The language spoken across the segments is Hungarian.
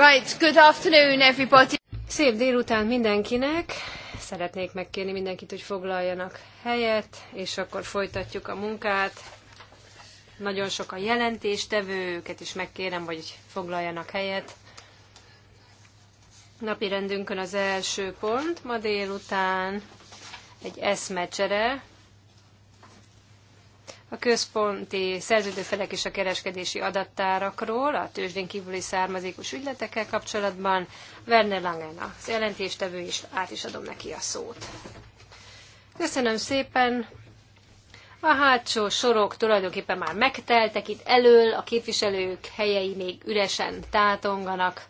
Right, good afternoon everybody. Szép délután mindenkinek. Szeretnék megkérni mindenkit, hogy foglaljanak helyet, és akkor folytatjuk a munkát. Nagyon sok a jelentéstevőket is megkérem, hogy foglaljanak helyet. Napi rendünkön az első pont ma délután egy eszmecsere a központi szerződőfelek és a kereskedési adattárakról, a tőzsdén kívüli származékos ügyletekkel kapcsolatban. Werner Langen az jelentéstevő, is át is adom neki a szót. Köszönöm szépen! A hátsó sorok tulajdonképpen már megteltek itt elől, a képviselők helyei még üresen tátonganak,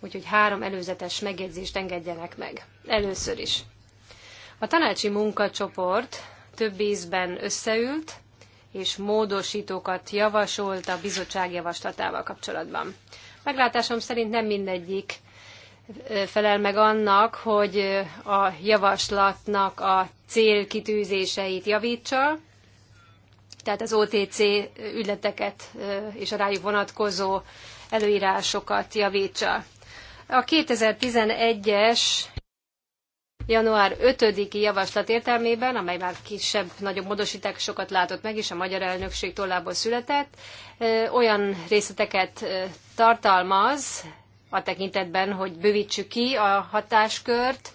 úgyhogy három előzetes megjegyzést engedjenek meg. Először is. A tanácsi munkacsoport több ízben összeült, és módosítókat javasolt a bizottság javaslatával kapcsolatban. Meglátásom szerint nem mindegyik felel meg annak, hogy a javaslatnak a célkitűzéseit javítsa, tehát az OTC ügyleteket és a rájuk vonatkozó előírásokat javítsa. A 2011-es január 5-i javaslat értelmében, amely már kisebb, nagyobb módosíták látott meg, és a magyar elnökség tollából született, olyan részleteket tartalmaz a tekintetben, hogy bővítsük ki a hatáskört,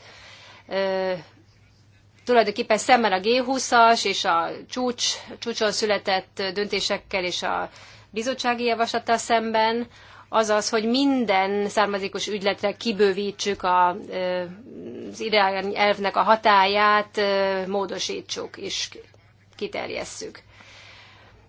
tulajdonképpen szemmel a G20-as és a csúcs, csúcson született döntésekkel és a bizottsági javaslattal szemben, azaz, hogy minden származékos ügyletre kibővítsük a, az irányelvnek a hatáját, módosítsuk és kiterjesszük.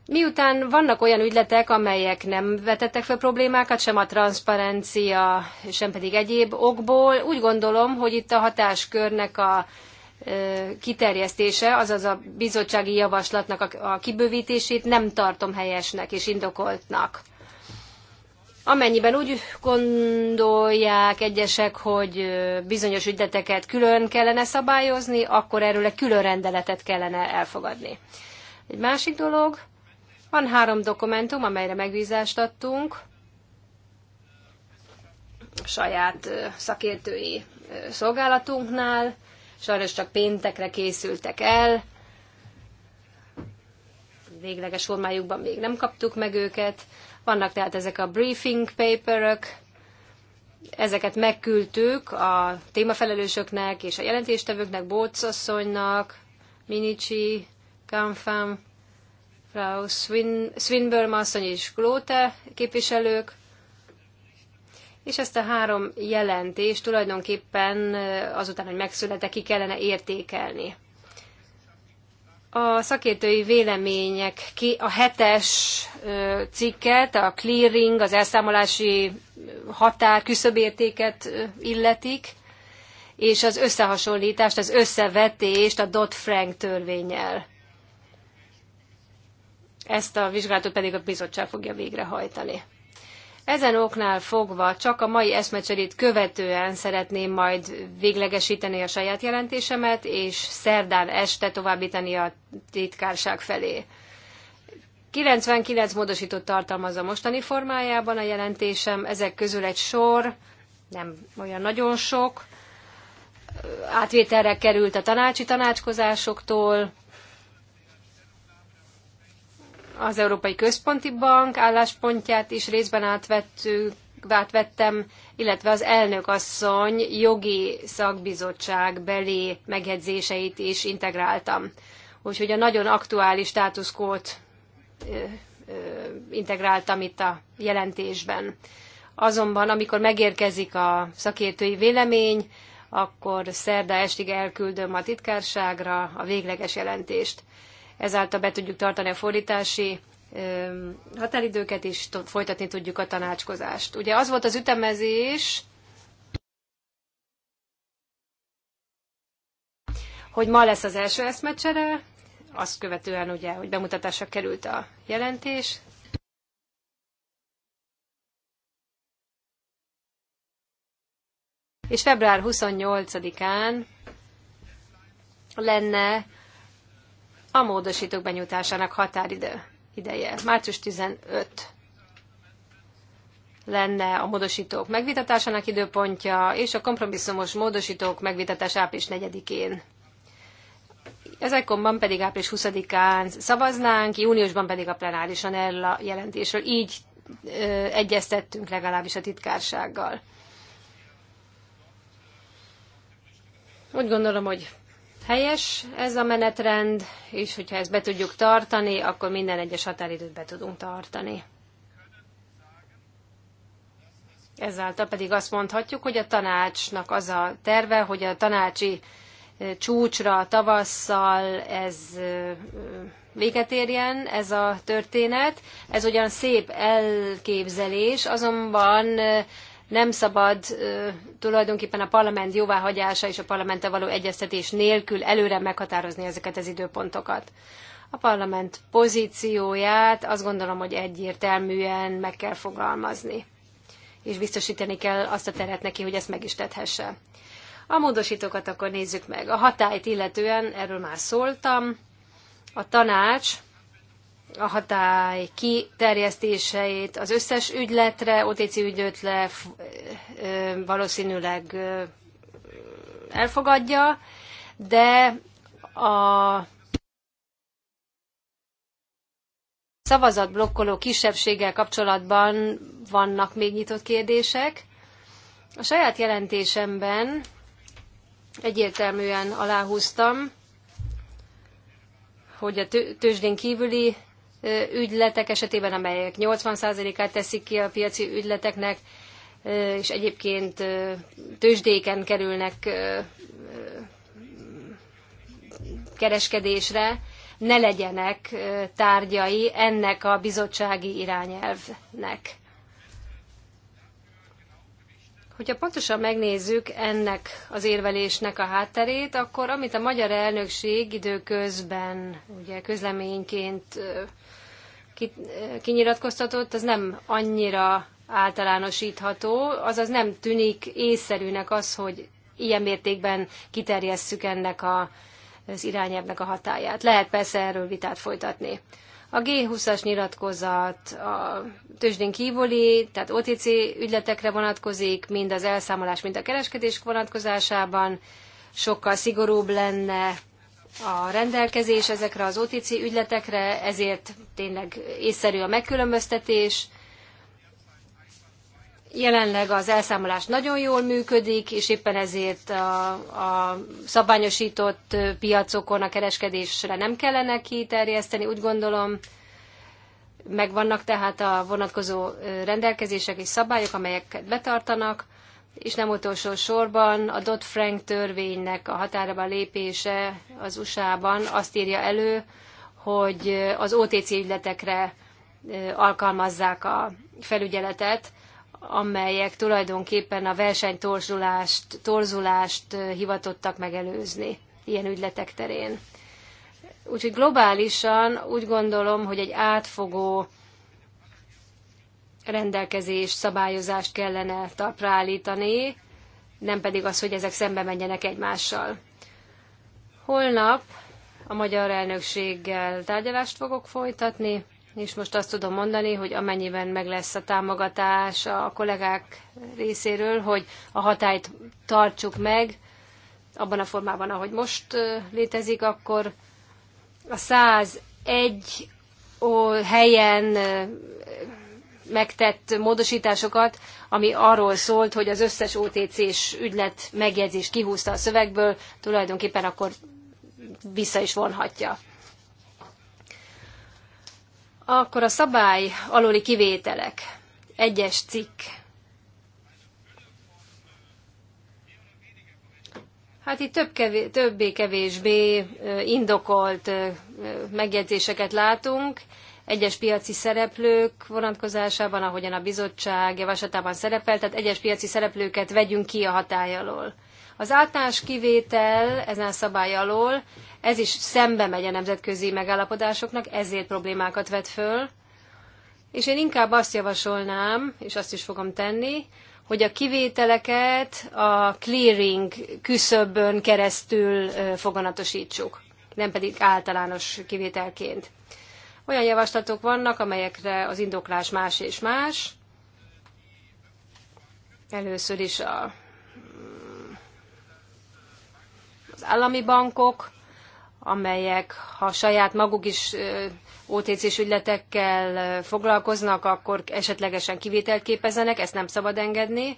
Miután vannak olyan ügyletek, amelyek nem vetettek fel problémákat, sem a transzparencia, sem pedig egyéb okból, úgy gondolom, hogy itt a hatáskörnek a kiterjesztése, azaz a bizottsági javaslatnak a kibővítését nem tartom helyesnek és indokoltnak. Amennyiben úgy gondolják egyesek, hogy bizonyos ügyleteket külön kellene szabályozni, akkor erről egy külön rendeletet kellene elfogadni. Egy másik dolog, van három dokumentum, amelyre megbízást adtunk, saját szakértői szolgálatunknál, sajnos csak péntekre készültek el, végleges formájukban még nem kaptuk meg őket, vannak tehát ezek a briefing paperök, ezeket megküldtük a témafelelősöknek és a jelentéstevőknek, Bócasszonynak, asszonynak, Minicsi, Kamfam, Frau Swin, Swinburne asszony és Glóte képviselők, és ezt a három jelentést tulajdonképpen eh, azután, hogy megszületett, ki kellene értékelni a szakértői vélemények ki a hetes cikket, a clearing, az elszámolási határ küszöbértéket illetik, és az összehasonlítást, az összevetést a Dodd-Frank törvényel. Ezt a vizsgálatot pedig a bizottság fogja végrehajtani. Ezen oknál fogva csak a mai eszmecserét követően szeretném majd véglegesíteni a saját jelentésemet, és szerdán este továbbítani a titkárság felé. 99 módosított tartalmaz a mostani formájában a jelentésem, ezek közül egy sor, nem olyan nagyon sok, átvételre került a tanácsi tanácskozásoktól, az Európai Központi Bank álláspontját is részben átvettük, átvettem, illetve az elnök asszony jogi szakbizottság belé megjegyzéseit is integráltam. Úgyhogy a nagyon aktuális státuszkót integráltam itt a jelentésben. Azonban, amikor megérkezik a szakértői vélemény, akkor szerda estig elküldöm a titkárságra a végleges jelentést ezáltal be tudjuk tartani a fordítási határidőket, és folytatni tudjuk a tanácskozást. Ugye az volt az ütemezés, hogy ma lesz az első eszmecsere, azt követően ugye, hogy bemutatásra került a jelentés. És február 28-án lenne a módosítók benyújtásának határidő ideje. Március 15 lenne a módosítók megvitatásának időpontja, és a kompromisszumos módosítók megvitatás április 4-én. Ezekonban pedig április 20-án szavaznánk, júniusban pedig a plenárisan erről a jelentésről. Így ö, egyeztettünk legalábbis a titkársággal. Úgy gondolom, hogy helyes ez a menetrend, és hogyha ezt be tudjuk tartani, akkor minden egyes határidőt be tudunk tartani. Ezáltal pedig azt mondhatjuk, hogy a tanácsnak az a terve, hogy a tanácsi csúcsra tavasszal ez véget érjen ez a történet. Ez ugyan szép elképzelés, azonban nem szabad tulajdonképpen a parlament jóváhagyása és a parlamenttel való egyeztetés nélkül előre meghatározni ezeket az időpontokat. A parlament pozícióját azt gondolom, hogy egyértelműen meg kell fogalmazni, és biztosítani kell azt a teret neki, hogy ezt meg is tethesse. A módosítókat akkor nézzük meg. A hatályt illetően, erről már szóltam, a tanács a hatály kiterjesztéseit az összes ügyletre, OTC ügyletre valószínűleg elfogadja, de a szavazatblokkoló kisebbséggel kapcsolatban vannak még nyitott kérdések. A saját jelentésemben egyértelműen aláhúztam, hogy a tőzsdén kívüli ügyletek esetében, amelyek 80%-át teszik ki a piaci ügyleteknek, és egyébként tőzsdéken kerülnek kereskedésre, ne legyenek tárgyai ennek a bizottsági irányelvnek. Hogyha pontosan megnézzük ennek az érvelésnek a hátterét, akkor amit a magyar elnökség időközben ugye közleményként kinyilatkoztatott, az nem annyira általánosítható, azaz nem tűnik észszerűnek az, hogy ilyen mértékben kiterjesszük ennek a, az irányelvnek a hatáját. Lehet persze erről vitát folytatni. A G20-as nyilatkozat a tőzsdén kívüli, tehát OTC ügyletekre vonatkozik, mind az elszámolás, mind a kereskedés vonatkozásában. Sokkal szigorúbb lenne a rendelkezés ezekre az OTC ügyletekre, ezért tényleg észszerű a megkülönböztetés. Jelenleg az elszámolás nagyon jól működik, és éppen ezért a, a szabványosított piacokon a kereskedésre nem kellene kiterjeszteni, úgy gondolom. Megvannak tehát a vonatkozó rendelkezések és szabályok, amelyeket betartanak és nem utolsó sorban a Dodd-Frank törvénynek a határába lépése az USA-ban azt írja elő, hogy az OTC ügyletekre alkalmazzák a felügyeletet, amelyek tulajdonképpen a versenytorzulást torzulást hivatottak megelőzni ilyen ügyletek terén. Úgyhogy globálisan úgy gondolom, hogy egy átfogó rendelkezés, szabályozást kellene talpra állítani, nem pedig az, hogy ezek szembe menjenek egymással. Holnap a magyar elnökséggel tárgyalást fogok folytatni, és most azt tudom mondani, hogy amennyiben meg lesz a támogatás a kollégák részéről, hogy a hatályt tartsuk meg abban a formában, ahogy most létezik, akkor a 101 helyen megtett módosításokat, ami arról szólt, hogy az összes OTC-s ügylet megjegyzést kihúzta a szövegből, tulajdonképpen akkor vissza is vonhatja. Akkor a szabály aluli kivételek. Egyes cikk. Hát itt többé-kevésbé indokolt megjegyzéseket látunk egyes piaci szereplők vonatkozásában, ahogyan a bizottság javaslatában szerepel, tehát egyes piaci szereplőket vegyünk ki a hatály alól. Az általános kivétel ezen szabály alól, ez is szembe megy a nemzetközi megállapodásoknak, ezért problémákat vet föl, és én inkább azt javasolnám, és azt is fogom tenni, hogy a kivételeket a clearing küszöbön keresztül foganatosítsuk, nem pedig általános kivételként. Olyan javaslatok vannak, amelyekre az indoklás más és más. Először is a, az állami bankok, amelyek, ha saját maguk is OTC-s ügyletekkel foglalkoznak, akkor esetlegesen kivételt képezenek, ezt nem szabad engedni.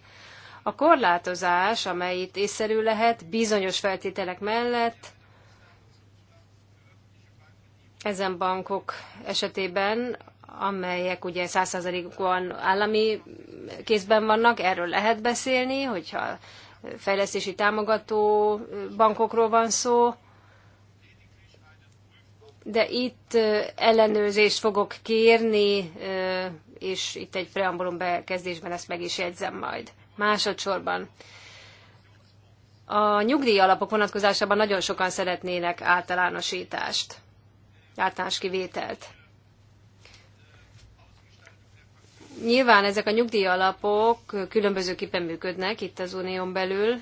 A korlátozás, amely itt észszerű lehet, bizonyos feltételek mellett ezen bankok esetében, amelyek ugye százszázalékban állami kézben vannak, erről lehet beszélni, hogyha fejlesztési támogató bankokról van szó, de itt ellenőrzést fogok kérni, és itt egy preambulum bekezdésben ezt meg is jegyzem majd. Másodszorban. A nyugdíj alapok vonatkozásában nagyon sokan szeretnének általánosítást általános kivételt. Nyilván ezek a nyugdíjalapok különbözőképpen működnek itt az unión belül,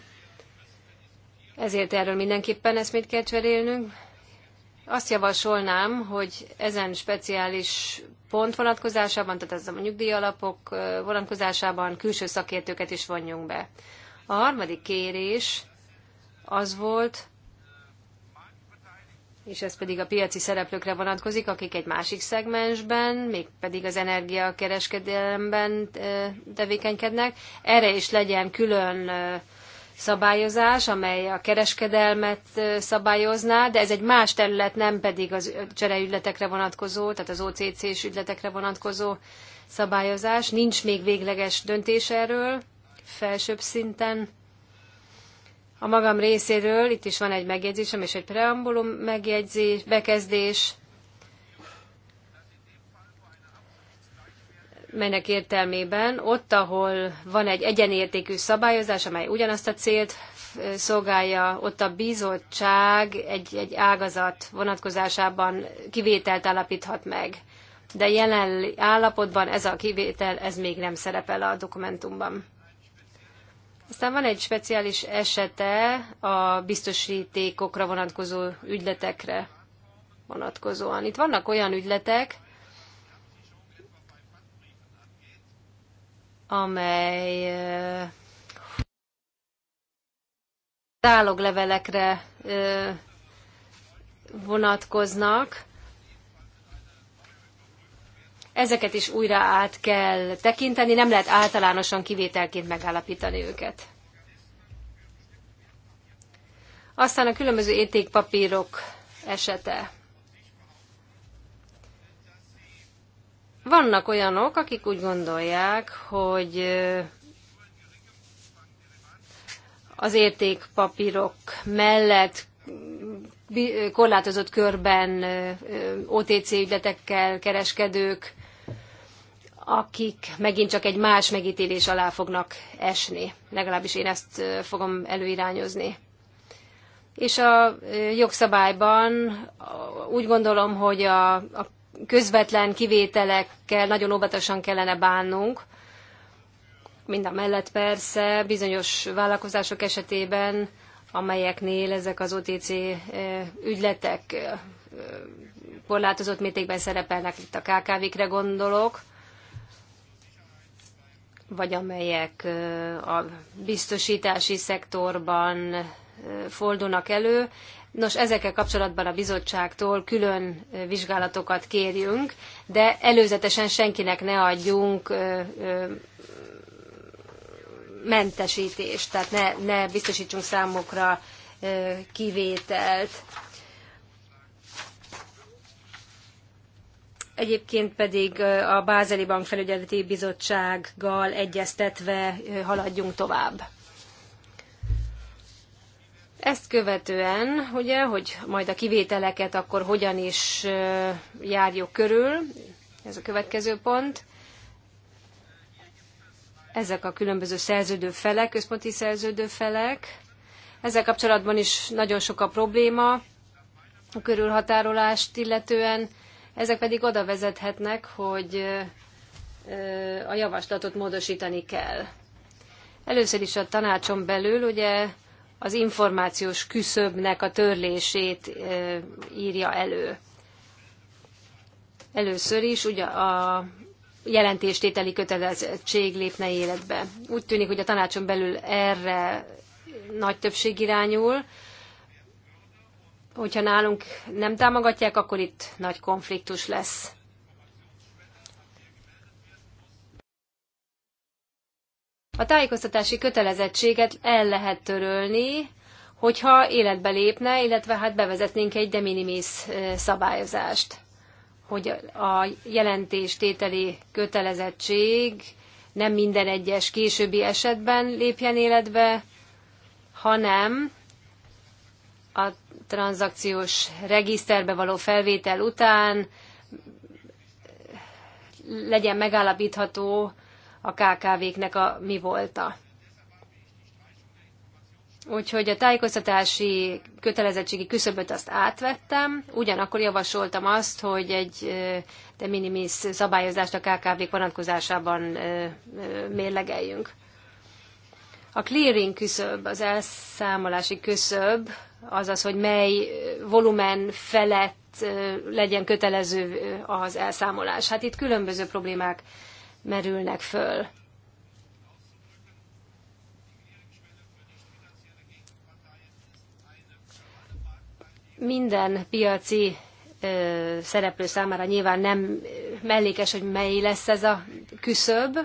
ezért erről mindenképpen eszmét kell cserélnünk. Azt javasolnám, hogy ezen speciális pont vonatkozásában, tehát ez a nyugdíjalapok vonatkozásában külső szakértőket is vonjunk be. A harmadik kérés az volt, és ez pedig a piaci szereplőkre vonatkozik, akik egy másik szegmensben, még pedig az energiakereskedelemben tevékenykednek. Erre is legyen külön szabályozás, amely a kereskedelmet szabályozná, de ez egy más terület, nem pedig az csereügyletekre vonatkozó, tehát az OCC-s ügyletekre vonatkozó szabályozás. Nincs még végleges döntés erről felsőbb szinten a magam részéről itt is van egy megjegyzésem és egy preambulum megjegyzés, bekezdés, melynek értelmében ott, ahol van egy egyenértékű szabályozás, amely ugyanazt a célt eh, szolgálja, ott a bizottság egy, egy ágazat vonatkozásában kivételt állapíthat meg. De jelen állapotban ez a kivétel, ez még nem szerepel a dokumentumban. Aztán van egy speciális esete a biztosítékokra vonatkozó ügyletekre vonatkozóan. Itt vannak olyan ügyletek, amely záloglevelekre eh, eh, vonatkoznak, ezeket is újra át kell tekinteni, nem lehet általánosan kivételként megállapítani őket. Aztán a különböző értékpapírok esete. Vannak olyanok, akik úgy gondolják, hogy az értékpapírok mellett korlátozott körben OTC ügyletekkel kereskedők akik megint csak egy más megítélés alá fognak esni. Legalábbis én ezt fogom előirányozni. És a jogszabályban úgy gondolom, hogy a, a közvetlen kivételekkel nagyon óvatosan kellene bánnunk. Mind a mellett persze bizonyos vállalkozások esetében, amelyeknél ezek az OTC ügyletek korlátozott mértékben szerepelnek, itt a KKV-kre gondolok, vagy amelyek a biztosítási szektorban fordulnak elő. Nos, ezekkel kapcsolatban a bizottságtól külön vizsgálatokat kérjünk, de előzetesen senkinek ne adjunk mentesítést, tehát ne, ne biztosítsunk számokra kivételt. Egyébként pedig a Bázeli Bankfelügyeleti Bizottsággal egyeztetve haladjunk tovább. Ezt követően, ugye, hogy majd a kivételeket akkor hogyan is járjuk körül, ez a következő pont. Ezek a különböző szerződő felek, központi szerződő felek. Ezzel kapcsolatban is nagyon sok a probléma a körülhatárolást illetően ezek pedig oda vezethetnek, hogy a javaslatot módosítani kell. Először is a tanácson belül ugye az információs küszöbnek a törlését írja elő. Először is ugye a jelentéstételi kötelezettség lépne életbe. Úgy tűnik, hogy a tanácson belül erre nagy többség irányul, hogyha nálunk nem támogatják, akkor itt nagy konfliktus lesz. A tájékoztatási kötelezettséget el lehet törölni, hogyha életbe lépne, illetve hát bevezetnénk egy de minimis szabályozást, hogy a jelentéstételi kötelezettség nem minden egyes későbbi esetben lépjen életbe, hanem a tranzakciós regiszterbe való felvétel után legyen megállapítható a KKV-knek a mi volta. Úgyhogy a tájékoztatási kötelezettségi küszöböt azt átvettem, ugyanakkor javasoltam azt, hogy egy de minimis szabályozást a KKV-k vonatkozásában mérlegeljünk. A clearing küszöb, az elszámolási küszöb, azaz, hogy mely volumen felett legyen kötelező az elszámolás. Hát itt különböző problémák merülnek föl. Minden piaci szereplő számára nyilván nem mellékes, hogy mely lesz ez a küszöb,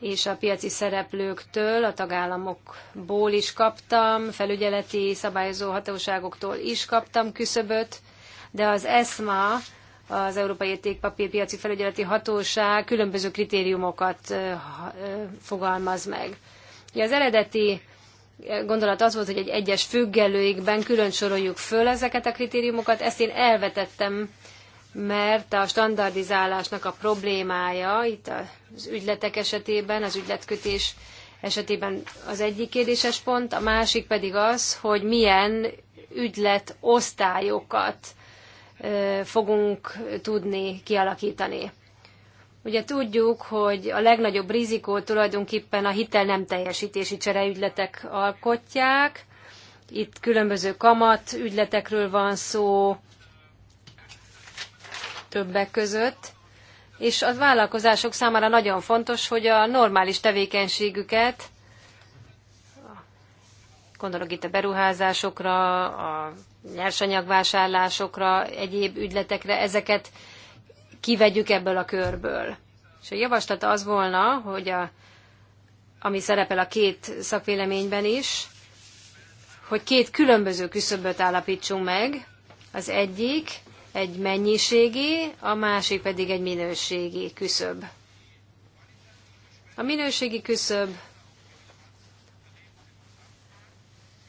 és a piaci szereplőktől, a tagállamokból is kaptam, felügyeleti szabályozó hatóságoktól is kaptam küszöböt, de az ESMA, az Európai Értékpapírpiaci Felügyeleti Hatóság különböző kritériumokat fogalmaz meg. az eredeti gondolat az volt, hogy egy egyes függelőikben külön soroljuk föl ezeket a kritériumokat, ezt én elvetettem mert a standardizálásnak a problémája itt az ügyletek esetében, az ügyletkötés esetében az egyik kérdéses pont, a másik pedig az, hogy milyen ügyletosztályokat fogunk tudni kialakítani. Ugye tudjuk, hogy a legnagyobb rizikót tulajdonképpen a hitel nem teljesítési csereügyletek alkotják. Itt különböző kamat ügyletekről van szó, többek között, és a vállalkozások számára nagyon fontos, hogy a normális tevékenységüket, gondolok itt a beruházásokra, a nyersanyagvásárlásokra, egyéb ügyletekre, ezeket kivegyük ebből a körből. És a javaslat az volna, hogy a, ami szerepel a két szakvéleményben is, hogy két különböző küszöböt állapítsunk meg. Az egyik egy mennyiségi, a másik pedig egy minőségi küszöb. A minőségi küszöb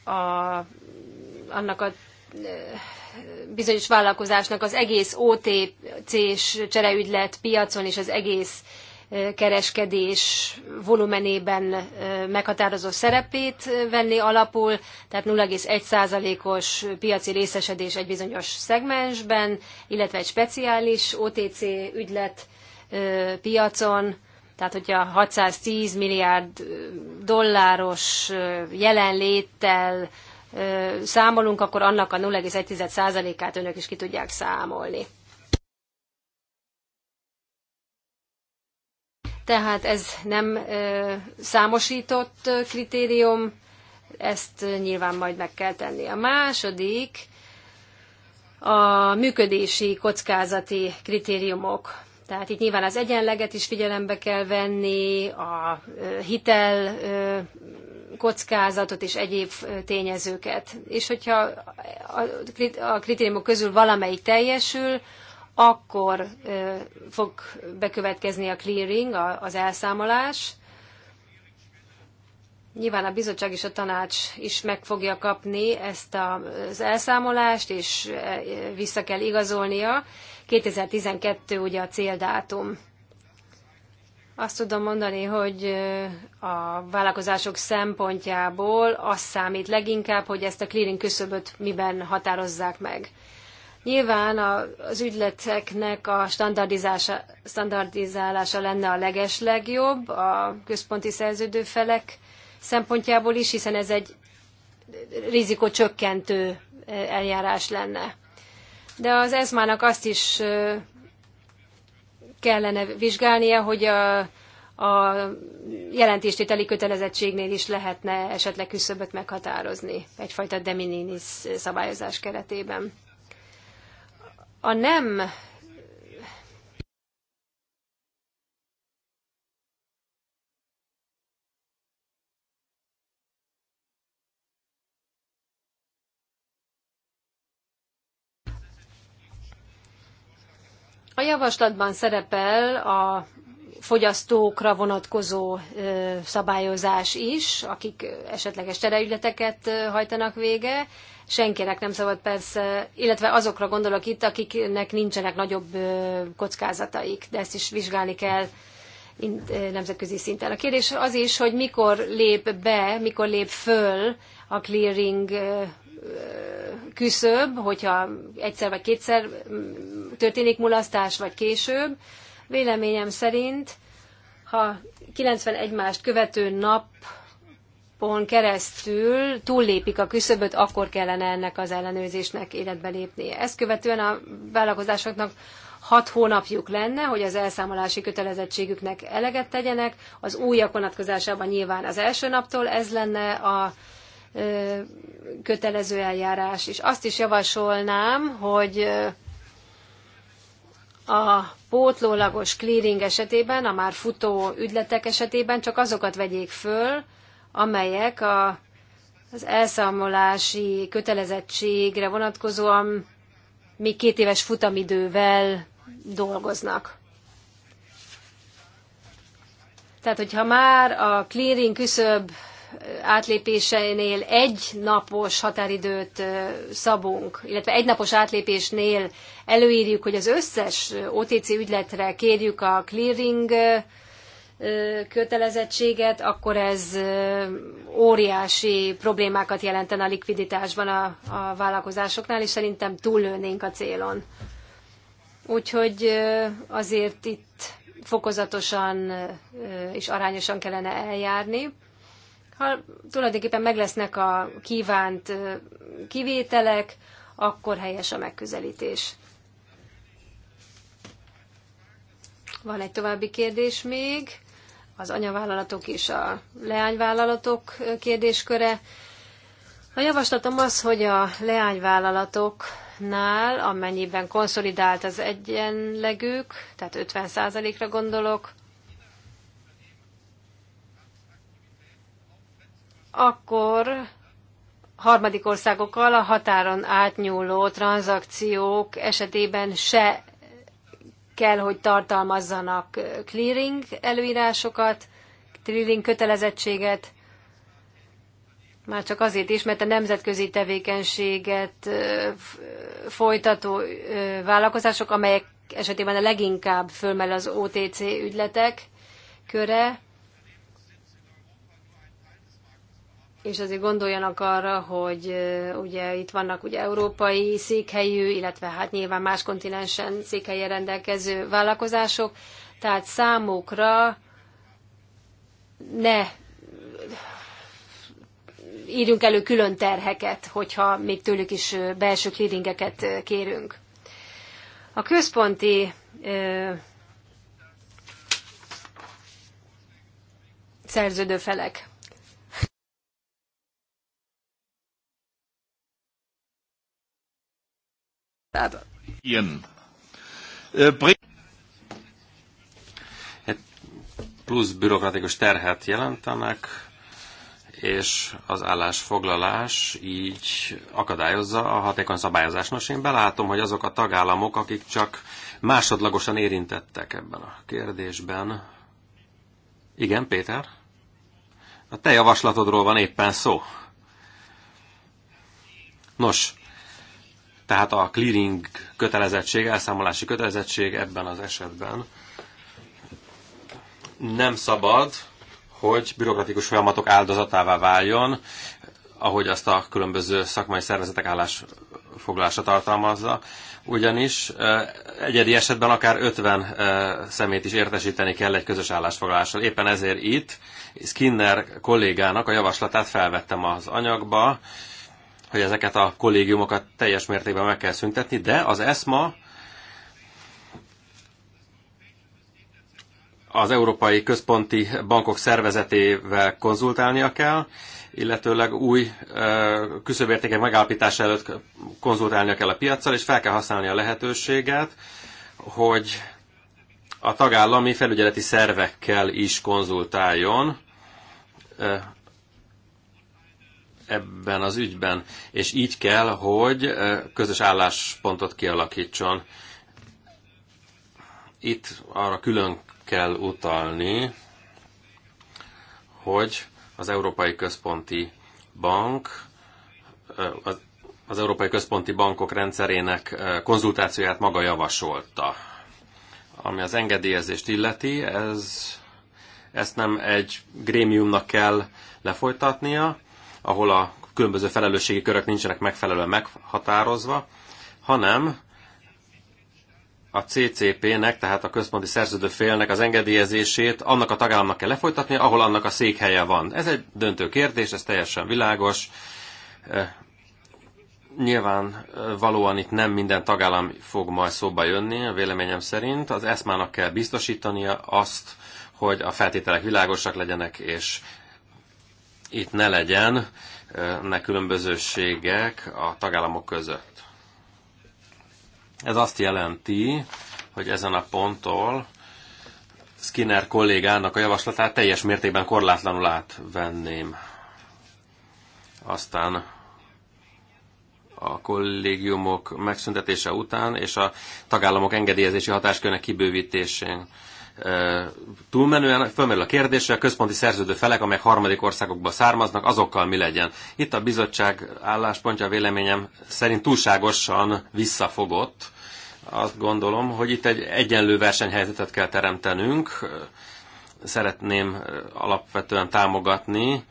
a, annak a bizonyos vállalkozásnak az egész OTC-s csereügylet piacon és az egész kereskedés volumenében meghatározó szerepét venni alapul, tehát 0,1%-os piaci részesedés egy bizonyos szegmensben, illetve egy speciális OTC ügylet piacon, tehát hogyha 610 milliárd dolláros jelenléttel számolunk, akkor annak a 0,1%-át önök is ki tudják számolni. tehát ez nem számosított kritérium, ezt nyilván majd meg kell tenni. A második a működési kockázati kritériumok. Tehát itt nyilván az egyenleget is figyelembe kell venni, a hitel kockázatot és egyéb tényezőket. És hogyha a kritériumok közül valamelyik teljesül, akkor fog bekövetkezni a clearing, az elszámolás. Nyilván a bizottság és a tanács is meg fogja kapni ezt az elszámolást, és vissza kell igazolnia. 2012 ugye a céldátum. Azt tudom mondani, hogy a vállalkozások szempontjából az számít leginkább, hogy ezt a clearing küszöböt miben határozzák meg. Nyilván az ügyleteknek a standardizása, standardizálása lenne a legeslegjobb a központi szerződő felek szempontjából is, hiszen ez egy rizikocsökkentő eljárás lenne. De az ESMA-nak azt is kellene vizsgálnia, hogy a, a jelentéstételi kötelezettségnél is lehetne esetleg küszöböt meghatározni egyfajta de minimis szabályozás keretében a nem A javaslatban szerepel a fogyasztókra vonatkozó szabályozás is, akik esetleges csereügyleteket hajtanak vége. Senkinek nem szabad persze, illetve azokra gondolok itt, akiknek nincsenek nagyobb kockázataik, de ezt is vizsgálni kell nemzetközi szinten. A kérdés az is, hogy mikor lép be, mikor lép föl a clearing küszöb, hogyha egyszer vagy kétszer történik mulasztás, vagy később, Véleményem szerint, ha 90 egymást követő napon keresztül túllépik a küszöböt, akkor kellene ennek az ellenőrzésnek életbe lépnie. Ezt követően a vállalkozásoknak hat hónapjuk lenne, hogy az elszámolási kötelezettségüknek eleget tegyenek. Az újak vonatkozásában nyilván az első naptól ez lenne a kötelező eljárás. És azt is javasolnám, hogy a pótlólagos clearing esetében, a már futó ügyletek esetében csak azokat vegyék föl, amelyek a, az elszámolási kötelezettségre vonatkozóan még két éves futamidővel dolgoznak. Tehát, hogyha már a clearing küszöb átlépésénél egy napos határidőt szabunk, illetve egy napos átlépésnél előírjuk, hogy az összes OTC ügyletre kérjük a clearing kötelezettséget, akkor ez óriási problémákat jelenten a likviditásban a, a vállalkozásoknál, és szerintem túllőnénk a célon. Úgyhogy azért itt fokozatosan és arányosan kellene eljárni ha tulajdonképpen meg lesznek a kívánt kivételek, akkor helyes a megközelítés. Van egy további kérdés még, az anyavállalatok és a leányvállalatok kérdésköre. A javaslatom az, hogy a leányvállalatoknál, amennyiben konszolidált az egyenlegük, tehát 50%-ra gondolok, akkor harmadik országokkal a határon átnyúló tranzakciók esetében se kell, hogy tartalmazzanak clearing előírásokat, clearing kötelezettséget, már csak azért is, mert a nemzetközi tevékenységet folytató vállalkozások, amelyek esetében a leginkább fölmel az OTC ügyletek köre, és azért gondoljanak arra, hogy ugye itt vannak ugye európai székhelyű, illetve hát nyilván más kontinensen székhelye rendelkező vállalkozások, tehát számukra ne írjunk elő külön terheket, hogyha még tőlük is belső clearingeket kérünk. A központi szerződő felek Tehát... Ilyen. Hát plusz bürokratikus terhet jelentenek, és az állásfoglalás így akadályozza a hatékony szabályozást. Most én belátom, hogy azok a tagállamok, akik csak másodlagosan érintettek ebben a kérdésben. Igen, Péter? A te javaslatodról van éppen szó. Nos, tehát a clearing kötelezettség, elszámolási kötelezettség ebben az esetben nem szabad, hogy bürokratikus folyamatok áldozatává váljon, ahogy azt a különböző szakmai szervezetek állásfoglalása tartalmazza, ugyanis eh, egyedi esetben akár 50 eh, szemét is értesíteni kell egy közös állásfoglalással. Éppen ezért itt Skinner kollégának a javaslatát felvettem az anyagba, hogy ezeket a kollégiumokat teljes mértékben meg kell szüntetni, de az ESMA az Európai Központi Bankok Szervezetével konzultálnia kell, illetőleg új küszöbértékek megállapítása előtt konzultálnia kell a piaccal, és fel kell használni a lehetőséget, hogy a tagállami felügyeleti szervekkel is konzultáljon, ebben az ügyben, és így kell, hogy közös álláspontot kialakítson. Itt arra külön kell utalni, hogy az Európai Központi Bank az, Európai Központi Bankok rendszerének konzultációját maga javasolta. Ami az engedélyezést illeti, ez, ezt nem egy grémiumnak kell lefolytatnia, ahol a különböző felelősségi körök nincsenek megfelelően meghatározva, hanem a CCP-nek, tehát a központi szerződő félnek az engedélyezését annak a tagállamnak kell lefolytatni, ahol annak a székhelye van. Ez egy döntő kérdés, ez teljesen világos. Eh, Nyilván valóan itt nem minden tagállam fog majd szóba jönni, a véleményem szerint. Az eszmának kell biztosítania azt, hogy a feltételek világosak legyenek, és itt ne legyen ne különbözőségek a tagállamok között. Ez azt jelenti, hogy ezen a ponttól Skinner kollégának a javaslatát teljes mértékben korlátlanul átvenném. Aztán a kollégiumok megszüntetése után és a tagállamok engedélyezési hatáskörnek kibővítésén túlmenően fölmerül a kérdés, hogy a központi szerződő felek, amelyek harmadik országokból származnak, azokkal mi legyen. Itt a bizottság álláspontja véleményem szerint túlságosan visszafogott. Azt gondolom, hogy itt egy egyenlő versenyhelyzetet kell teremtenünk. Szeretném alapvetően támogatni,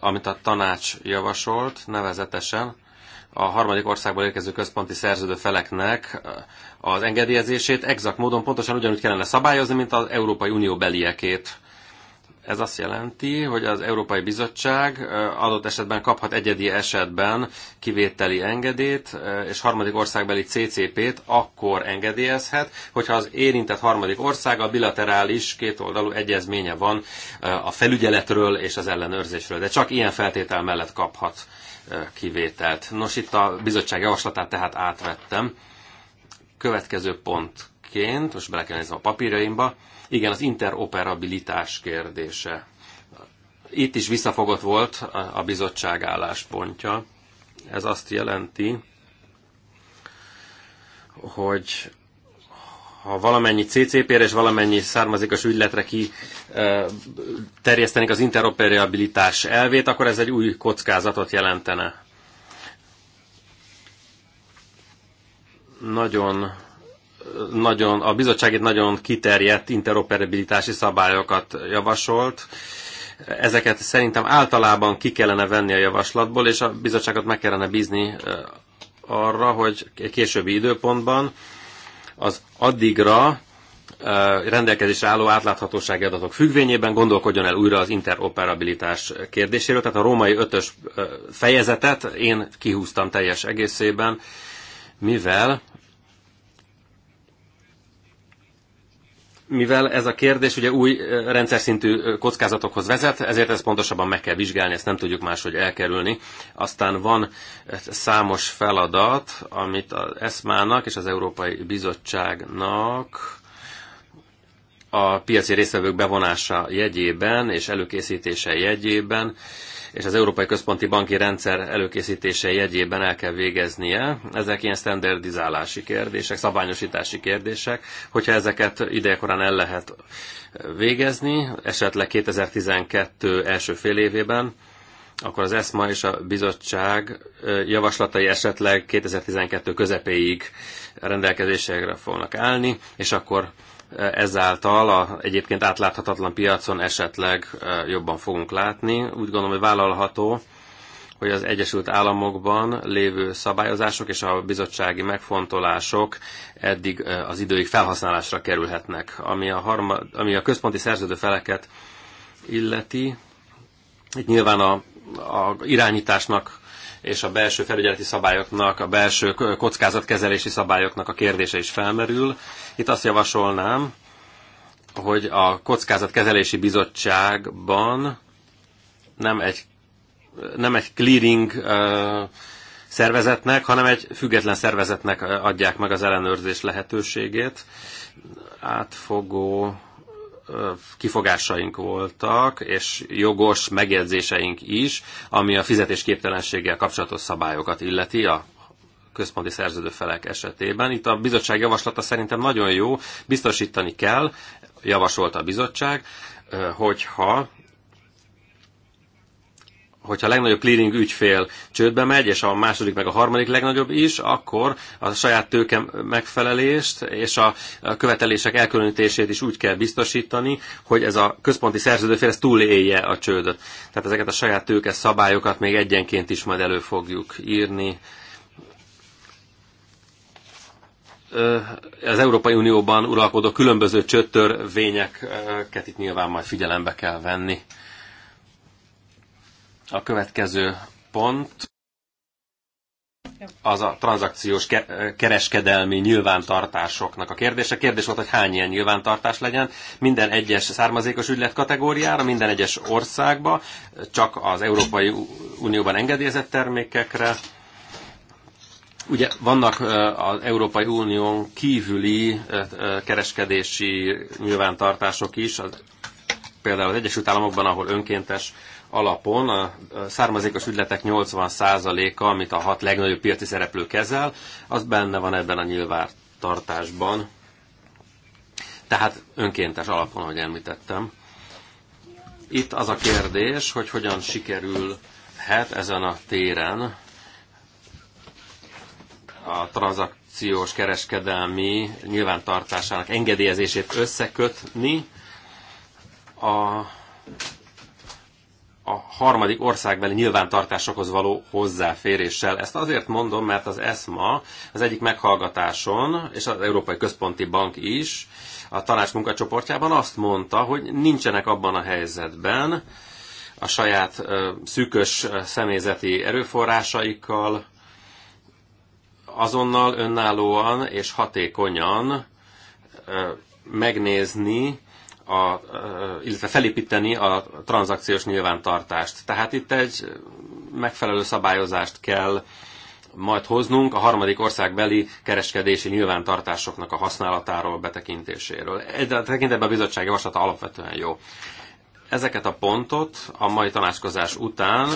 amit a tanács javasolt, nevezetesen, a harmadik országból érkező központi szerződő feleknek eh, az engedélyezését exakt módon pontosan ugyanúgy kellene szabályozni, mint az Európai Unió beliekét. Ez azt jelenti, hogy az Európai Bizottság eh, adott esetben kaphat egyedi esetben kivételi engedélyt, eh, és harmadik országbeli CCP-t akkor engedélyezhet, hogyha az érintett harmadik ország a bilaterális kétoldalú egyezménye van a felügyeletről és az ellenőrzésről. De csak ilyen feltétel mellett kaphat kivételt. Nos, itt a bizottság javaslatát tehát átvettem. Következő pontként, most bele kell a papírjaimba, igen, az interoperabilitás kérdése. Itt is visszafogott volt a bizottság álláspontja. Ez azt jelenti, hogy ha valamennyi CCP-re és valamennyi származékos ügyletre ki terjesztenék az interoperabilitás elvét, akkor ez egy új kockázatot jelentene. Nagyon, nagyon, a bizottság itt nagyon kiterjedt interoperabilitási szabályokat javasolt. Ezeket szerintem általában ki kellene venni a javaslatból, és a bizottságot meg kellene bízni arra, hogy egy későbbi időpontban az addigra rendelkezésre álló átláthatósági adatok függvényében gondolkodjon el újra az interoperabilitás kérdéséről. Tehát a római ötös fejezetet én kihúztam teljes egészében, mivel mivel ez a kérdés ugye új rendszer szintű kockázatokhoz vezet, ezért ezt pontosabban meg kell vizsgálni, ezt nem tudjuk máshogy elkerülni. Aztán van számos feladat, amit az ESMA-nak és az Európai Bizottságnak a piaci résztvevők bevonása jegyében és előkészítése jegyében és az Európai Központi Banki Rendszer előkészítése jegyében el kell végeznie. Ezek ilyen standardizálási kérdések, szabályosítási kérdések. Hogyha ezeket idejekorán el lehet végezni, esetleg 2012 első fél évében, akkor az ESMA és a bizottság javaslatai esetleg 2012 közepéig rendelkezésekre fognak állni, és akkor ezáltal a egyébként átláthatatlan piacon esetleg jobban fogunk látni. Úgy gondolom, hogy vállalható, hogy az Egyesült Államokban lévő szabályozások és a bizottsági megfontolások eddig az időig felhasználásra kerülhetnek. Ami a, harmad, ami a központi szerződő feleket illeti, itt nyilván a, a irányításnak és a belső felügyeleti szabályoknak, a belső kockázatkezelési szabályoknak a kérdése is felmerül. Itt azt javasolnám, hogy a kockázatkezelési bizottságban nem egy, nem egy clearing szervezetnek, hanem egy független szervezetnek adják meg az ellenőrzés lehetőségét. Átfogó kifogásaink voltak, és jogos megjegyzéseink is, ami a fizetésképtelenséggel kapcsolatos szabályokat illeti, a központi szerződő felek esetében. Itt a bizottság javaslata szerintem nagyon jó, biztosítani kell, javasolta a bizottság, hogyha hogyha a legnagyobb clearing ügyfél csődbe megy, és a második meg a harmadik legnagyobb is, akkor a saját tőke megfelelést és a követelések elkülönítését is úgy kell biztosítani, hogy ez a központi szerződőfél ez túlélje a csődöt. Tehát ezeket a saját tőke szabályokat még egyenként is majd elő fogjuk írni. Az Európai Unióban uralkodó különböző csöttörvényeket itt nyilván majd figyelembe kell venni. A következő pont az a tranzakciós kereskedelmi nyilvántartásoknak a kérdése. Kérdés volt, hogy hány ilyen nyilvántartás legyen minden egyes származékos ügylet kategóriára, minden egyes országba, csak az Európai Unióban engedélyezett termékekre. Ugye vannak az Európai Unión kívüli kereskedési nyilvántartások is, például az Egyesült Államokban, ahol önkéntes alapon a származékos ügyletek 80%-a, amit a hat legnagyobb piaci szereplő kezel, az benne van ebben a nyilvántartásban. Tehát önkéntes alapon, ahogy említettem. Itt az a kérdés, hogy hogyan sikerülhet ezen a téren a tranzakciós kereskedelmi nyilvántartásának engedélyezését összekötni a a harmadik országbeli nyilvántartásokhoz való hozzáféréssel. Ezt azért mondom, mert az ESMA az egyik meghallgatáson, és az Európai Központi Bank is a tanács munkacsoportjában azt mondta, hogy nincsenek abban a helyzetben a saját szűkös személyzeti erőforrásaikkal azonnal önállóan és hatékonyan megnézni, a, illetve felépíteni a tranzakciós nyilvántartást. Tehát itt egy megfelelő szabályozást kell majd hoznunk a harmadik országbeli kereskedési nyilvántartásoknak a használatáról, betekintéséről. De tekintetben a bizottság javaslata alapvetően jó. Ezeket a pontot a mai tanácskozás után,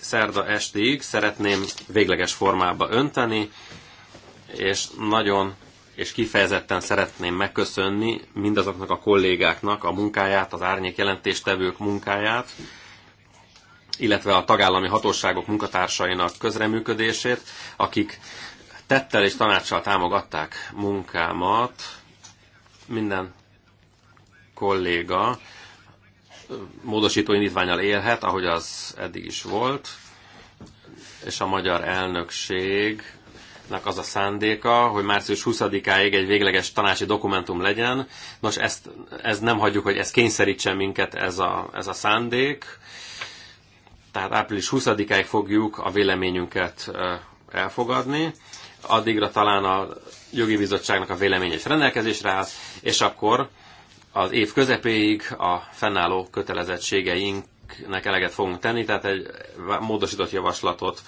szerda estig szeretném végleges formába önteni, és nagyon és kifejezetten szeretném megköszönni mindazoknak a kollégáknak a munkáját, az árnyék jelentéstevők munkáját, illetve a tagállami hatóságok munkatársainak közreműködését, akik tettel és tanácssal támogatták munkámat. Minden kolléga módosító indítványal élhet, ahogy az eddig is volt, és a magyar elnökség az a szándéka, hogy március 20-áig egy végleges tanácsi dokumentum legyen. Nos, ezt, ez nem hagyjuk, hogy ez kényszerítsen minket ez a, ez a szándék. Tehát április 20-áig fogjuk a véleményünket elfogadni. Addigra talán a jogi bizottságnak a véleménye is rendelkezésre áll, és akkor az év közepéig a fennálló kötelezettségeink ezeknek eleget fogunk tenni, tehát egy módosított javaslatot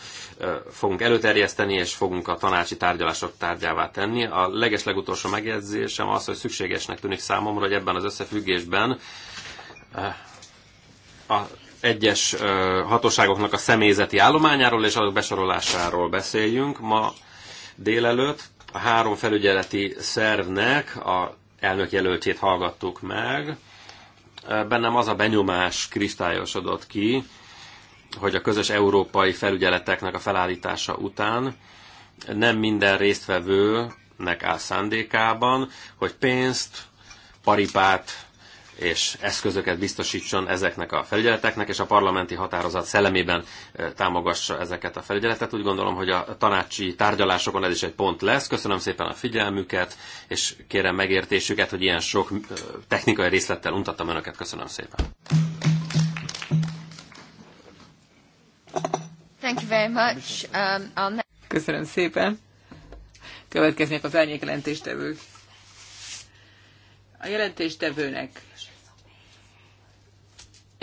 fogunk előterjeszteni, és fogunk a tanácsi tárgyalások tárgyává tenni. A legeslegutolsó megjegyzésem az, hogy szükségesnek tűnik számomra, hogy ebben az összefüggésben a egyes hatóságoknak a személyzeti állományáról és azok besorolásáról beszéljünk ma délelőtt. A három felügyeleti szervnek a elnök jelöltjét hallgattuk meg, bennem az a benyomás kristályosodott ki, hogy a közös európai felügyeleteknek a felállítása után nem minden résztvevőnek áll szándékában, hogy pénzt, paripát és eszközöket biztosítson ezeknek a felügyeleteknek, és a parlamenti határozat szellemében támogassa ezeket a felügyeletet. Úgy gondolom, hogy a tanácsi tárgyalásokon ez is egy pont lesz. Köszönöm szépen a figyelmüket, és kérem megértésüket, hogy ilyen sok technikai részlettel untattam önöket. Köszönöm szépen. Thank you very much. Um, Köszönöm szépen. Következnek az elnyék jelentéstevők. A jelentéstevőnek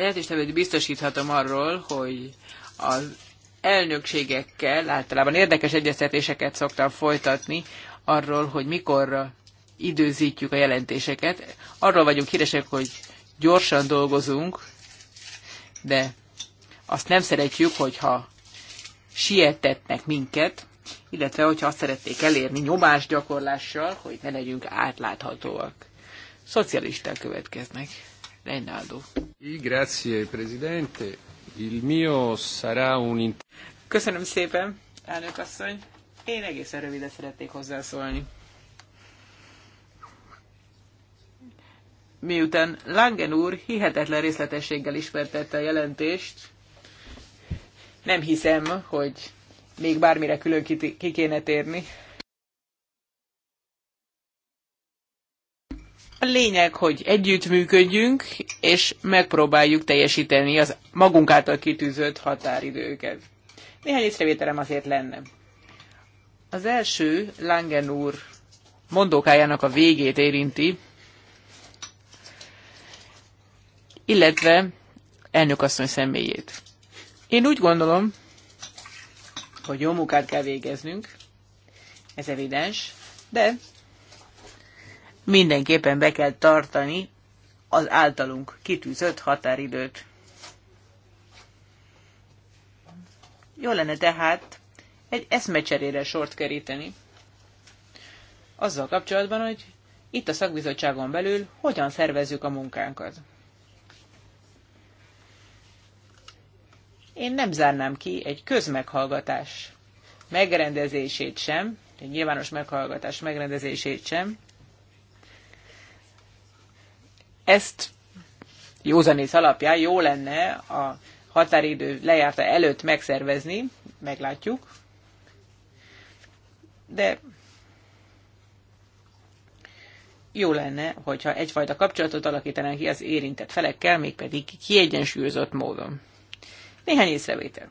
hogy biztosíthatom arról, hogy az elnökségekkel általában érdekes egyeztetéseket szoktam folytatni arról, hogy mikor időzítjük a jelentéseket. Arról vagyunk híresek, hogy gyorsan dolgozunk, de azt nem szeretjük, hogyha sietetnek minket, illetve hogyha azt szerették elérni nyomásgyakorlással, hogy ne legyünk átláthatóak. Szocialisták következnek. Reinaldo. Köszönöm szépen, elnök asszony. Én egészen röviden szeretnék hozzászólni. Miután Langen úr hihetetlen részletességgel ismertette a jelentést, nem hiszem, hogy még bármire külön ki, ki kéne térni. A lényeg, hogy együttműködjünk, és megpróbáljuk teljesíteni az magunk által kitűzött határidőket. Néhány észrevételem azért lenne. Az első Langen úr mondókájának a végét érinti, illetve elnökasszony személyét. Én úgy gondolom, hogy jó munkát kell végeznünk, ez evidens, de mindenképpen be kell tartani az általunk kitűzött határidőt. Jó lenne tehát egy eszmecserére sort keríteni. Azzal kapcsolatban, hogy itt a szakbizottságon belül hogyan szervezzük a munkánkat. Én nem zárnám ki egy közmeghallgatás megrendezését sem, egy nyilvános meghallgatás megrendezését sem, ezt józanész alapján jó lenne a határidő lejárta előtt megszervezni, meglátjuk. De jó lenne, hogyha egyfajta kapcsolatot alakítanánk ki az érintett felekkel, mégpedig kiegyensúlyozott módon. Néhány észrevétel.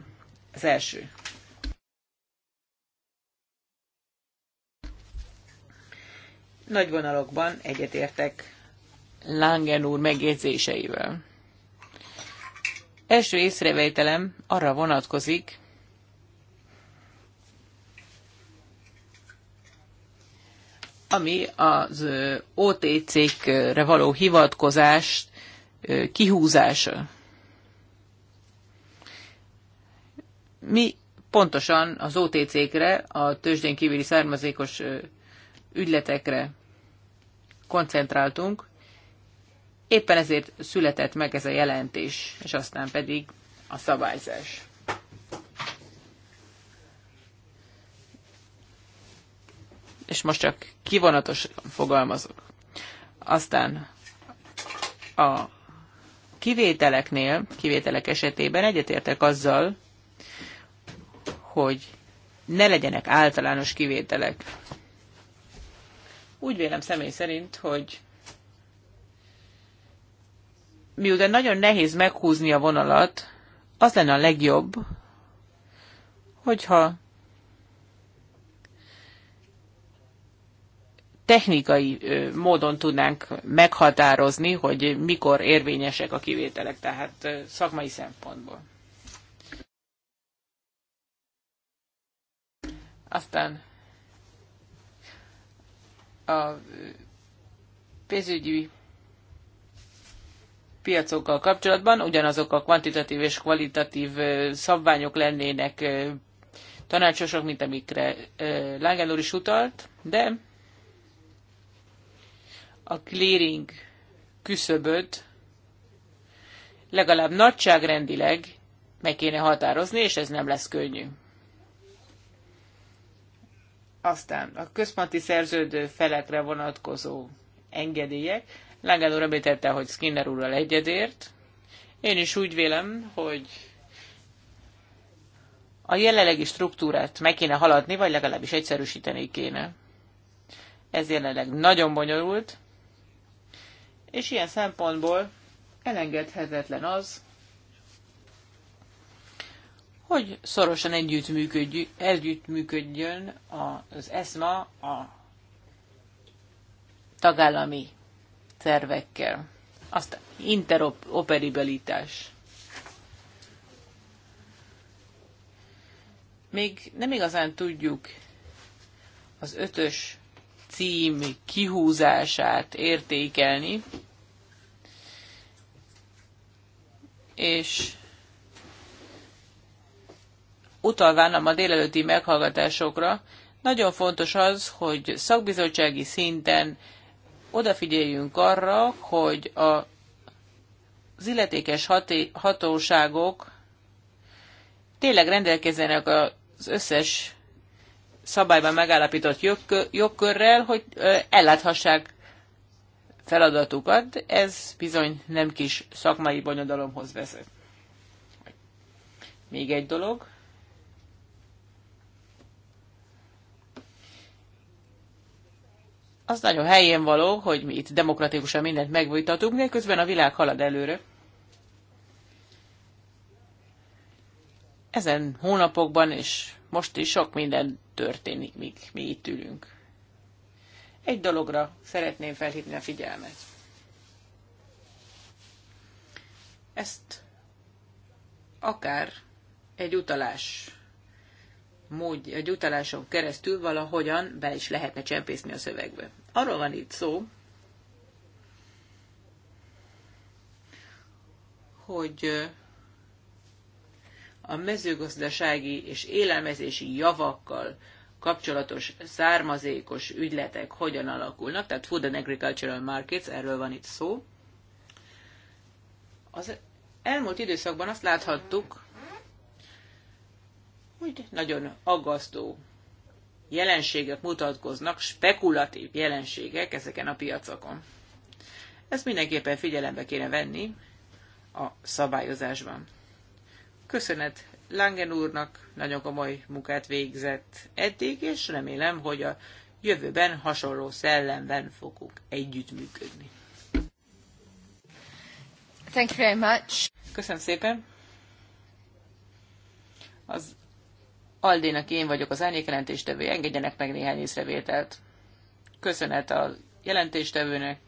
Az első. Nagy vonalokban egyetértek Langen úr megjegyzéseivel. Első észrevételem arra vonatkozik, ami az OTC-kre való hivatkozás kihúzása. Mi pontosan az OTC-kre, a tőzsdén kívüli származékos ügyletekre koncentráltunk, Éppen ezért született meg ez a jelentés, és aztán pedig a szabályzás. És most csak kivonatosan fogalmazok. Aztán a kivételeknél, kivételek esetében egyetértek azzal, hogy ne legyenek általános kivételek. Úgy vélem személy szerint, hogy miután nagyon nehéz meghúzni a vonalat, az lenne a legjobb, hogyha technikai módon tudnánk meghatározni, hogy mikor érvényesek a kivételek, tehát szakmai szempontból. Aztán a pénzügyi piacokkal kapcsolatban ugyanazok a kvantitatív és kvalitatív szabványok lennének tanácsosok, mint amikre Lágel úr is utalt, de a clearing küszöböt legalább nagyságrendileg meg kéne határozni, és ez nem lesz könnyű. Aztán a központi szerződő felekre vonatkozó engedélyek. Langán remételte, hogy Skinner úrral egyedért. Én is úgy vélem, hogy a jelenlegi struktúrát meg kéne haladni, vagy legalábbis egyszerűsíteni kéne. Ez jelenleg nagyon bonyolult, és ilyen szempontból elengedhetetlen az, hogy szorosan együttműködjön az ESMA a tagállami szervekkel. Aztán interoperibilitás. Még nem igazán tudjuk az ötös cím kihúzását értékelni, és utalván a ma délelőtti meghallgatásokra, nagyon fontos az, hogy szakbizottsági szinten odafigyeljünk arra, hogy a, az illetékes haté, hatóságok tényleg rendelkezzenek az összes szabályban megállapított jogkör, jogkörrel, hogy elláthassák feladatukat, ez bizony nem kis szakmai bonyodalomhoz vezet. Még egy dolog, az nagyon helyén való, hogy mi itt demokratikusan mindent megvújtatunk, de közben a világ halad előre. Ezen hónapokban és most is sok minden történik, míg mi itt ülünk. Egy dologra szeretném felhívni a figyelmet. Ezt akár egy utalás mód, egy utaláson keresztül valahogyan be is lehetne csempészni a szövegbe. Arról van itt szó, hogy a mezőgazdasági és élelmezési javakkal kapcsolatos származékos ügyletek hogyan alakulnak, tehát Food and Agricultural Markets, erről van itt szó. Az elmúlt időszakban azt láthattuk, hogy nagyon aggasztó jelenségek mutatkoznak, spekulatív jelenségek ezeken a piacokon. Ezt mindenképpen figyelembe kéne venni a szabályozásban. Köszönet Langen úrnak, nagyon komoly munkát végzett eddig, és remélem, hogy a jövőben hasonló szellemben fogunk együttműködni. Thank you very much. Köszönöm szépen. Az Aldénak én vagyok az árnyékjelentéstevő, engedjenek meg néhány észrevételt. Köszönet a jelentéstevőnek,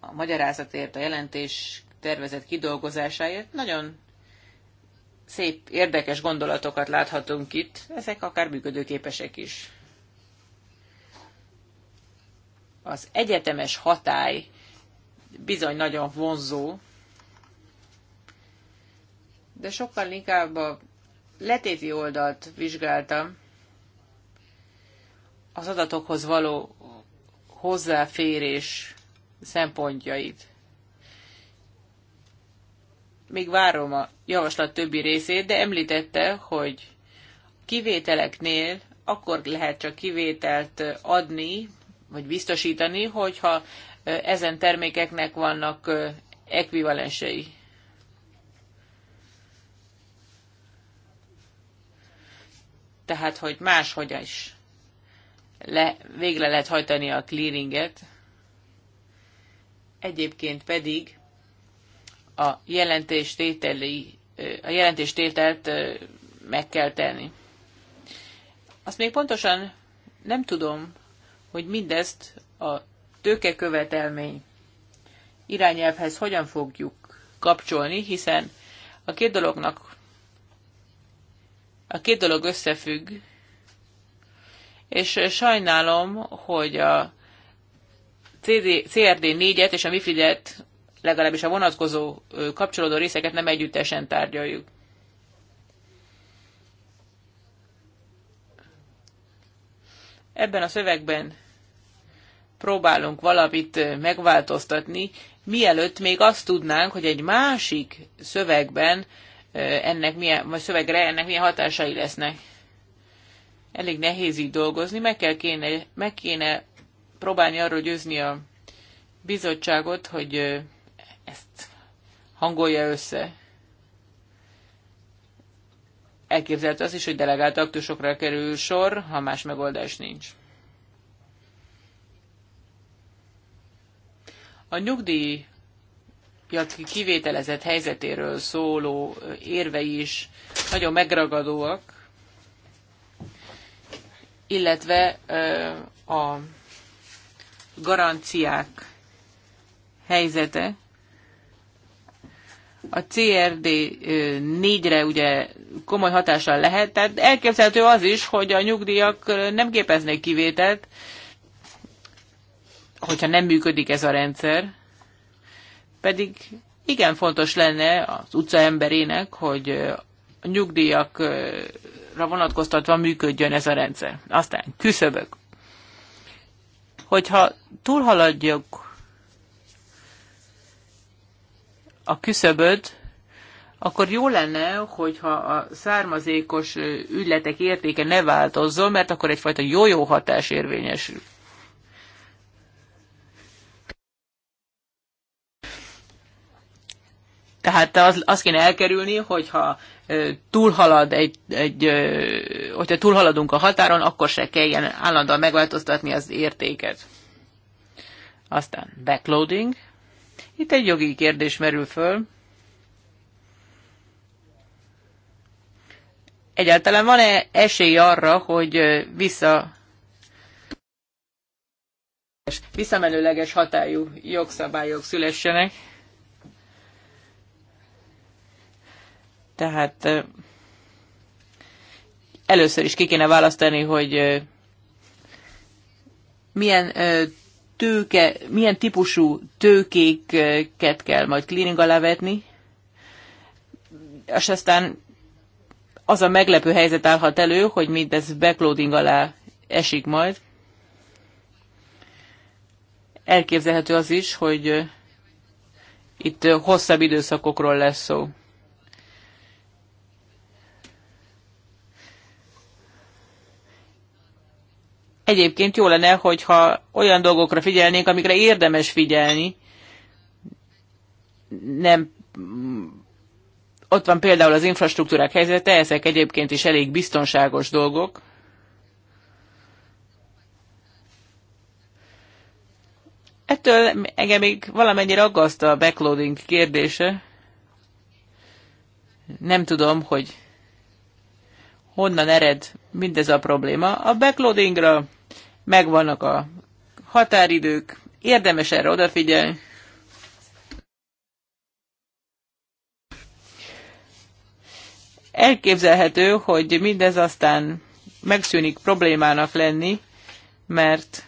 a magyarázatért, a jelentés tervezet kidolgozásáért. Nagyon szép, érdekes gondolatokat láthatunk itt, ezek akár működőképesek is. Az egyetemes hatály bizony nagyon vonzó, de sokkal inkább a letéti oldalt vizsgáltam, az adatokhoz való hozzáférés szempontjait. Még várom a javaslat többi részét, de említette, hogy kivételeknél akkor lehet csak kivételt adni, vagy biztosítani, hogyha ezen termékeknek vannak ekvivalensei. tehát hogy máshogy is le, végre lehet hajtani a clearinget, egyébként pedig a jelentéstételi, a jelentéstételt meg kell tenni. Azt még pontosan nem tudom, hogy mindezt a tőkekövetelmény irányelvhez hogyan fogjuk kapcsolni, hiszen a két dolognak a két dolog összefügg, és eh, sajnálom, hogy a CD, CRD 4-et és a MIFID-et, legalábbis a vonatkozó kapcsolódó részeket nem együttesen tárgyaljuk. Ebben a szövegben próbálunk valamit megváltoztatni, mielőtt még azt tudnánk, hogy egy másik szövegben ennek milyen, vagy szövegre ennek milyen hatásai lesznek. Elég nehéz így dolgozni, meg, kell kéne, meg kéne próbálni arról győzni a bizottságot, hogy ezt hangolja össze. Elképzelhető az is, hogy delegált aktusokra kerül sor, ha más megoldás nincs. A nyugdíj piaci kivételezett helyzetéről szóló érvei is nagyon megragadóak, illetve a garanciák helyzete. A CRD 4-re ugye komoly hatással lehet, tehát elképzelhető az is, hogy a nyugdíjak nem képeznek kivételt, hogyha nem működik ez a rendszer pedig igen fontos lenne az utca emberének, hogy a nyugdíjakra vonatkoztatva működjön ez a rendszer. Aztán küszöbök. Hogyha túlhaladjuk a küszöböt, akkor jó lenne, hogyha a származékos ügyletek értéke ne változzon, mert akkor egyfajta jó-jó hatás érvényesül. Tehát az, azt kéne elkerülni, hogyha túlhalad egy, egy, hogyha túlhaladunk a határon, akkor se kelljen állandóan megváltoztatni az értéket. Aztán backloading. Itt egy jogi kérdés merül föl. Egyáltalán van-e esély arra, hogy vissza visszamenőleges hatályú jogszabályok szülessenek? Tehát először is ki kéne választani, hogy milyen tőke, milyen típusú tőkéket kell majd cleaning alá vetni, és aztán az a meglepő helyzet állhat elő, hogy mindez backloading alá esik majd. Elképzelhető az is, hogy itt hosszabb időszakokról lesz szó. Egyébként jó lenne, hogyha olyan dolgokra figyelnénk, amikre érdemes figyelni. Nem ott van például az infrastruktúrák helyzete, ezek egyébként is elég biztonságos dolgok. Ettől engem még valamennyire aggaszt a backloading kérdése. Nem tudom, hogy honnan ered mindez a probléma. A backloadingra megvannak a határidők, érdemes erre odafigyelni. Elképzelhető, hogy mindez aztán megszűnik problémának lenni, mert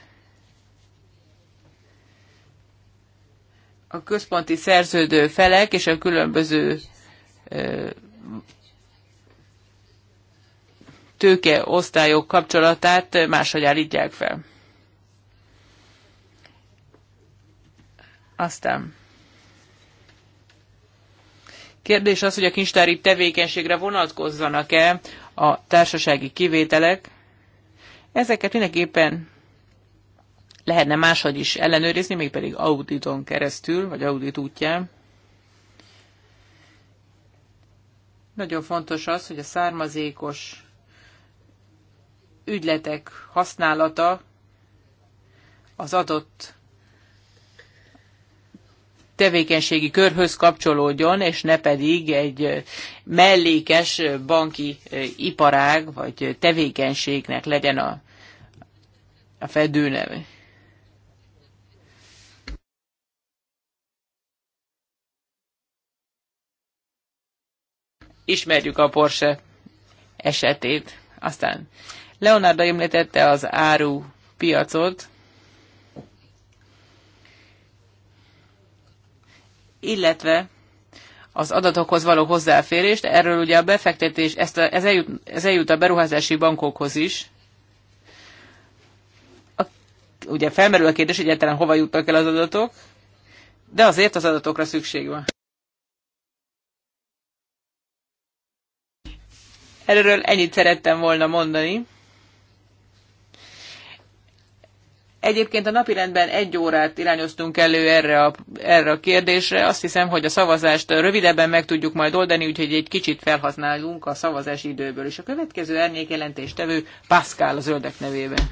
a központi szerződő felek és a különböző tőke osztályok kapcsolatát máshogy állítják fel. Aztán. Kérdés az, hogy a kincstári tevékenységre vonatkozzanak-e a társasági kivételek. Ezeket mindenképpen lehetne máshogy is ellenőrizni, mégpedig auditon keresztül, vagy audit útján. Nagyon fontos az, hogy a származékos ügyletek használata az adott tevékenységi körhöz kapcsolódjon, és ne pedig egy mellékes banki iparág vagy tevékenységnek legyen a, a fedőneve. Ismerjük a Porsche esetét. Aztán Leonardo említette az áru piacot, illetve az adatokhoz való hozzáférést, erről ugye a befektetés, ezt a, ez, eljut, ez eljut a beruházási bankokhoz is. A, ugye felmerül a kérdés, hogy egyáltalán hova jutnak el az adatok, de azért az adatokra szükség van. Erről ennyit szerettem volna mondani. Egyébként a napirendben egy órát irányoztunk elő erre a, erre a kérdésre. Azt hiszem, hogy a szavazást rövidebben meg tudjuk majd oldani, úgyhogy egy kicsit felhasználunk a szavazási időből. És a következő ernyékjelentést tevő Pascal a zöldek nevében.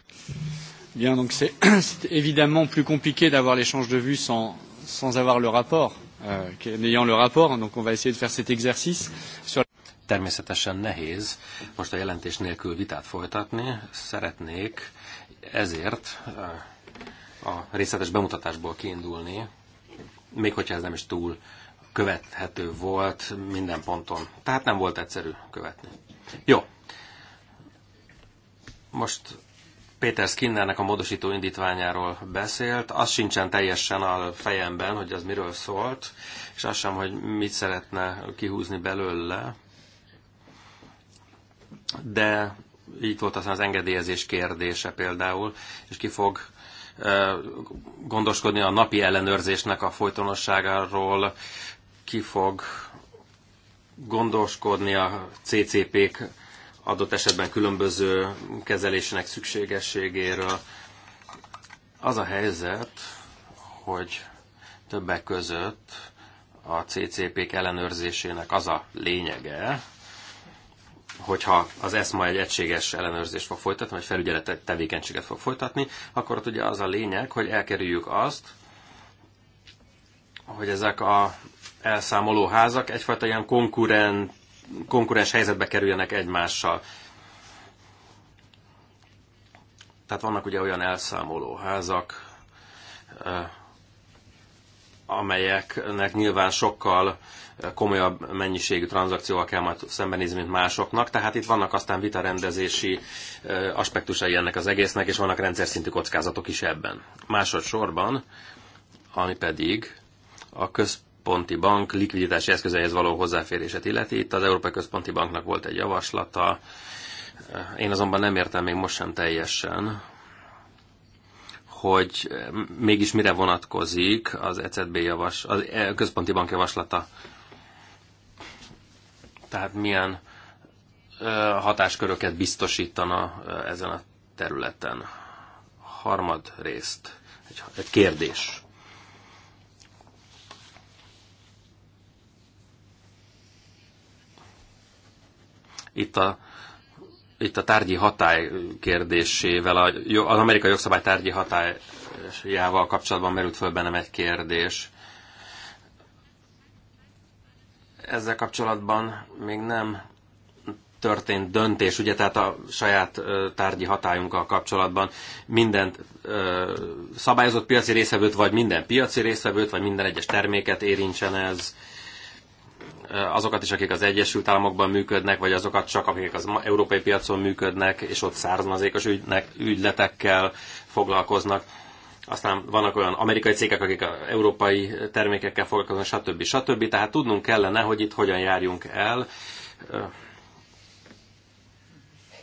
Bien, donc c'est évidemment plus compliqué d'avoir l'échange de vues sans, sans avoir le rapport, euh, n'ayant le rapport, donc on va essayer de faire cet exercice. Sur... Természetesen nehéz most a jelentés nélkül vitát folytatni. Szeretnék ezért eh, a részletes bemutatásból kiindulni, még hogyha ez nem is túl követhető volt minden ponton. Tehát nem volt egyszerű követni. Jó. Most Péter Skinnernek a módosító indítványáról beszélt. Az sincsen teljesen a fejemben, hogy az miről szólt, és az sem, hogy mit szeretne kihúzni belőle. De így volt aztán az engedélyezés kérdése például, és ki fog gondoskodni a napi ellenőrzésnek a folytonosságáról, ki fog gondoskodni a CCP-k adott esetben különböző kezelésének szükségességéről. Az a helyzet, hogy többek között a CCP-k ellenőrzésének az a lényege, hogyha az ESMA egy egységes ellenőrzést fog folytatni, vagy felügyeletet tevékenységet fog folytatni, akkor ott ugye az a lényeg, hogy elkerüljük azt, hogy ezek a elszámoló házak egyfajta ilyen konkurens helyzetbe kerüljenek egymással. Tehát vannak ugye olyan elszámoló házak, amelyeknek nyilván sokkal komolyabb mennyiségű tranzakcióval kell majd szembenézni, mint másoknak. Tehát itt vannak aztán vitarendezési aspektusai ennek az egésznek, és vannak rendszer szintű kockázatok is ebben. Másodszorban, ami pedig a központi bank likviditási eszközeihez való hozzáférését illeti. Itt az Európai Központi Banknak volt egy javaslata, én azonban nem értem még most sem teljesen, hogy mégis mire vonatkozik az ECB javas, az e központi bank javaslata. Tehát milyen hatásköröket biztosítana ezen a területen. Harmad részt, egy, egy kérdés. Itt a itt a tárgyi hatály kérdésével, a, az amerikai jogszabály tárgyi hatályjával kapcsolatban merült föl bennem egy kérdés. Ezzel kapcsolatban még nem történt döntés, ugye, tehát a saját tárgyi hatályunkkal kapcsolatban mindent ö, szabályozott piaci részvevőt, vagy minden piaci részvevőt, vagy minden egyes terméket érintsen ez. Ö, azokat is, akik az Egyesült Államokban működnek, vagy azokat csak, akik az európai piacon működnek, és ott származékos ügynek, ügyletekkel foglalkoznak. Aztán vannak olyan amerikai cégek, akik az európai termékekkel foglalkoznak, stb. stb. Tehát tudnunk kellene, hogy itt hogyan járjunk el.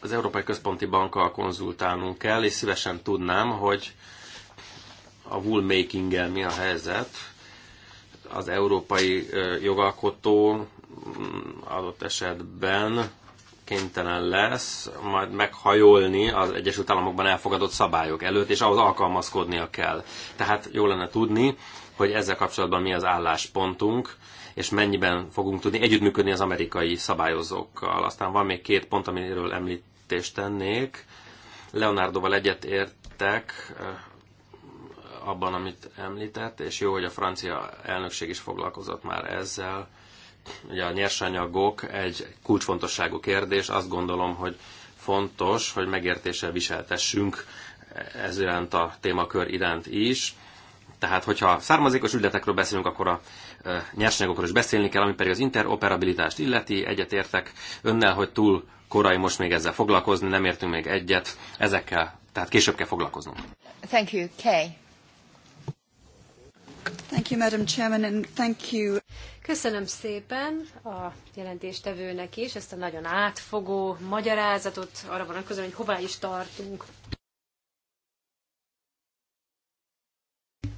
Az Európai Központi Bankkal konzultálnunk kell, és szívesen tudnám, hogy a wool making mi a helyzet az európai jogalkotó mm, adott esetben kénytelen lesz majd meghajolni az Egyesült Államokban elfogadott szabályok előtt, és ahhoz alkalmazkodnia kell. Tehát jó lenne tudni, hogy ezzel kapcsolatban mi az álláspontunk, és mennyiben fogunk tudni együttműködni az amerikai szabályozókkal. Aztán van még két pont, amiről említést tennék. Leonardoval egyetértek abban, amit említett, és jó, hogy a francia elnökség is foglalkozott már ezzel. Ugye a nyersanyagok egy kulcsfontosságú kérdés. Azt gondolom, hogy fontos, hogy megértéssel viseltessünk ez iránt a témakör iránt is. Tehát, hogyha származékos ügyletekről beszélünk, akkor a e, nyersanyagokról is beszélni kell, ami pedig az interoperabilitást illeti. Egyetértek önnel, hogy túl korai most még ezzel foglalkozni, nem értünk még egyet. Ezekkel tehát később kell foglalkoznunk. Thank you, Kay. Köszönöm szépen a jelentéstevőnek is ezt a nagyon átfogó magyarázatot arra vonatkozóan, hogy hová is tartunk.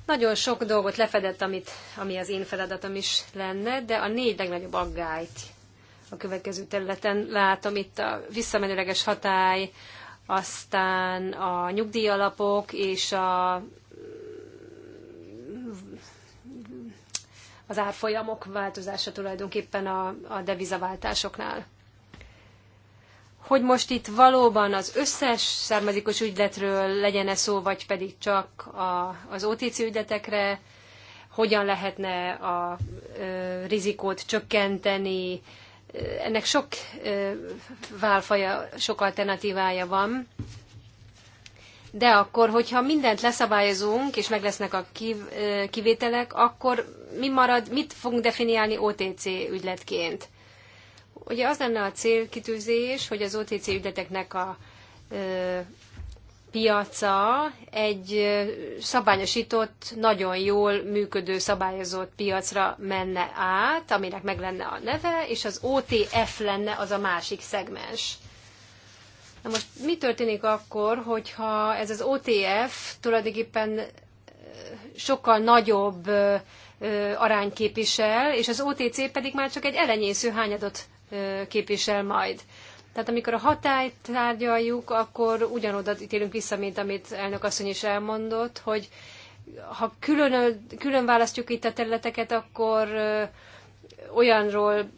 Nagyon sok dolgot lefedett, amit, ami az én feladatom is lenne, de a négy legnagyobb aggályt a következő területen látom. Itt a visszamenőleges hatály, aztán a nyugdíjalapok és a az árfolyamok változása tulajdonképpen a, a devizaváltásoknál. Hogy most itt valóban az összes származékos ügyletről legyen-e szó, vagy pedig csak a, az OTC ügyletekre, hogyan lehetne a ö, rizikót csökkenteni, ennek sok válfaja, sok alternatívája van, de akkor, hogyha mindent leszabályozunk, és meg lesznek a kivételek, akkor mi marad, mit fogunk definiálni OTC ügyletként? Ugye az lenne a célkitűzés, hogy az OTC ügyleteknek a ö, piaca egy szabályosított, nagyon jól működő, szabályozott piacra menne át, aminek meg lenne a neve, és az OTF lenne az a másik szegmens. Na most mi történik akkor, hogyha ez az OTF tulajdonképpen sokkal nagyobb arány képvisel, és az OTC pedig már csak egy elenyésző hányadot képvisel majd. Tehát amikor a hatályt tárgyaljuk, akkor ugyanoda ítélünk vissza, mint amit elnök asszony is elmondott, hogy ha külön, külön választjuk itt a területeket, akkor olyanról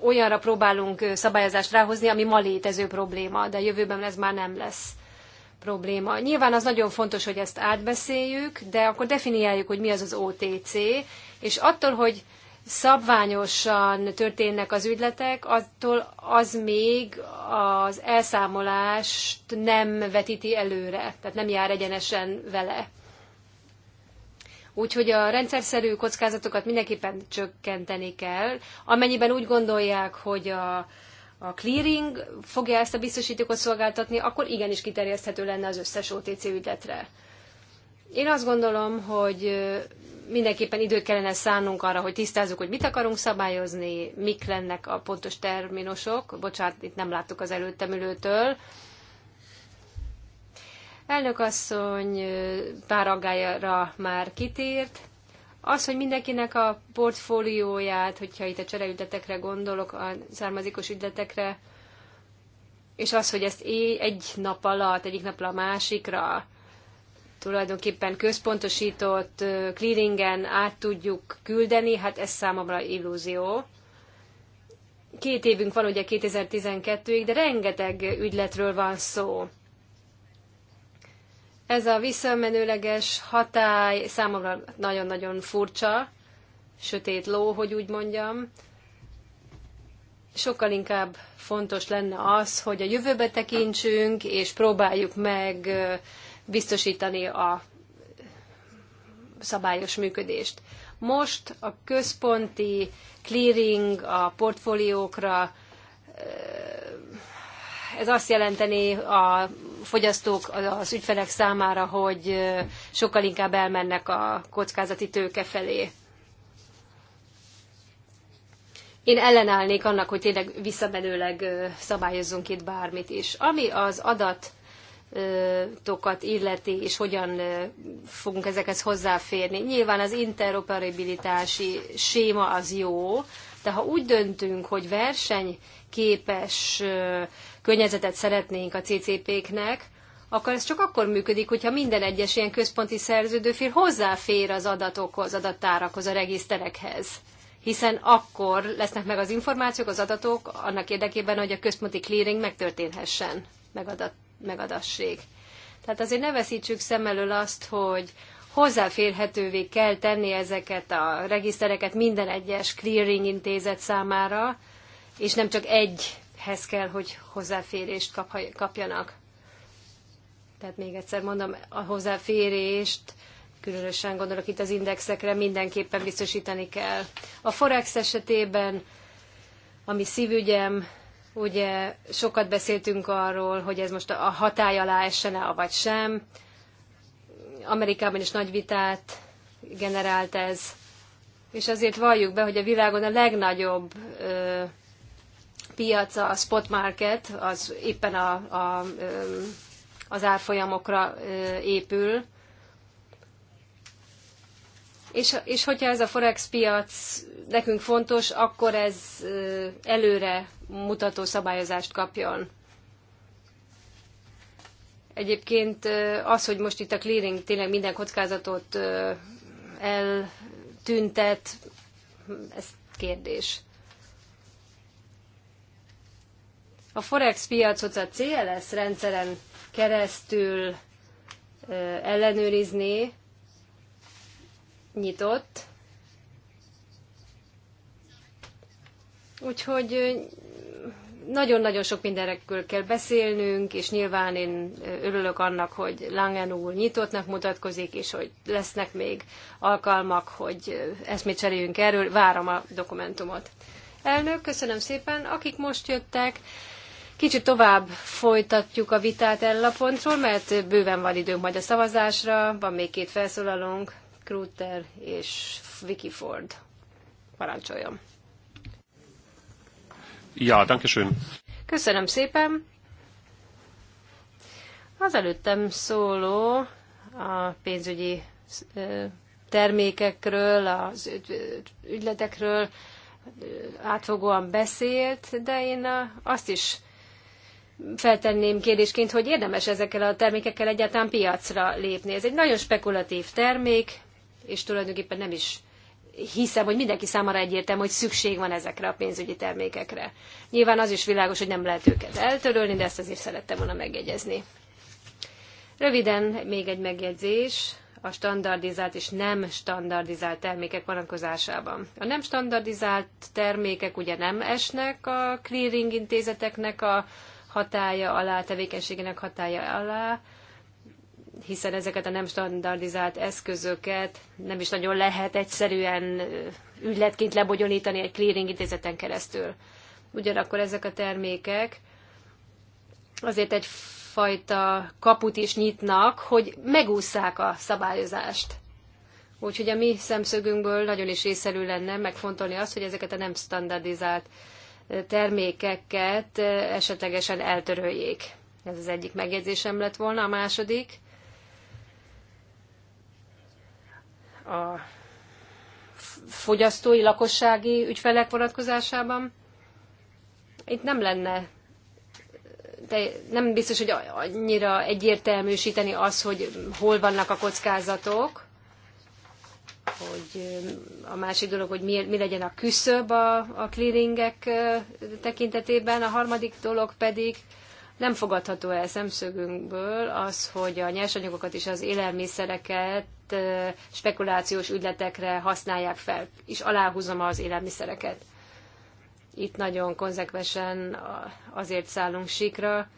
olyanra próbálunk szabályozást ráhozni, ami ma létező probléma, de jövőben ez már nem lesz probléma. Nyilván az nagyon fontos, hogy ezt átbeszéljük, de akkor definiáljuk, hogy mi az az OTC, és attól, hogy szabványosan történnek az ügyletek, attól az még az elszámolást nem vetíti előre, tehát nem jár egyenesen vele. Úgyhogy a rendszerszerű kockázatokat mindenképpen csökkenteni kell. Amennyiben úgy gondolják, hogy a, a clearing fogja ezt a biztosítékot szolgáltatni, akkor igenis kiterjeszthető lenne az összes OTC ügyletre. Én azt gondolom, hogy mindenképpen időt kellene szánnunk arra, hogy tisztázzuk, hogy mit akarunk szabályozni, mik lennek a pontos terminusok. Bocsánat, itt nem láttuk az előttem ülőtől. Elnök asszony pár aggályra már kitért. Az, hogy mindenkinek a portfólióját, hogyha itt a csereügyletekre gondolok, a származékos ügyletekre, és az, hogy ezt egy nap alatt, egyik napra a másikra tulajdonképpen központosított clearingen át tudjuk küldeni, hát ez számomra illúzió. Két évünk van ugye 2012-ig, de rengeteg ügyletről van szó. Ez a visszamenőleges hatály számomra nagyon-nagyon furcsa, sötét ló, hogy úgy mondjam. Sokkal inkább fontos lenne az, hogy a jövőbe tekintsünk, és próbáljuk meg biztosítani a szabályos működést. Most a központi clearing a portfóliókra, ez azt jelenteni a fogyasztók az ügyfelek számára, hogy sokkal inkább elmennek a kockázati tőke felé. Én ellenállnék annak, hogy tényleg visszamenőleg szabályozzunk itt bármit is. Ami az adat tokat illeti, és hogyan fogunk ezekhez hozzáférni. Nyilván az interoperabilitási séma az jó, de ha úgy döntünk, hogy versenyképes környezetet szeretnénk a CCP-knek, akkor ez csak akkor működik, hogyha minden egyes ilyen központi szerződőfél hozzáfér az adatokhoz, adattárakhoz, a regiszterekhez. Hiszen akkor lesznek meg az információk, az adatok annak érdekében, hogy a központi clearing megtörténhessen, megadat, megadassék. Tehát azért ne veszítsük szem elől azt, hogy hozzáférhetővé kell tenni ezeket a regisztereket minden egyes clearing intézet számára, és nem csak egy hez kell, hogy hozzáférést kapjanak. Tehát még egyszer mondom, a hozzáférést, különösen gondolok itt az indexekre, mindenképpen biztosítani kell. A Forex esetében, ami szívügyem, ugye sokat beszéltünk arról, hogy ez most a hatály alá essene, vagy sem. Amerikában is nagy vitát generált ez. És azért valljuk be, hogy a világon a legnagyobb piac a spot market, az éppen a, a, az árfolyamokra épül. És, és hogyha ez a forex piac nekünk fontos, akkor ez előre mutató szabályozást kapjon. Egyébként az, hogy most itt a clearing tényleg minden kockázatot eltüntet, ez kérdés. A Forex piacot a CLS rendszeren keresztül ellenőrizni nyitott. Úgyhogy nagyon-nagyon sok mindenekről kell beszélnünk, és nyilván én örülök annak, hogy Langen úr nyitottnak mutatkozik, és hogy lesznek még alkalmak, hogy eszmét cseréljünk erről. Várom a dokumentumot. Elnök, köszönöm szépen. Akik most jöttek, Kicsit tovább folytatjuk a vitát erről a pontról, mert bőven van időnk majd a szavazásra. Van még két felszólalónk, Kruter és Vicky Ford. Parancsoljon. Ja, danke schön. Köszönöm szépen. Az előttem szóló a pénzügyi termékekről, az ügyletekről átfogóan beszélt, de én azt is feltenném kérdésként, hogy érdemes ezekkel a termékekkel egyáltalán piacra lépni. Ez egy nagyon spekulatív termék, és tulajdonképpen nem is hiszem, hogy mindenki számára egyértelmű, hogy szükség van ezekre a pénzügyi termékekre. Nyilván az is világos, hogy nem lehet őket eltörölni, de ezt azért szerettem volna megjegyezni. Röviden még egy megjegyzés a standardizált és nem standardizált termékek vonatkozásában. A nem standardizált termékek ugye nem esnek a clearing intézeteknek a hatája alá, tevékenységének hatája alá, hiszen ezeket a nem standardizált eszközöket nem is nagyon lehet egyszerűen ügyletként lebonyolítani egy clearing intézeten keresztül. Ugyanakkor ezek a termékek azért egyfajta kaput is nyitnak, hogy megúszszák a szabályozást. Úgyhogy a mi szemszögünkből nagyon is észszerű lenne megfontolni azt, hogy ezeket a nem standardizált termékeket esetlegesen eltöröljék. Ez az egyik megjegyzésem lett volna. A második a fogyasztói, lakossági ügyfelek vonatkozásában. Itt nem lenne de nem biztos, hogy annyira egyértelműsíteni az, hogy hol vannak a kockázatok, hogy a másik dolog, hogy mi, mi legyen a küszöb a, a clearingek tekintetében, a harmadik dolog pedig nem fogadható el szemszögünkből az, hogy a nyersanyagokat és az élelmiszereket spekulációs ügyletekre használják fel, és aláhúzom az élelmiszereket. Itt nagyon konzekvesen azért szállunk síkra,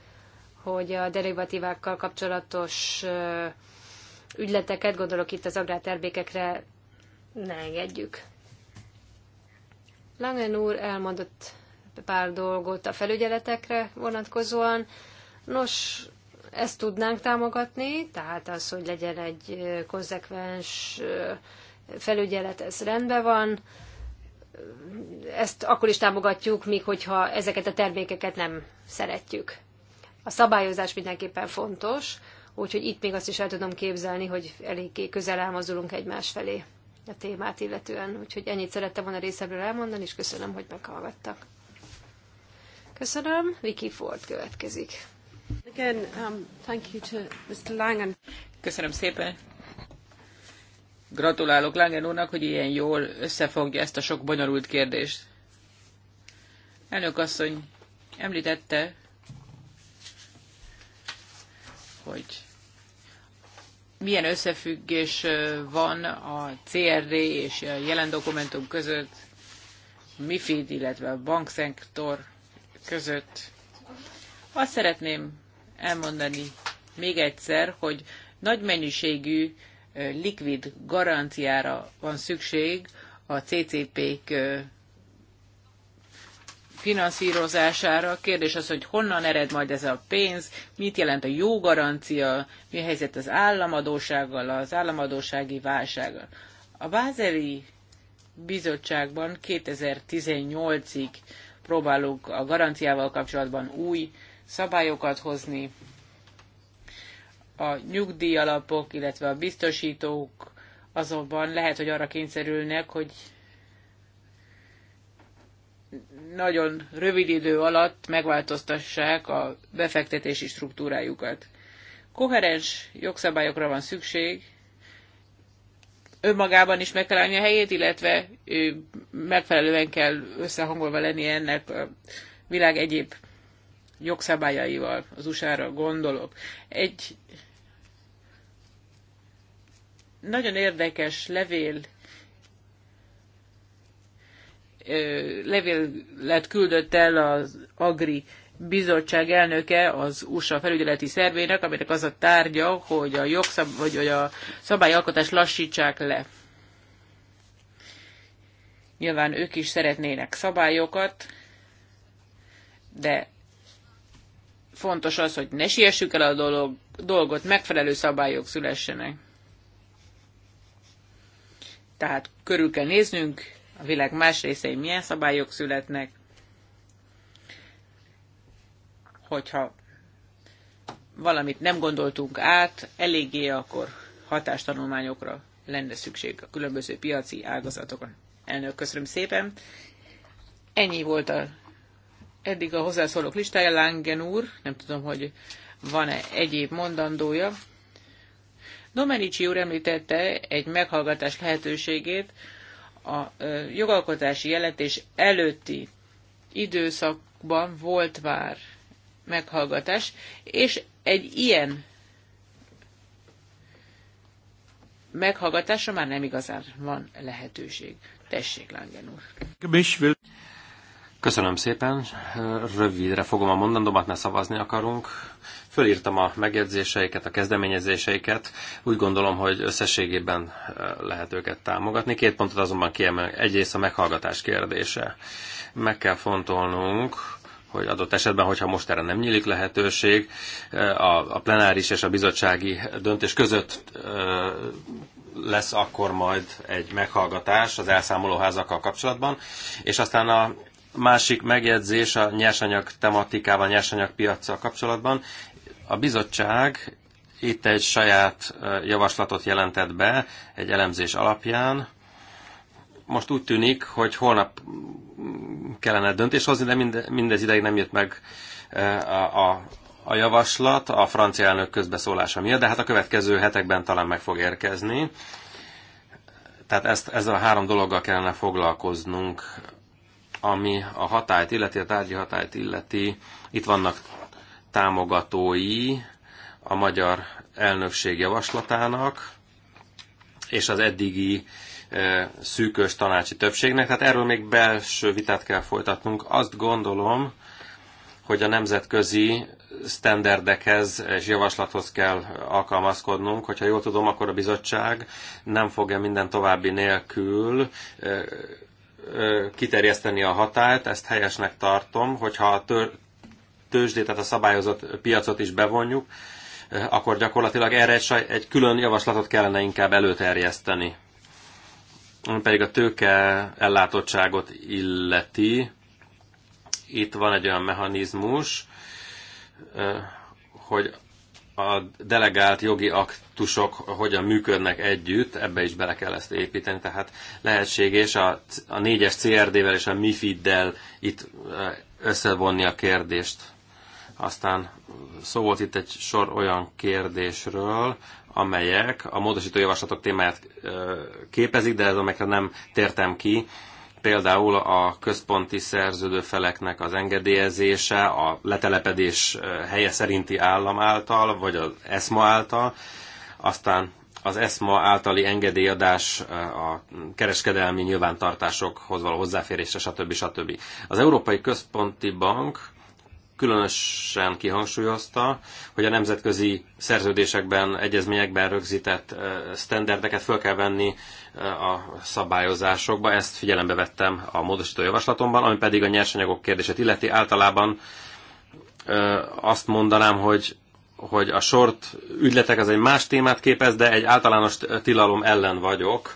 hogy a derivatívákkal kapcsolatos ügyleteket, gondolok itt az agrártermékekre ne engedjük. Langen úr elmondott pár dolgot a felügyeletekre vonatkozóan. Nos, ezt tudnánk támogatni, tehát az, hogy legyen egy konzekvens felügyelet, ez rendben van. Ezt akkor is támogatjuk, míg hogyha ezeket a termékeket nem szeretjük. A szabályozás mindenképpen fontos, úgyhogy itt még azt is el tudom képzelni, hogy eléggé közel elmozdulunk egymás felé a témát illetően. Úgyhogy ennyit szerettem volna részemről elmondani, és köszönöm, hogy meghallgattak. Köszönöm. Vicky Ford következik. Again, um, thank you to Mr. Langen. Köszönöm szépen. Gratulálok Langen úrnak, hogy ilyen jól összefogja ezt a sok bonyolult kérdést. Elnök asszony említette, hogy milyen összefüggés van a CRD és a jelen dokumentum között, a MIFID, illetve a bankszektor között. Azt szeretném elmondani még egyszer, hogy nagy mennyiségű likvid garanciára van szükség a CCP-k finanszírozására. Kérdés az, hogy honnan ered majd ez a pénz, mit jelent a jó garancia, mi a helyzet az államadósággal, az államadósági válsággal. A Bázeli bizottságban 2018-ig próbálunk a garanciával kapcsolatban új szabályokat hozni. A nyugdíjalapok, illetve a biztosítók azonban lehet, hogy arra kényszerülnek, hogy nagyon rövid idő alatt megváltoztassák a befektetési struktúrájukat. Koherens jogszabályokra van szükség, önmagában is meg kell állni a helyét, illetve megfelelően kell összehangolva lenni ennek a világ egyéb jogszabályaival, az USA-ra gondolok. Egy nagyon érdekes levél levélet küldött el az Agri bizottság elnöke az USA felügyeleti szervének, aminek az a tárgya, hogy a, jogszab, vagy, hogy a szabályalkotás lassítsák le. Nyilván ők is szeretnének szabályokat, de fontos az, hogy ne siessük el a dolog, dolgot, megfelelő szabályok szülessenek. Tehát körül kell néznünk, a világ más részein milyen szabályok születnek, hogyha valamit nem gondoltunk át, eléggé akkor hatástanulmányokra lenne szükség a különböző piaci ágazatokon. Elnök, köszönöm szépen. Ennyi volt a, eddig a hozzászólók listája. Langen úr, nem tudom, hogy van-e egyéb mondandója. Domenici úr említette egy meghallgatás lehetőségét, a jogalkotási jelentés előtti időszakban volt már meghallgatás, és egy ilyen meghallgatásra már nem igazán van lehetőség. Tessék, Langen úr. Köszönöm szépen. Rövidre fogom a mondandómat, mert szavazni akarunk. Fölírtam a megjegyzéseiket, a kezdeményezéseiket. Úgy gondolom, hogy összességében lehet őket támogatni. Két pontot azonban kiemel. Egyrészt a meghallgatás kérdése. Meg kell fontolnunk, hogy adott esetben, hogyha most erre nem nyílik lehetőség, a, a plenáris és a bizottsági döntés között lesz akkor majd egy meghallgatás az elszámolóházakkal kapcsolatban, és aztán a másik megjegyzés a nyersanyag tematikával, nyersanyag piaccal kapcsolatban. A bizottság itt egy saját javaslatot jelentett be egy elemzés alapján. Most úgy tűnik, hogy holnap mm, kellene döntés hozni, de mindez ideig nem jött meg a, a, a javaslat a francia elnök közbeszólása miatt, de hát a következő hetekben talán meg fog érkezni. Tehát ezt, ezzel a három dologgal kellene foglalkoznunk, ami a hatályt illeti, a tárgyi hatályt illeti. Itt vannak támogatói a magyar elnökség javaslatának, és az eddigi e, szűkös tanácsi többségnek, tehát erről még belső vitát kell folytatnunk. Azt gondolom, hogy a nemzetközi sztenderdekhez és javaslathoz kell alkalmazkodnunk. Hogyha jól tudom, akkor a bizottság nem fogja minden további nélkül e, e, kiterjeszteni a hatályt, ezt helyesnek tartom, hogyha a tőzsdét, tehát a szabályozott piacot is bevonjuk, eh, akkor gyakorlatilag erre egy, egy külön javaslatot kellene inkább előterjeszteni. Ami pedig a tőke ellátottságot illeti, itt van egy olyan mechanizmus, eh, hogy a delegált jogi aktusok hogyan működnek együtt, ebbe is bele kell ezt építeni, tehát lehetséges a, a 4-es CRD-vel és a MIFID-del itt eh, összevonni a kérdést. Aztán szó volt itt egy sor olyan kérdésről, amelyek a módosító javaslatok témáját képezik, de amelyekre nem tértem ki. Például a központi szerződő feleknek az engedélyezése, a letelepedés helye szerinti állam által, vagy az ESMA által, aztán az ESMA általi engedélyadás a kereskedelmi nyilvántartásokhoz való hozzáférésre, stb. stb. Az Európai Központi Bank különösen kihangsúlyozta, hogy a nemzetközi szerződésekben, egyezményekben rögzített sztenderdeket föl kell venni a szabályozásokba. Ezt figyelembe vettem a módosító javaslatomban, ami pedig a nyersanyagok kérdését illeti. Általában azt mondanám, hogy hogy a short ügyletek az egy más témát képez, de egy általános tilalom ellen vagyok.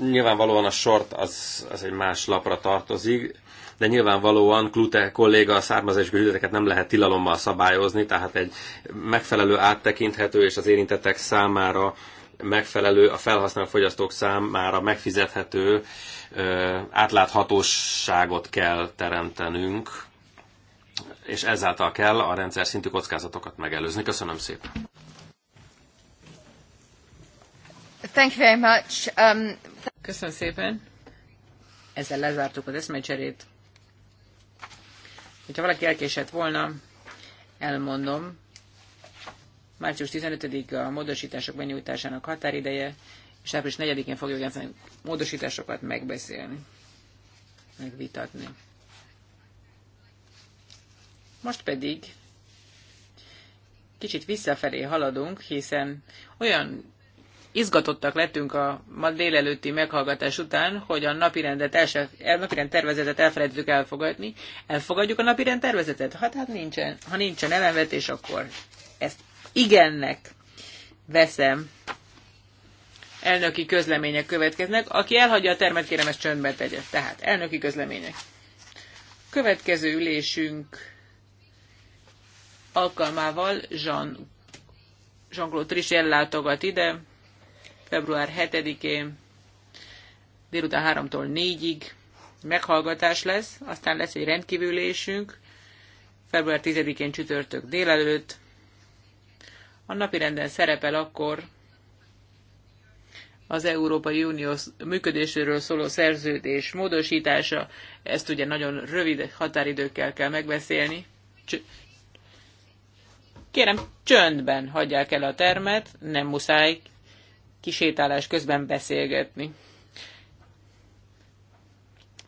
Nyilvánvalóan a short az, az egy más lapra tartozik, de nyilvánvalóan Klute kolléga a származásbeli ügyeteket nem lehet tilalommal szabályozni, tehát egy megfelelő áttekinthető és az érintettek számára megfelelő, a felhasználó fogyasztók számára megfizethető átláthatóságot kell teremtenünk, és ezáltal kell a rendszer szintű kockázatokat megelőzni. Köszönöm szépen! Thank you very much. Um... Köszönöm szépen! Ezzel lezártuk az eszmecserét. Hogyha valaki elkésett volna, elmondom. Március 15 ig a módosítások benyújtásának határideje, és április 4-én fogjuk ezeket módosításokat megbeszélni, megvitatni. Most pedig kicsit visszafelé haladunk, hiszen olyan izgatottak lettünk a ma délelőtti meghallgatás után, hogy a napirendet el, napirend tervezetet elfelejtettük elfogadni. Elfogadjuk a napirend tervezetet? Hát, hát nincsen. Ha nincsen ellenvetés, akkor ezt igennek veszem. Elnöki közlemények következnek. Aki elhagyja a termet, kérem ezt csöndbe tegye. Tehát elnöki közlemények. Következő ülésünk alkalmával Jean, Jean-Claude Trichet látogat ide, február 7-én délután 3-tól 4-ig meghallgatás lesz, aztán lesz egy rendkívülésünk február 10-én csütörtök délelőtt. A napirenden szerepel akkor az Európai Unió működéséről szóló szerződés módosítása. Ezt ugye nagyon rövid határidőkkel kell megbeszélni. Cs- Kérem, csöndben hagyják el a termet, nem muszáj kisétálás közben beszélgetni.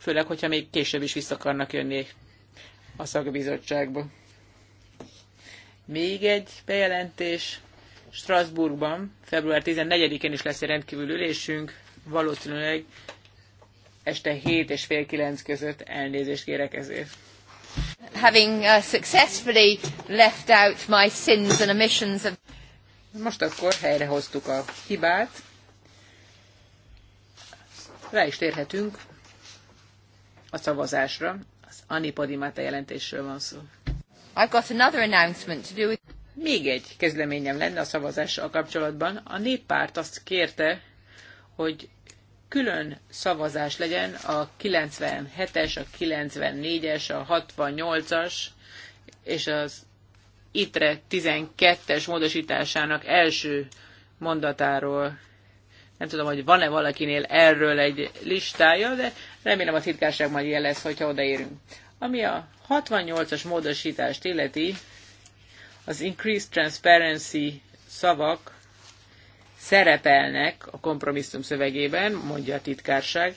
Főleg, hogyha még később is vissza akarnak jönni a szakbizottságba. Még egy bejelentés. Strasbourgban február 14-én is lesz egy rendkívül ülésünk, valószínűleg este 7 és fél 9 között elnézést kérek ezért. Having uh, successfully left out my sins and omissions of most akkor helyrehoztuk a hibát. Rá is térhetünk a szavazásra. Az Anipodimata jelentésről van szó. I've got another announcement to do with... Még egy kezdeményem lenne a szavazással kapcsolatban. A néppárt azt kérte, hogy külön szavazás legyen a 97-es, a 94-es, a 68-as és az ITRE 12-es módosításának első mondatáról. Nem tudom, hogy van-e valakinél erről egy listája, de remélem a titkárság majd ilyen lesz, hogyha odaérünk. Ami a 68-as módosítást illeti, az increased transparency szavak szerepelnek a kompromisszum szövegében, mondja a titkárság.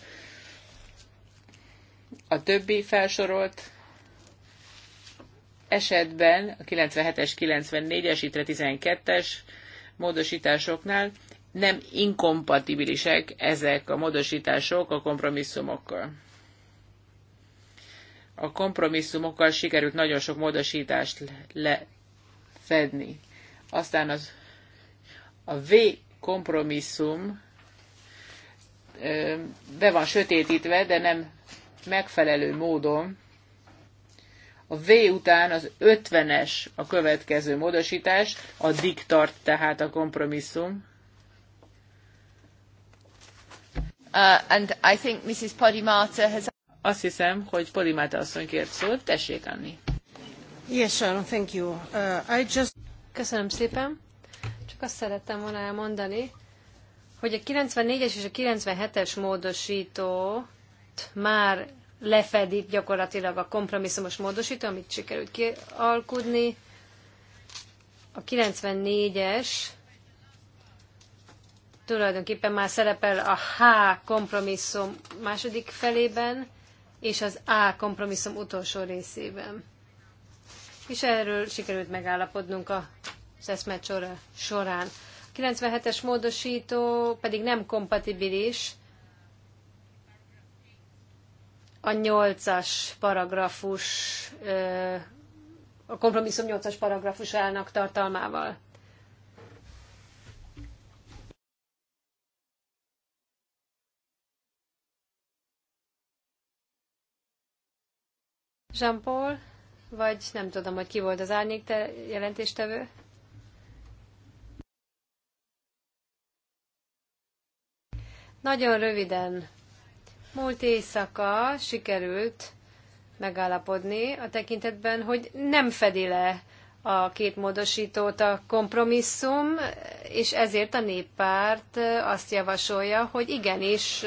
A többi felsorolt esetben a 97-es, 94-es, a 12-es módosításoknál nem inkompatibilisek ezek a módosítások a kompromisszumokkal. A kompromisszumokkal sikerült nagyon sok módosítást lefedni. Aztán az a V kompromisszum be van sötétítve, de nem megfelelő módon a V után az 50-es a következő módosítás, addig tart tehát a kompromisszum. Uh, and I think Mrs. Podimata has... Azt hiszem, hogy Podimata asszony kért szót. Tessék, Anni. Yes, Sharon, thank you. Uh, I just... Köszönöm szépen. Csak azt szerettem volna elmondani, hogy a 94-es és a 97-es módosító már lefedi gyakorlatilag a kompromisszumos módosító, amit sikerült kialkudni. A 94-es tulajdonképpen már szerepel a H kompromisszum második felében, és az A kompromisszum utolsó részében. És erről sikerült megállapodnunk a eszmecsora során. A 97-es módosító pedig nem kompatibilis a nyolcas paragrafus, a kompromisszum nyolcas paragrafusának tartalmával. Jean-Paul, vagy nem tudom, hogy ki volt az árnyék te jelentéstevő. Nagyon röviden Múlt éjszaka sikerült megállapodni a tekintetben, hogy nem fedi le a két módosítót a kompromisszum, és ezért a néppárt azt javasolja, hogy igenis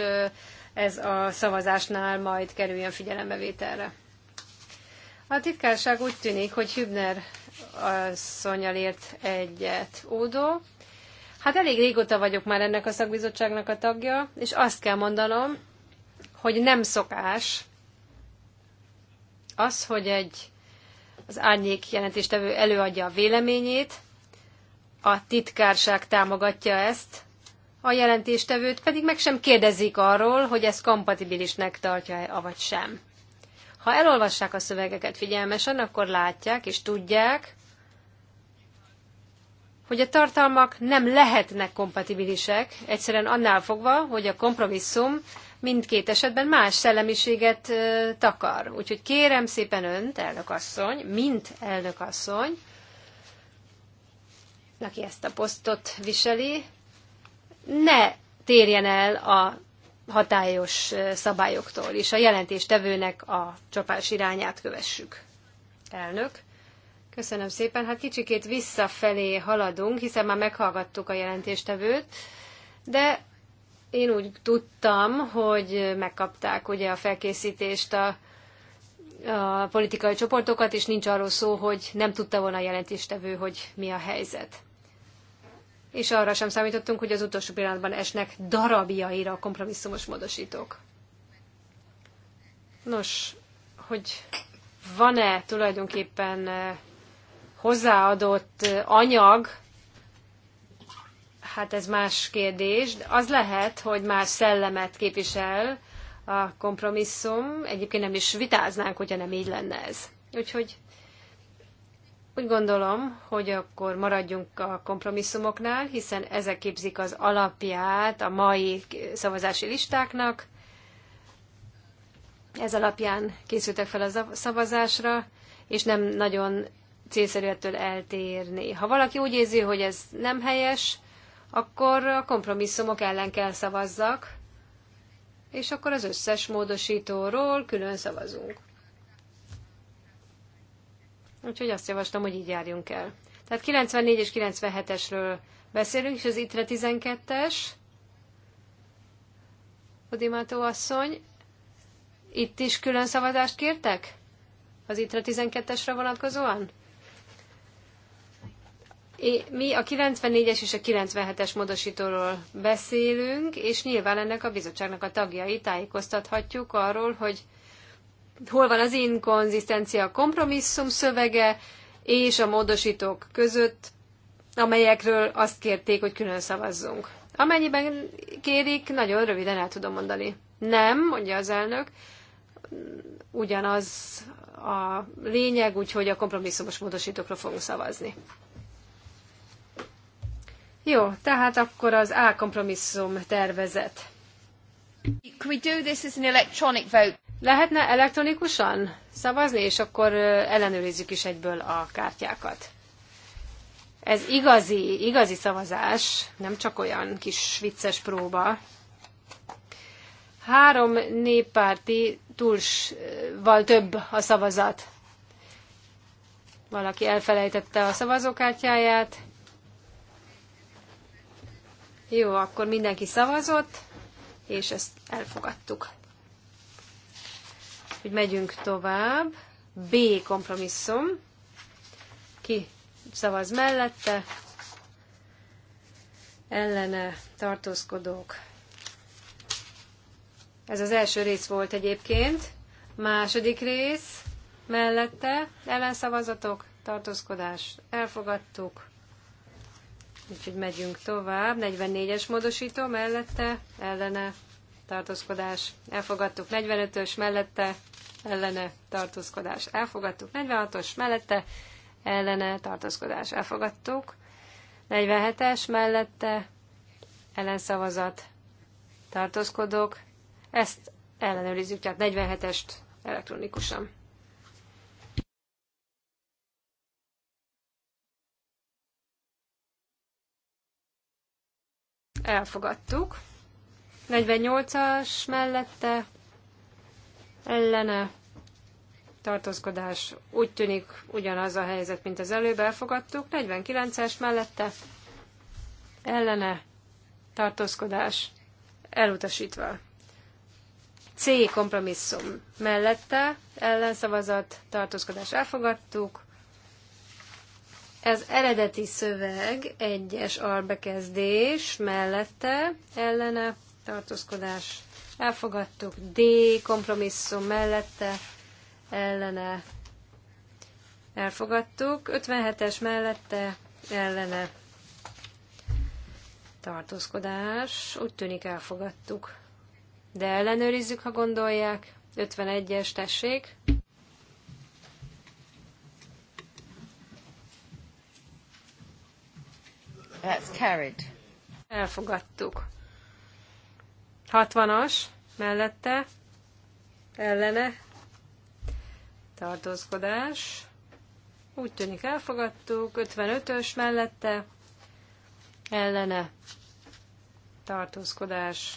ez a szavazásnál majd kerüljön figyelembevételre. A titkárság úgy tűnik, hogy Hübner asszonyal ért egyet. Ódó. Hát elég régóta vagyok már ennek a szakbizottságnak a tagja, és azt kell mondanom, hogy nem szokás az, hogy egy az árnyék jelentéstevő előadja a véleményét, a titkárság támogatja ezt, a jelentéstevőt pedig meg sem kérdezik arról, hogy ez kompatibilisnek tartja-e, avagy sem. Ha elolvassák a szövegeket figyelmesen, akkor látják és tudják, hogy a tartalmak nem lehetnek kompatibilisek, egyszerűen annál fogva, hogy a kompromisszum mindkét esetben más szellemiséget takar. Úgyhogy kérem szépen önt, elnökasszony, mint elnökasszony, aki ezt a posztot viseli, ne térjen el a hatályos szabályoktól, és a jelentéstevőnek a csapás irányát kövessük. Elnök. Köszönöm szépen. Hát kicsikét visszafelé haladunk, hiszen már meghallgattuk a jelentéstevőt, de én úgy tudtam, hogy megkapták ugye a felkészítést a, a politikai csoportokat, és nincs arról szó, hogy nem tudta volna a jelentéstevő, hogy mi a helyzet. És arra sem számítottunk, hogy az utolsó pillanatban esnek darabjaira a kompromisszumos módosítók. Nos, hogy van-e tulajdonképpen eh, hozzáadott eh, anyag hát ez más kérdés. Az lehet, hogy más szellemet képvisel a kompromisszum. Egyébként nem is vitáznánk, hogyha nem így lenne ez. Úgyhogy úgy gondolom, hogy akkor maradjunk a kompromisszumoknál, hiszen ezek képzik az alapját a mai szavazási listáknak. Ez alapján készültek fel a szavazásra, és nem nagyon célszerű ettől eltérni. Ha valaki úgy érzi, hogy ez nem helyes, akkor a kompromisszumok ellen kell szavazzak, és akkor az összes módosítóról külön szavazunk. Úgyhogy azt javaslom, hogy így járjunk el. Tehát 94 és 97-esről beszélünk, és az ITRE 12-es, Odimátó asszony, itt is külön szavazást kértek? Az ITRE 12-esre vonatkozóan? Mi a 94-es és a 97-es módosítóról beszélünk, és nyilván ennek a bizottságnak a tagjai tájékoztathatjuk arról, hogy hol van az inkonzisztencia a kompromisszum szövege és a módosítók között, amelyekről azt kérték, hogy külön szavazzunk. Amennyiben kérik, nagyon röviden el tudom mondani. Nem, mondja az elnök, ugyanaz a lényeg, úgyhogy a kompromisszumos módosítókra fogunk szavazni. Jó, tehát akkor az A kompromisszum tervezet. Can we do this as an electronic vote? Lehetne elektronikusan szavazni, és akkor ellenőrizzük is egyből a kártyákat. Ez igazi, igazi szavazás, nem csak olyan kis vicces próba. Három néppárti túlsval több a szavazat. Valaki elfelejtette a szavazókártyáját. Jó, akkor mindenki szavazott, és ezt elfogadtuk. Úgy megyünk tovább. B kompromisszum. Ki szavaz mellette? Ellene tartózkodók. Ez az első rész volt egyébként. Második rész mellette ellenszavazatok, tartózkodás, elfogadtuk. Úgyhogy megyünk tovább. 44-es módosító mellette, ellene, tartózkodás. Elfogadtuk 45-ös mellette, ellene, tartózkodás. Elfogadtuk 46-os mellette, ellene, tartózkodás. Elfogadtuk. 47-es mellette, ellenszavazat. Tartózkodók. Ezt ellenőrizzük, tehát 47-est elektronikusan. elfogadtuk. 48-as mellette ellene tartózkodás úgy tűnik ugyanaz a helyzet, mint az előbb elfogadtuk. 49-es mellette ellene tartózkodás elutasítva. C kompromisszum mellette ellenszavazat tartózkodás elfogadtuk. Ez eredeti szöveg egyes albekezdés mellette ellene tartózkodás elfogadtuk, D kompromisszum mellette ellene elfogadtuk, 57-es mellette ellene tartózkodás, úgy tűnik elfogadtuk. De ellenőrizzük, ha gondolják. 51-es, tessék. That's carried. Elfogadtuk. 60-as mellette ellene tartózkodás. Úgy tűnik elfogadtuk. 55-ös mellette ellene tartózkodás.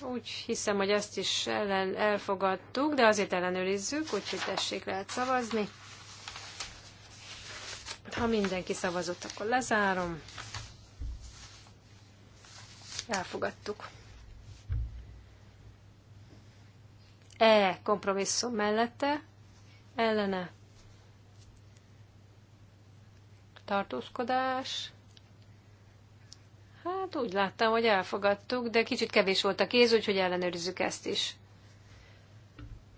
Úgy hiszem, hogy ezt is ellen elfogadtuk, de azért ellenőrizzük, úgyhogy tessék lehet szavazni. Ha mindenki szavazott, akkor lezárom. Elfogadtuk. E kompromisszum mellette, ellene tartózkodás. Hát úgy láttam, hogy elfogadtuk, de kicsit kevés volt a kéz, úgyhogy ellenőrizzük ezt is.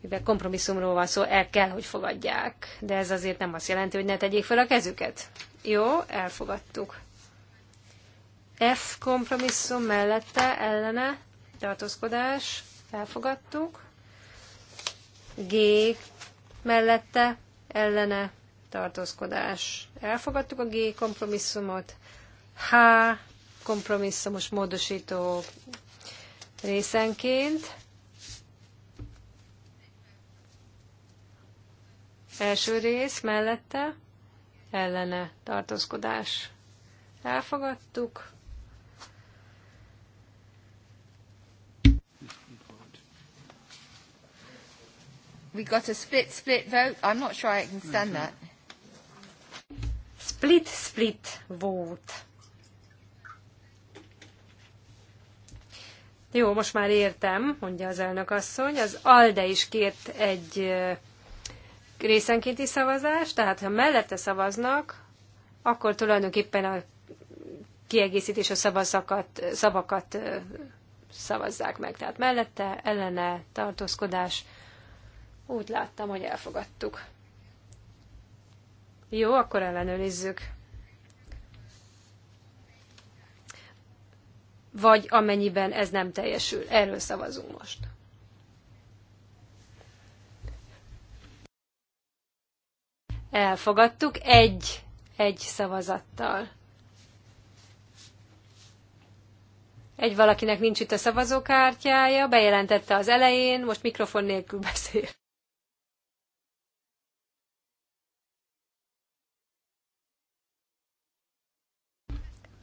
Mivel kompromisszumról van szó, el kell, hogy fogadják. De ez azért nem azt jelenti, hogy ne tegyék fel a kezüket. Jó, elfogadtuk. F kompromisszum mellette ellene tartózkodás, elfogadtuk. G mellette ellene tartózkodás, elfogadtuk a G kompromisszumot. H kompromisszumos módosító részenként. Első rész mellette ellene tartózkodás. Elfogadtuk. we got a split split vote. I'm not sure I understand that. Split split vote. Jó, most már értem, mondja az elnök asszony. Az ALDE is kért egy részenkénti szavazást, tehát ha mellette szavaznak, akkor tulajdonképpen a kiegészítés a szavazakat, szavakat szavazzák meg. Tehát mellette, ellene, tartózkodás, úgy láttam, hogy elfogadtuk. Jó, akkor ellenőrizzük. Vagy amennyiben ez nem teljesül. Erről szavazunk most. Elfogadtuk egy, egy szavazattal. Egy valakinek nincs itt a szavazókártyája, bejelentette az elején, most mikrofon nélkül beszél.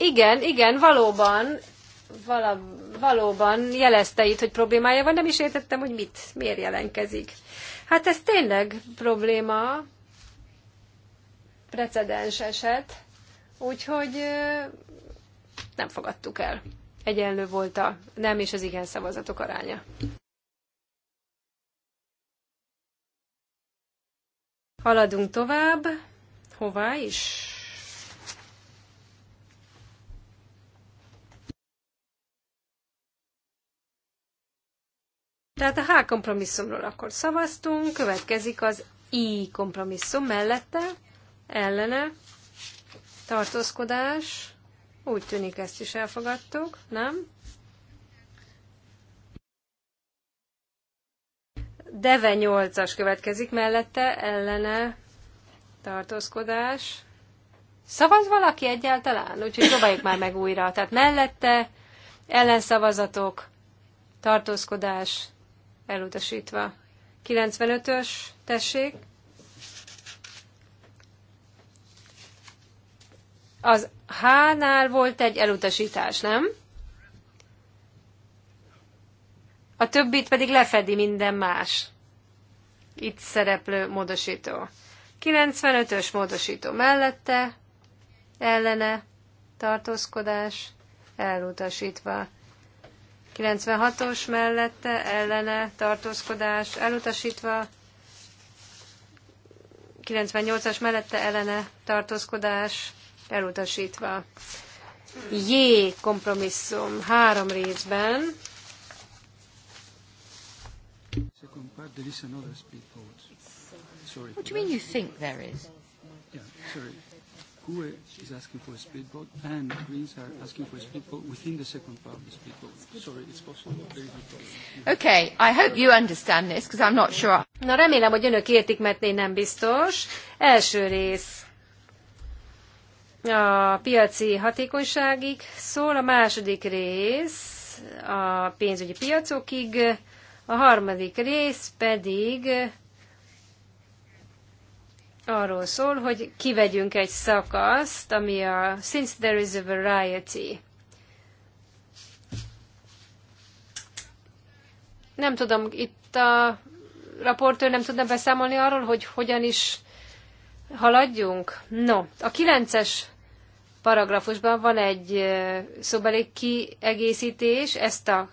Igen, igen, valóban, vala, valóban jelezte itt, hogy problémája van, nem is értettem, hogy mit, miért jelenkezik. Hát ez tényleg probléma, precedens eset, úgyhogy nem fogadtuk el. Egyenlő volt a nem és az igen szavazatok aránya. Haladunk tovább. Hová is? Tehát a H kompromisszumról akkor szavaztunk, következik az I kompromisszum mellette, ellene, tartózkodás, úgy tűnik ezt is elfogadtuk, nem? Deve 8-as következik mellette, ellene, tartózkodás. Szavaz valaki egyáltalán? Úgyhogy próbáljuk már meg újra. Tehát mellette, ellenszavazatok, tartózkodás, elutasítva. 95-ös, tessék. Az H-nál volt egy elutasítás, nem? A többit pedig lefedi minden más. Itt szereplő módosító. 95-ös módosító mellette, ellene, tartózkodás, elutasítva. 96-os mellette ellene tartózkodás elutasítva, 98-as mellette ellene tartózkodás elutasítva. J kompromisszum három részben. What do you mean you think there is? Yeah, sorry. GUE is asking for a split vote, and Greens are asking for a split vote within the second part of the split vote. Sorry, it's possible. There is problem. Okay, I hope you understand this, because I'm not sure. Na remélem, hogy önök értik, mert én nem biztos. Első rész a piaci hatékonyságig szól, a második rész a pénzügyi piacokig, a harmadik rész pedig arról szól, hogy kivegyünk egy szakaszt, ami a Since there is a variety. Nem tudom, itt a raportőr nem tudna beszámolni arról, hogy hogyan is haladjunk. No, a kilences paragrafusban van egy szóbeli kiegészítés, ezt a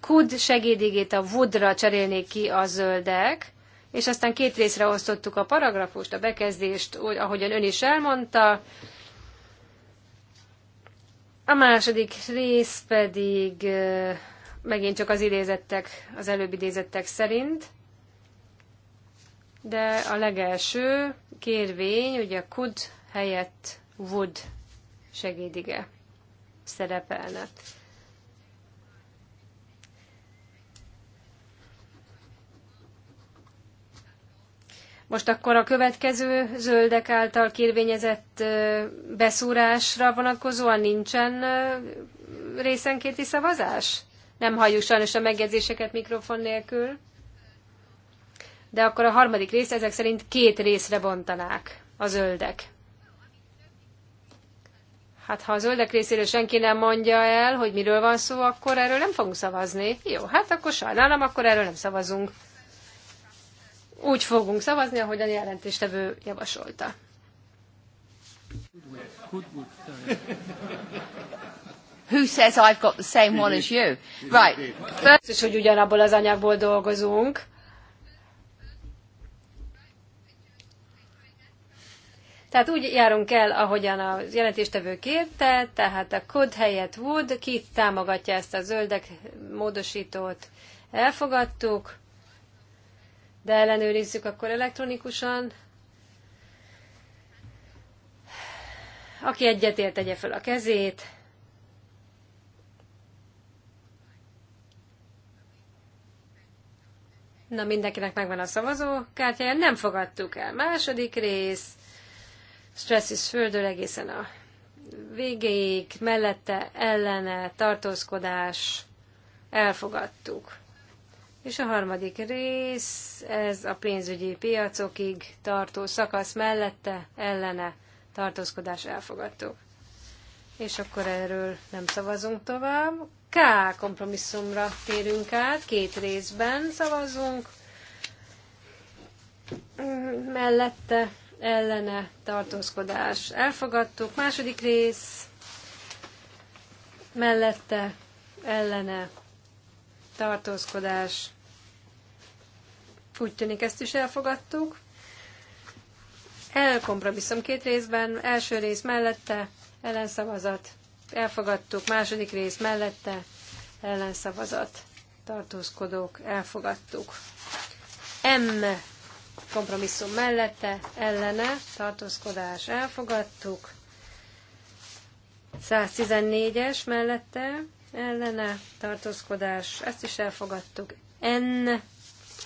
could segédigét a woodra cserélnék ki a zöldek, és aztán két részre osztottuk a paragrafust, a bekezdést, úgy, ahogyan ön is elmondta. A második rész pedig megint csak az idézettek, az előbb idézettek szerint, de a legelső kérvény, ugye could helyett would segédige szerepelne. Most akkor a következő zöldek által kérvényezett beszúrásra vonatkozóan nincsen részenkéti szavazás? Nem halljuk sajnos a megjegyzéseket mikrofon nélkül. De akkor a harmadik rész ezek szerint két részre bontanák a zöldek. Hát ha a zöldek részéről senki nem mondja el, hogy miről van szó, akkor erről nem fogunk szavazni. Jó, hát akkor sajnálom, akkor erről nem szavazunk. Úgy fogunk szavazni, ahogy a jelentéstevő javasolta. Who says I've got the same one as you? Right. First... És hogy ugyanabból az anyagból dolgozunk. Tehát úgy járunk el, ahogyan a jelentéstevő kérte, tehát a could helyett would, ki támogatja ezt a zöldek módosítót, elfogadtuk de ellenőrizzük akkor elektronikusan. Aki egyetért, tegye fel a kezét. Na, mindenkinek megvan a szavazókártyája. Nem fogadtuk el. Második rész. Stressz is földől egészen a végéig, mellette ellene tartózkodás. Elfogadtuk. És a harmadik rész, ez a pénzügyi piacokig tartó szakasz mellette, ellene tartózkodás elfogadtuk. És akkor erről nem szavazunk tovább. K kompromisszumra térünk át, két részben szavazunk. Mellette, ellene tartózkodás elfogadtuk. Második rész, mellette, ellene tartózkodás. Úgy tűnik, ezt is elfogadtuk. Elkompromisszum két részben, első rész mellette, ellenszavazat. Elfogadtuk, második rész mellette, ellenszavazat. Tartózkodók, elfogadtuk. M kompromisszum mellette, ellene, tartózkodás, elfogadtuk. 114-es mellette, ellene tartózkodás, ezt is elfogadtuk. N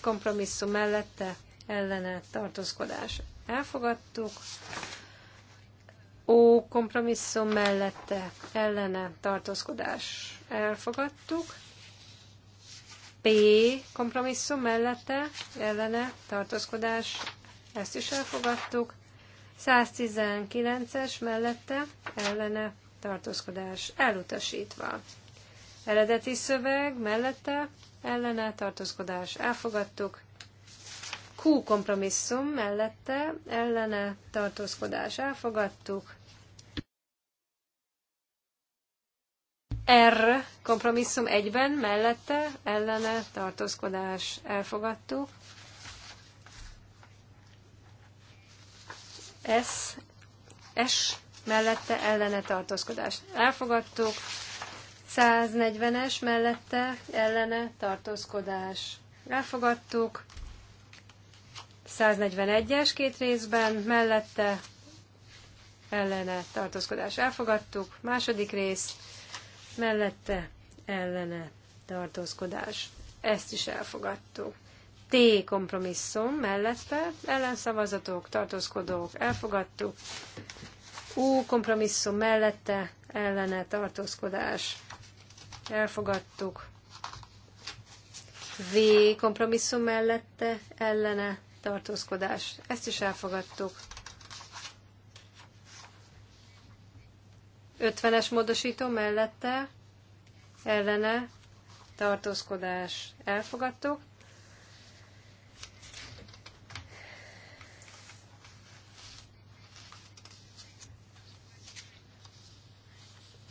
kompromisszum mellette ellene tartózkodás, elfogadtuk. O kompromisszum mellette ellene tartózkodás, elfogadtuk. P kompromisszum mellette ellene tartózkodás, ezt is elfogadtuk. 119-es mellette ellene tartózkodás elutasítva. Eredeti szöveg mellette ellene tartózkodás elfogadtuk. Q kompromisszum mellette ellene tartózkodás elfogadtuk. R kompromisszum egyben mellette ellene tartózkodás elfogadtuk. S, S mellette ellene tartózkodás elfogadtuk. 140-es mellette ellene tartózkodás. Elfogadtuk. 141-es két részben mellette ellene tartózkodás. Elfogadtuk. Második rész mellette ellene tartózkodás. Ezt is elfogadtuk. T kompromisszum mellette ellenszavazatok, tartózkodók, elfogadtuk. U kompromisszum mellette ellene tartózkodás, elfogadtuk. V kompromisszum mellette ellene tartózkodás. Ezt is elfogadtuk. 50-es módosító mellette ellene tartózkodás. Elfogadtuk.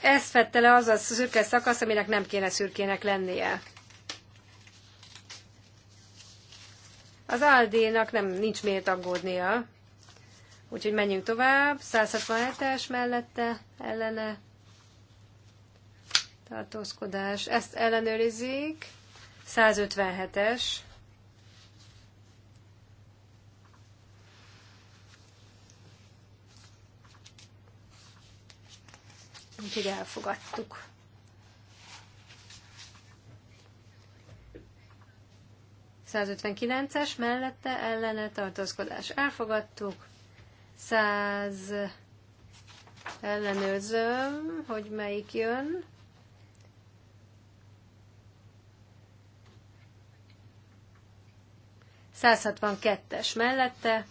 ezt fette le az a szürke szakasz, aminek nem kéne szürkének lennie. Az Aldénak nem nincs miért aggódnia. Úgyhogy menjünk tovább. 167-es mellette, ellene. Tartózkodás. Ezt ellenőrizik. 157-es. úgyhogy elfogadtuk. es mellette ellene tartózkodás elfogadtuk. 100 ellenőrzöm, hogy melyik jön. es mellette.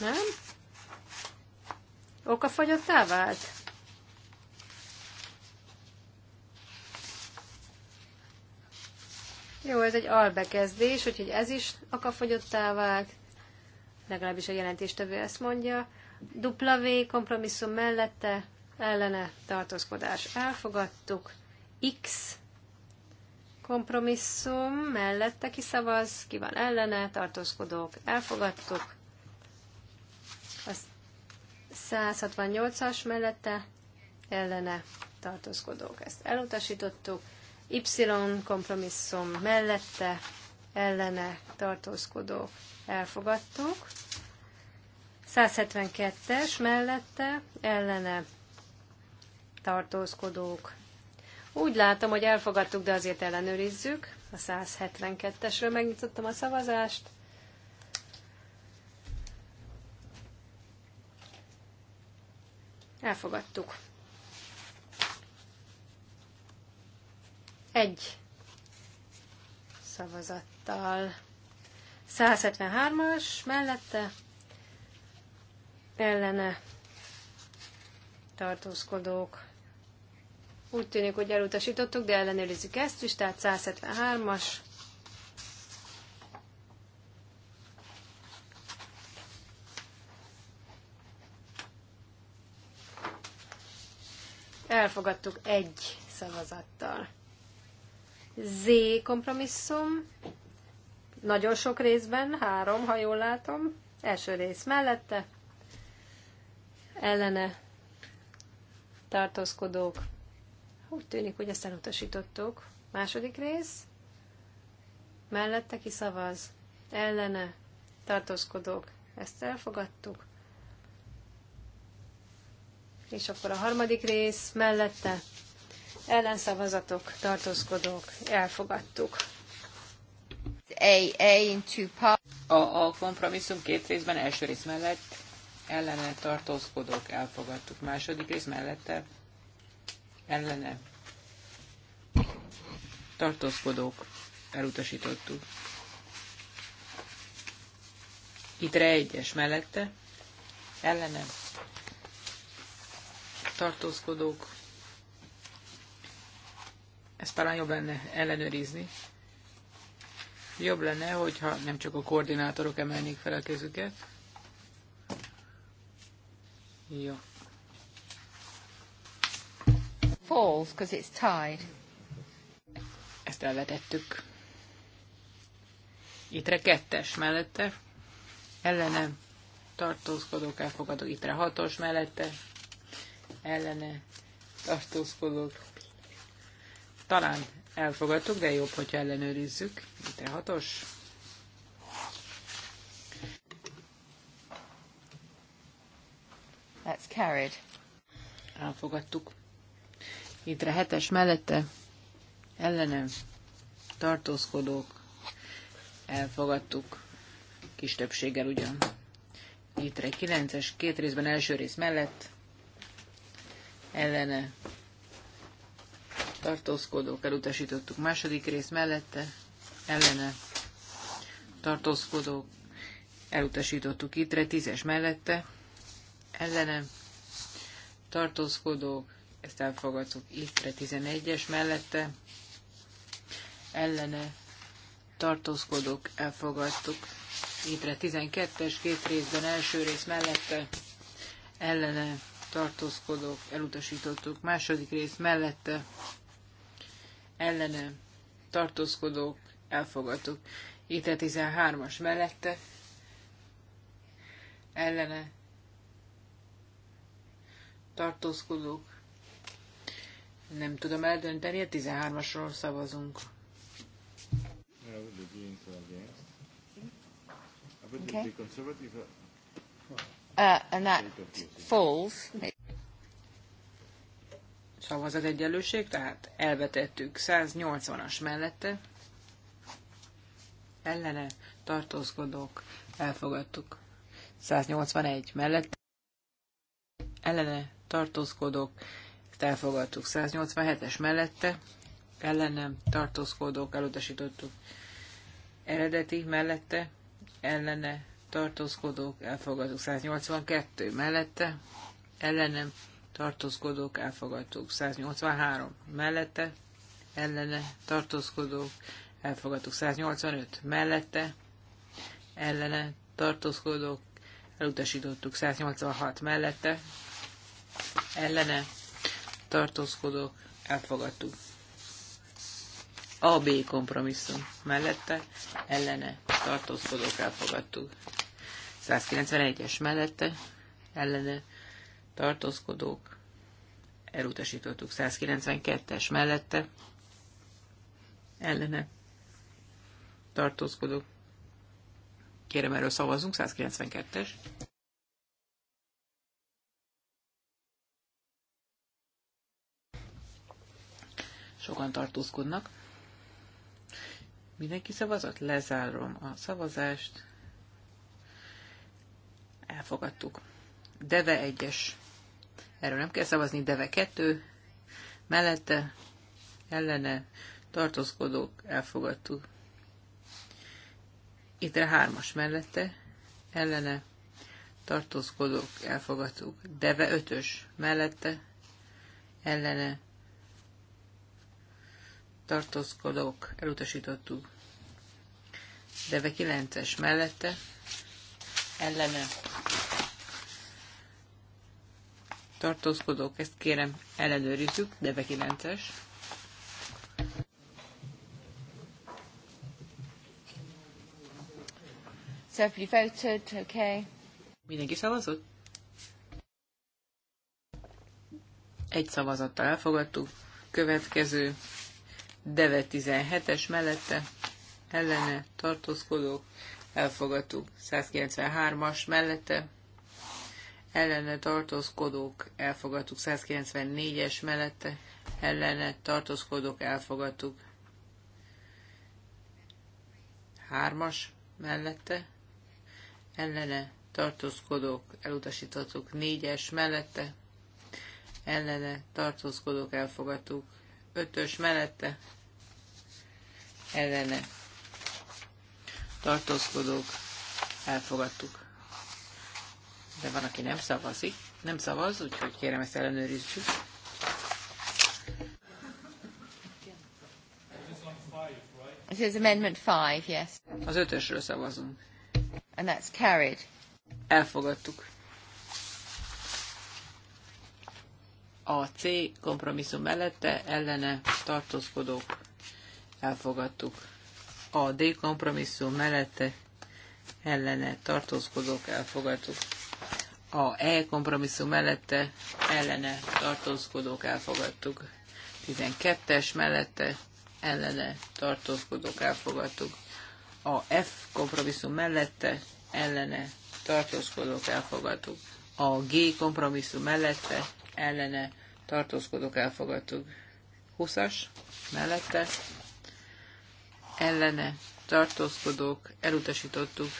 Nem? okafagyottá vált? Jó, ez egy albekezdés, úgyhogy ez is okafogyottá vált, legalábbis a jelentéstevő ezt mondja. Dupla V kompromisszum mellette ellene tartózkodás elfogadtuk. X kompromisszum mellette kiszavaz, ki van ellene, tartózkodók elfogadtuk. Az 168-as mellette ellene tartózkodók. Ezt elutasítottuk. Y kompromisszum mellette ellene tartózkodók elfogadtuk. 172-es mellette ellene tartózkodók. Úgy látom, hogy elfogadtuk, de azért ellenőrizzük. A 172-esről megnyitottam a szavazást. Elfogadtuk. Egy szavazattal. 173-as mellette ellene tartózkodók. Úgy tűnik, hogy elutasítottuk, de ellenőrizzük ezt is, tehát 173-as elfogadtuk egy szavazattal. Z kompromisszum, nagyon sok részben, három, ha jól látom, első rész mellette, ellene tartózkodók, úgy tűnik, hogy ezt elutasítottuk. Második rész, mellette kiszavaz, ellene tartózkodók, ezt elfogadtuk. És akkor a harmadik rész mellette ellenszavazatok, tartózkodók, elfogadtuk. A, A, into a, a kompromisszum két részben első rész mellett ellene tartózkodók elfogadtuk. Második rész mellette ellene tartózkodók elutasítottuk. itt egyes mellette ellenem tartózkodók. Ezt talán jobb lenne ellenőrizni. Jobb lenne, hogyha nem csak a koordinátorok emelnék fel a kezüket. Jó. Falls, because it's tied. Ezt elvetettük. Itre kettes mellette, ellenem tartózkodók elfogadó, itre hatos mellette, ellene tartózkodok. Talán elfogadtuk, de jobb, hogyha ellenőrizzük. Itt hatos. That's carried. Elfogadtuk. Ittre hetes mellette ellenem tartózkodók elfogadtuk kis többséggel ugyan. Itt egy kilences, két részben első rész mellett ellene tartózkodók elutasítottuk. Második rész mellette ellene tartózkodók elutasítottuk. Ittre tízes mellette ellene tartózkodók, ezt elfogadtuk. Ittre tizenegyes mellette ellene tartózkodók elfogadtuk. Ittre tizenkettes, két részben első rész mellette ellene tartózkodók, elutasítottuk. Második rész mellette, ellene, tartózkodók, elfogadtuk. Itt a 13-as mellette, ellene, tartózkodók, nem tudom eldönteni, a 13-asról szavazunk. Okay. Uh, and that falls. Szavazat egyenlőség, tehát elvetettük 180-as mellette. Ellene tartózkodók, elfogadtuk. 181 mellette. Ellene tartózkodók, elfogadtuk. 187-es mellette. Ellene tartózkodók, elutasítottuk. Eredeti mellette. Ellene tartózkodók, elfogadók 182 mellette, ellenem tartózkodók, elfogadók 183 mellette, ellene tartózkodók, elfogadók 185 mellette, ellene tartózkodók, elutasítottuk 186 mellette, ellene tartózkodók, elfogadtuk. B kompromisszum mellette, ellene tartózkodók elfogadtuk. 191-es mellette ellene tartózkodók elutasítottuk. 192-es mellette ellene tartózkodók. Kérem, erről szavazzunk, 192-es. Sokan tartózkodnak. Mindenki szavazott? Lezárom a szavazást elfogadtuk. Deve 1-es, erről nem kell szavazni, Deve 2, mellette, ellene, tartózkodók, elfogadtuk. Itt a 3-as mellette, ellene, tartózkodók, elfogadtuk. Deve 5-ös, mellette, ellene, tartózkodók, elutasítottuk. Deve 9-es mellette, ellene tartózkodók, ezt kérem ellenőrizzük, be 9-es. Safely voted, okay. Mindenki szavazott? Egy szavazattal elfogadtuk. Következő Deve 17-es mellette ellene tartózkodók elfogadtuk. 193-as mellette ellene tartózkodók elfogadtuk. 194-es mellette ellene tartózkodók elfogadtuk. 3-as mellette ellene tartózkodók elutasítottuk. 4-es mellette ellene tartózkodók elfogadtuk. 5-ös mellette ellene tartózkodók, elfogadtuk. De van, aki nem szavazik, nem szavaz, úgyhogy kérem ezt ellenőrizzük. This is Amendment 5, yes. Az ötösről szavazunk. And that's carried. Elfogadtuk. A C kompromisszum mellette ellene tartózkodók elfogadtuk. A D kompromisszum mellette ellene tartózkodók elfogadtuk. A E kompromisszum mellette ellene tartózkodók elfogadtuk. 12-es mellette ellene tartózkodók elfogadtuk. A F kompromisszum mellette ellene tartózkodók elfogadtuk. A G kompromisszum mellette ellene tartózkodók elfogadtuk. 20-as mellette ellene tartózkodók, elutasítottuk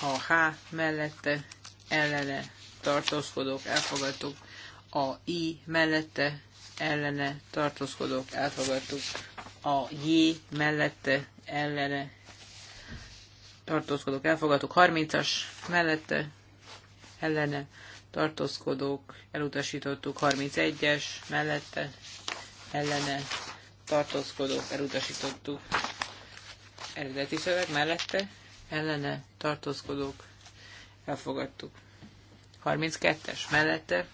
a H mellette, ellene tartózkodók, elfogadtuk a I mellette, ellene tartózkodók, elfogadtuk a J mellette, ellene tartózkodók, elfogadtuk 30-as mellette, ellene tartózkodók, elutasítottuk 31-es mellette, ellene tartózkodók, elutasítottuk eredeti szöveg mellette ellene tartózkodók elfogadtuk. 32-es mellette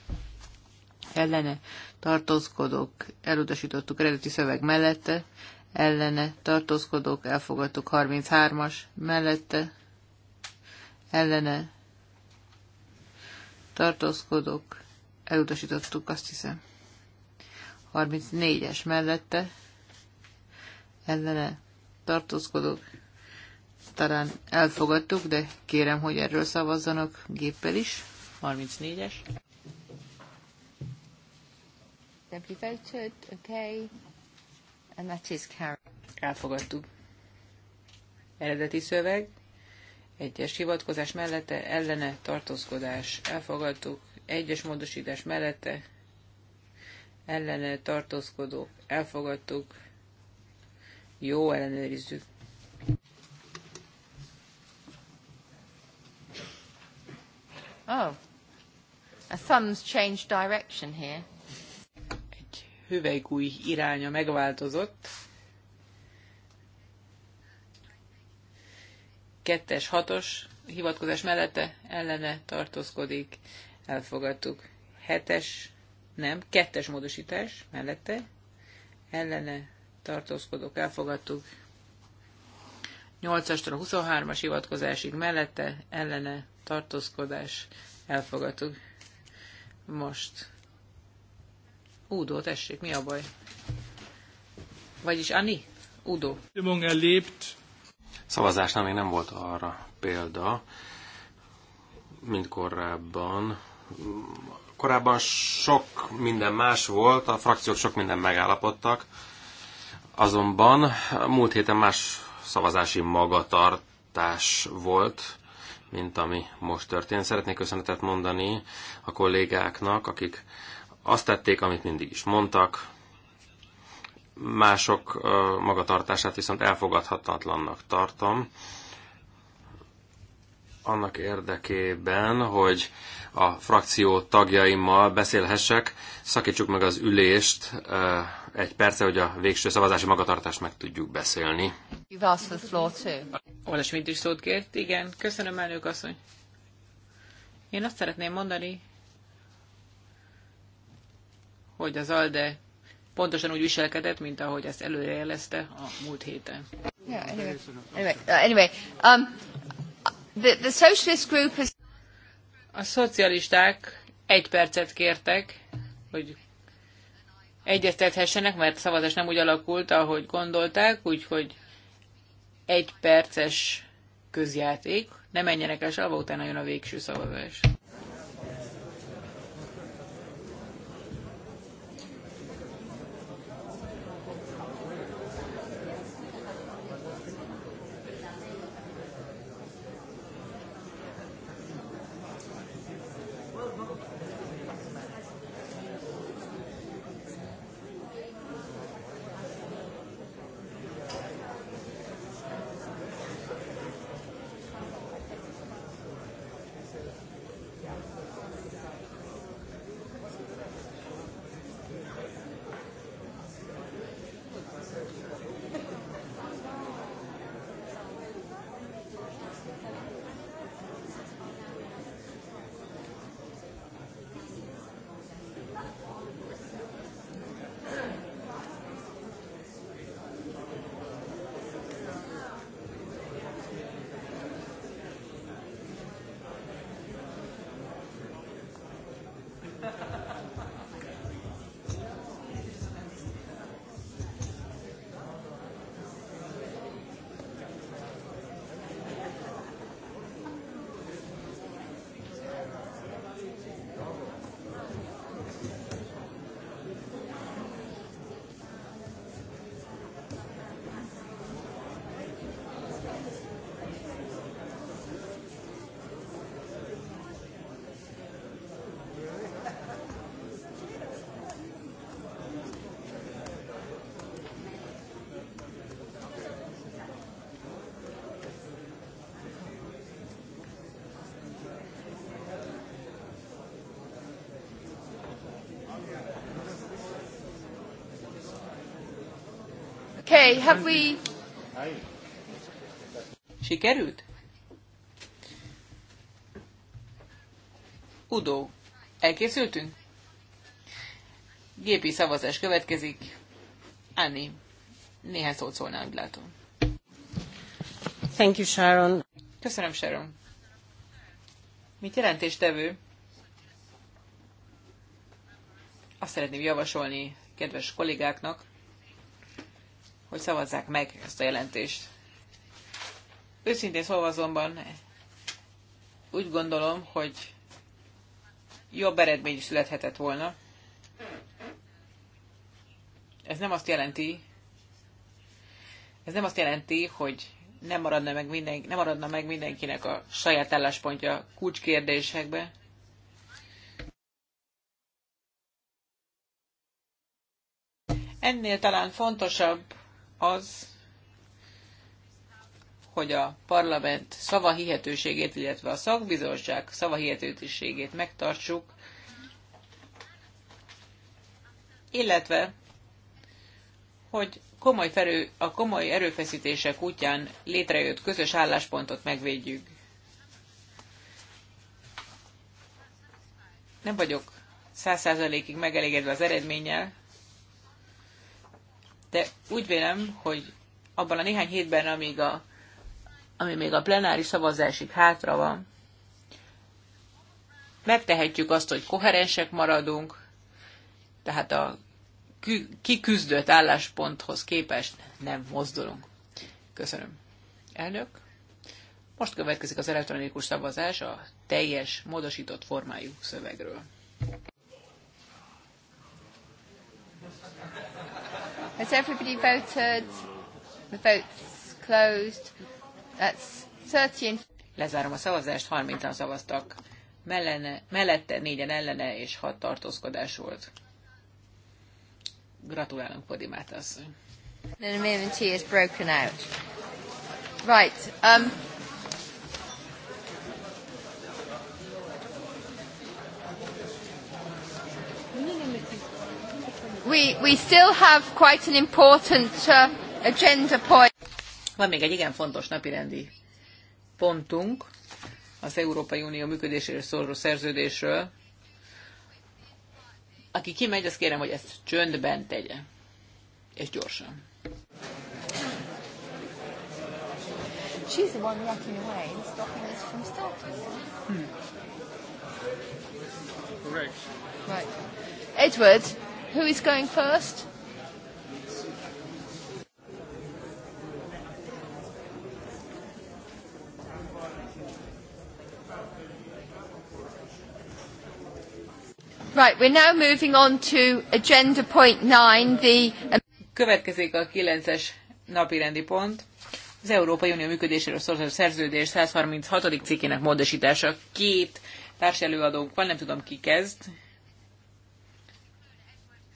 ellene tartózkodók elutasítottuk eredeti szöveg mellette ellene tartózkodók elfogadtuk 33-as mellette ellene tartózkodók elutasítottuk azt hiszem 34-es mellette ellene tartózkodók talán elfogadtuk, de kérem, hogy erről szavazzanak géppel is. 34-es. voted, okay, and that is Karen. Elfogadtuk. Eredeti szöveg. Egyes hivatkozás mellette ellene tartózkodás. Elfogadtuk. Egyes módosítás mellette ellene tartózkodó. Elfogadtuk jó, ellenőrizzük. Oh, a thumb's changed direction here. Egy hüvelykúj iránya megváltozott. Kettes, hatos hivatkozás mellette ellene tartózkodik. Elfogadtuk. Hetes, nem, kettes módosítás mellette ellene tartózkodók elfogadtuk. 8-astól 23-as hivatkozásig mellette ellene tartózkodás elfogadtuk. Most. Údó, tessék, mi a baj? Vagyis Ani? Udo. Lebt. Szavazásnál még nem volt arra példa, mint korábban. Korábban sok minden más volt, a frakciók sok minden megállapodtak, Azonban múlt héten más szavazási magatartás volt, mint ami most történt. Szeretnék köszönetet mondani a kollégáknak, akik azt tették, amit mindig is mondtak, mások magatartását viszont elfogadhatatlannak tartom annak érdekében, hogy a frakció tagjaimmal beszélhessek, szakítsuk meg az ülést eh, egy perce, hogy a végső szavazási magatartást meg tudjuk beszélni. Ola is szót kért. Igen, köszönöm elnök asszony. Én azt szeretném mondani, hogy az ALDE pontosan úgy viselkedett, mint ahogy ezt előrejelezte a múlt héten. Yeah, anyway, anyway, anyway um, a szocialisták egy percet kértek, hogy egyeztethessenek, mert szavazás nem úgy alakult, ahogy gondolták, úgyhogy egy perces közjáték, ne menjenek el sava, utána jön a végső szavazás. Okay, have we... Sikerült? Udó, elkészültünk? Gépi szavazás következik. Anni, néhány szót szólnál, úgy látom. Thank you, Sharon. Köszönöm, Sharon. Mit tevő? Azt szeretném javasolni kedves kollégáknak, hogy szavazzák meg ezt a jelentést. Őszintén szólva azonban úgy gondolom, hogy jobb eredmény születhetett volna. Ez nem azt jelenti, ez nem azt jelenti, hogy nem maradna meg, minden, nem maradna meg mindenkinek a saját álláspontja kulcskérdésekbe. Ennél talán fontosabb az, hogy a parlament szavahihetőségét, illetve a szakbizottság szavahihetőségét megtartsuk, illetve, hogy komoly ferő, a komoly erőfeszítések útján létrejött közös álláspontot megvédjük. Nem vagyok száz százalékig megelégedve az eredménnyel, de úgy vélem, hogy abban a néhány hétben, amíg a, ami még a plenári szavazásig hátra van, megtehetjük azt, hogy koherensek maradunk, tehát a kiküzdött állásponthoz képest nem mozdulunk. Köszönöm. Elnök, most következik az elektronikus szavazás a teljes, módosított formájú szövegről. Has everybody voted? The vote's closed. That's 13. Lezárom a szavazást, 30-an szavaztak. Mellene, mellette négyen ellene és hat tartózkodás volt. Gratulálunk Podimát asszony. The amendment is broken out. Right. Um, We, we still have quite an important uh, agenda point. Van még egy igen fontos napirendi pontunk az Európai Unió működéséről szóló szerződésről. Aki kimegy, azt kérem, hogy ezt csöndben tegye, és gyorsan. She's the one walking away and stopping us from starting. Hmm. Correct. Right. Edward, Who is going first? Right, we're now moving on to agenda point nine, the... Következik a kilences napi rendi pont. Az Európai Unió működéséről szóló szerződés 136. cikkének módosítása. Két társelőadónk van, nem tudom ki kezd.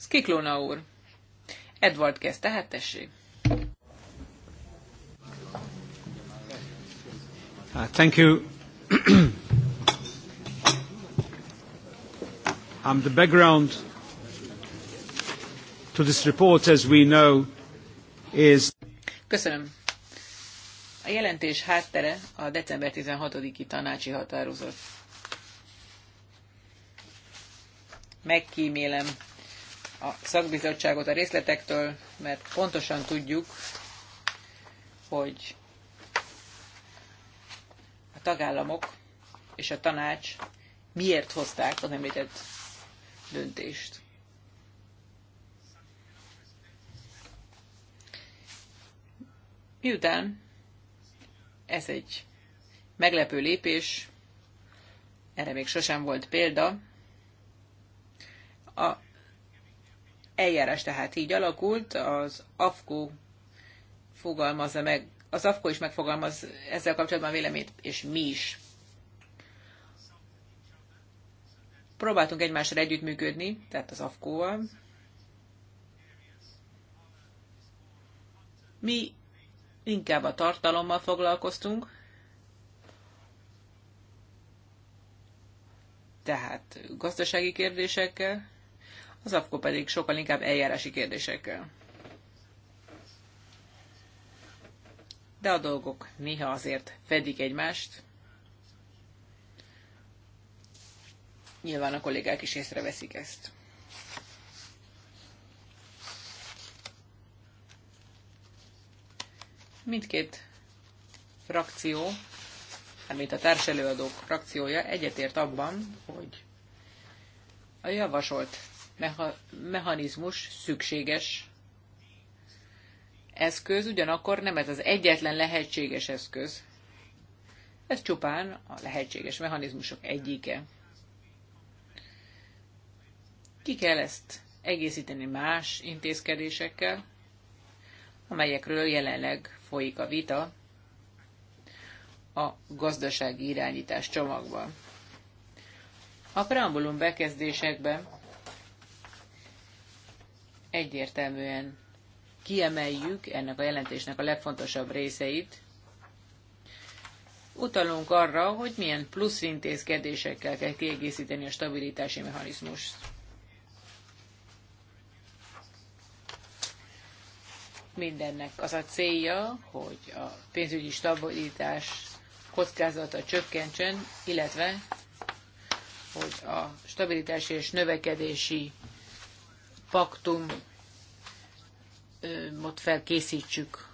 Skiklóna úr. Edward kezd, tehát Uh, thank you. I'm the background to this report, as we know, is... Köszönöm. A jelentés háttere a december 16-i tanácsi határozat. Megkímélem a szakbizottságot a részletektől, mert pontosan tudjuk, hogy a tagállamok és a tanács miért hozták az említett döntést. Miután ez egy meglepő lépés, erre még sosem volt példa, a eljárás tehát így alakult, az AFKO fogalmazza meg, az AFKO is megfogalmaz ezzel kapcsolatban véleményt, és mi is. Próbáltunk egymásra együttműködni, tehát az AFKO-val. Mi inkább a tartalommal foglalkoztunk, tehát gazdasági kérdésekkel, az AFKO pedig sokkal inkább eljárási kérdésekkel. De a dolgok néha azért fedik egymást. Nyilván a kollégák is észreveszik ezt. Mindkét frakció, mint a társelőadók frakciója egyetért abban, hogy a javasolt meha- mechanizmus szükséges eszköz, ugyanakkor nem ez az egyetlen lehetséges eszköz. Ez csupán a lehetséges mechanizmusok egyike. Ki kell ezt egészíteni más intézkedésekkel, amelyekről jelenleg folyik a vita a gazdasági irányítás csomagban. A preambulum bekezdésekben egyértelműen kiemeljük ennek a jelentésnek a legfontosabb részeit. Utalunk arra, hogy milyen plusz intézkedésekkel kell kiegészíteni a stabilitási mechanizmust. Mindennek az a célja, hogy a pénzügyi stabilitás kockázata csökkentsen, illetve hogy a stabilitási és növekedési paktumot felkészítsük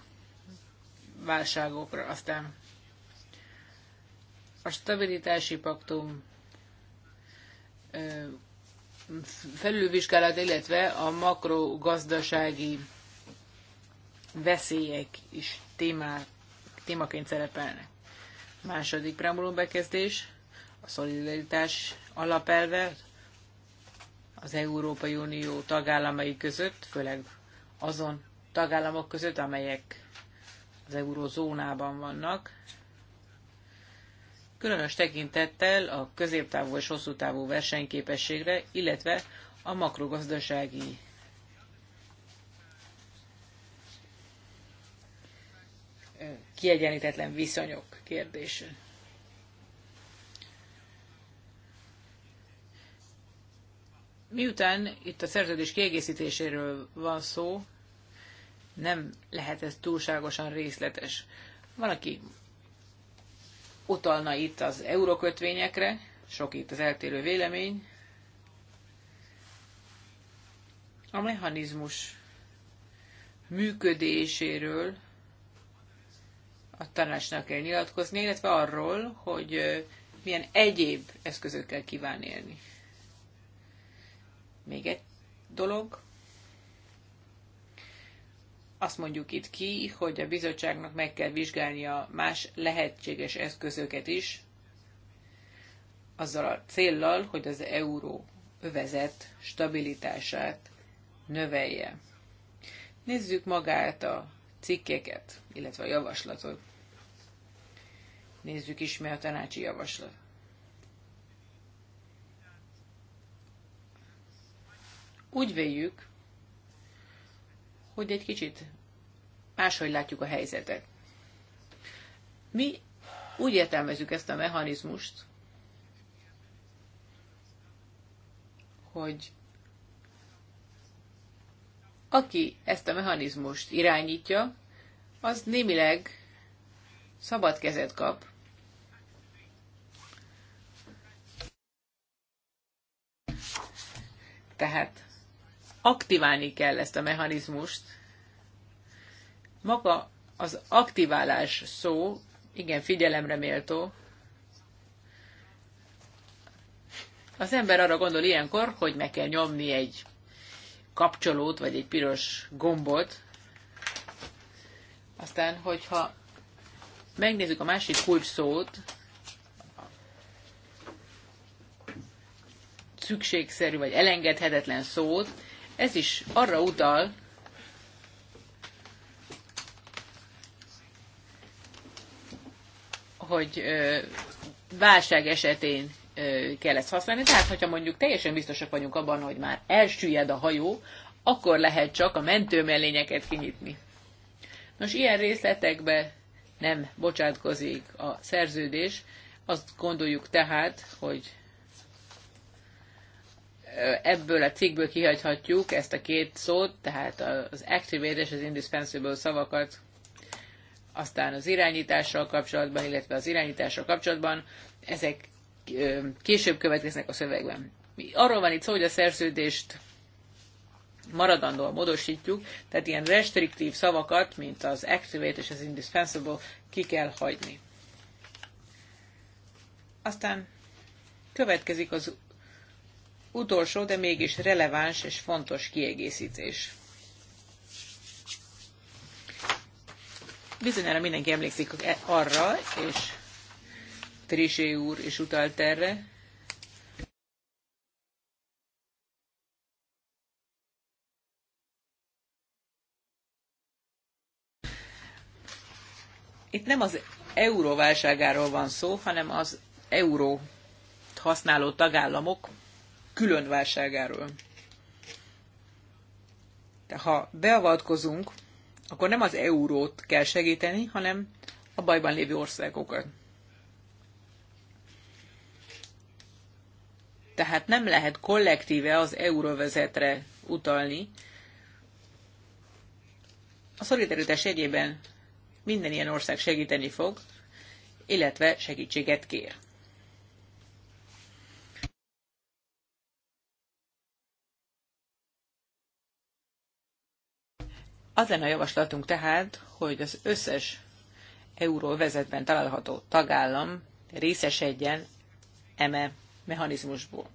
válságokra. Aztán a stabilitási paktum felülvizsgálat, illetve a makrogazdasági veszélyek is témá, témaként szerepelnek. Második preambulum bekezdés, a szolidaritás alapelve, az Európai Unió tagállamai között, főleg azon tagállamok között, amelyek az eurozónában vannak, különös tekintettel a középtávú és hosszú távú versenyképességre, illetve a makrogazdasági kiegyenlítetlen viszonyok kérdése. Miután itt a szerződés kiegészítéséről van szó, nem lehet ez túlságosan részletes. Van, aki utalna itt az eurokötvényekre, sok itt az eltérő vélemény. A mechanizmus működéséről a tanácsnak kell nyilatkozni, illetve arról, hogy milyen egyéb eszközökkel kíván élni. Még egy dolog. Azt mondjuk itt ki, hogy a bizottságnak meg kell vizsgálnia más lehetséges eszközöket is, azzal a céllal, hogy az euró övezet stabilitását növelje. Nézzük magát a cikkeket, illetve a javaslatot. Nézzük is, mi a tanácsi javaslat. úgy véljük, hogy egy kicsit máshogy látjuk a helyzetet. Mi úgy értelmezzük ezt a mechanizmust, hogy aki ezt a mechanizmust irányítja, az némileg szabad kezet kap. Tehát aktiválni kell ezt a mechanizmust. Maga az aktiválás szó igen figyelemre méltó. Az ember arra gondol ilyenkor, hogy meg kell nyomni egy kapcsolót, vagy egy piros gombot. Aztán, hogyha megnézzük a másik kulcs szót, szükségszerű vagy elengedhetetlen szót, ez is arra utal, hogy válság esetén kell ezt használni, tehát hogyha mondjuk teljesen biztosak vagyunk abban, hogy már elsüllyed a hajó, akkor lehet csak a mentőmellényeket kinyitni. Nos, ilyen részletekbe nem bocsátkozik a szerződés, azt gondoljuk tehát, hogy ebből a cikkből kihagyhatjuk ezt a két szót, tehát az activate és az indispensable szavakat, aztán az irányítással kapcsolatban, illetve az irányítással kapcsolatban, ezek később következnek a szövegben. Arról van itt szó, hogy a szerződést maradandóan módosítjuk, tehát ilyen restriktív szavakat, mint az activate és az indispensable ki kell hagyni. Aztán következik az utolsó, de mégis releváns és fontos kiegészítés. Bizonyára mindenki emlékszik e- arra, és Trisé úr is utalt erre, itt nem az euróválságáról van szó, hanem az euró használó tagállamok külön válságáról. De ha beavatkozunk, akkor nem az eurót kell segíteni, hanem a bajban lévő országokat. Tehát nem lehet kollektíve az euróvezetre utalni. A szolidaritás egyében minden ilyen ország segíteni fog, illetve segítséget kér. Az lenne a javaslatunk tehát, hogy az összes euróvezetben található tagállam részesedjen eme mechanizmusból.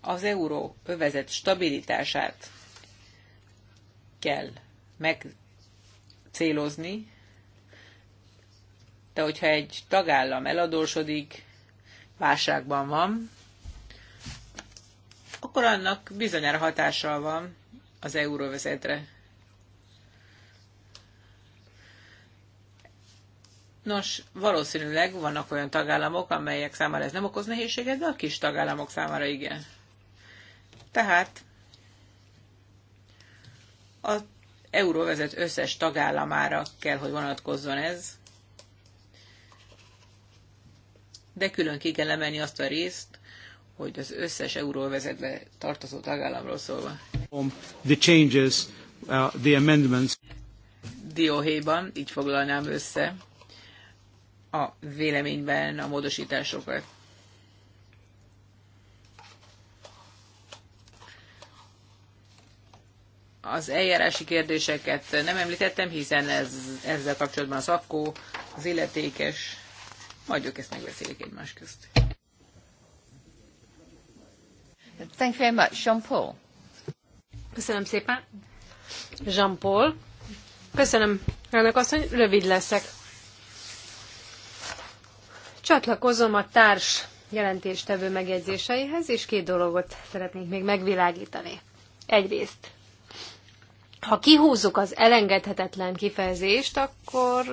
Az euró övezet stabilitását kell megcélozni, de hogyha egy tagállam eladósodik, válságban van, akkor annak bizonyára hatással van az euróvezetre. Nos, valószínűleg vannak olyan tagállamok, amelyek számára ez nem okoz nehézséget, de a kis tagállamok számára igen. Tehát az euróvezet összes tagállamára kell, hogy vonatkozzon ez, de külön ki kell emelni azt a részt, hogy az összes euróvezetre tartozó tagállamról szólva. The changes, uh, the amendments. Dióhéjban, így foglalnám össze a véleményben a módosításokat. az eljárási kérdéseket nem említettem, hiszen ez, ezzel kapcsolatban az akkó, az illetékes, majd ők ezt megbeszélik egymás közt. Thank you very much. Jean-Paul. Köszönöm szépen. Jean-Paul. Köszönöm, elnök asszony, rövid leszek. Csatlakozom a társ jelentéstevő megjegyzéseihez, és két dologot szeretnék még megvilágítani. Egyrészt, ha kihúzzuk az elengedhetetlen kifejezést, akkor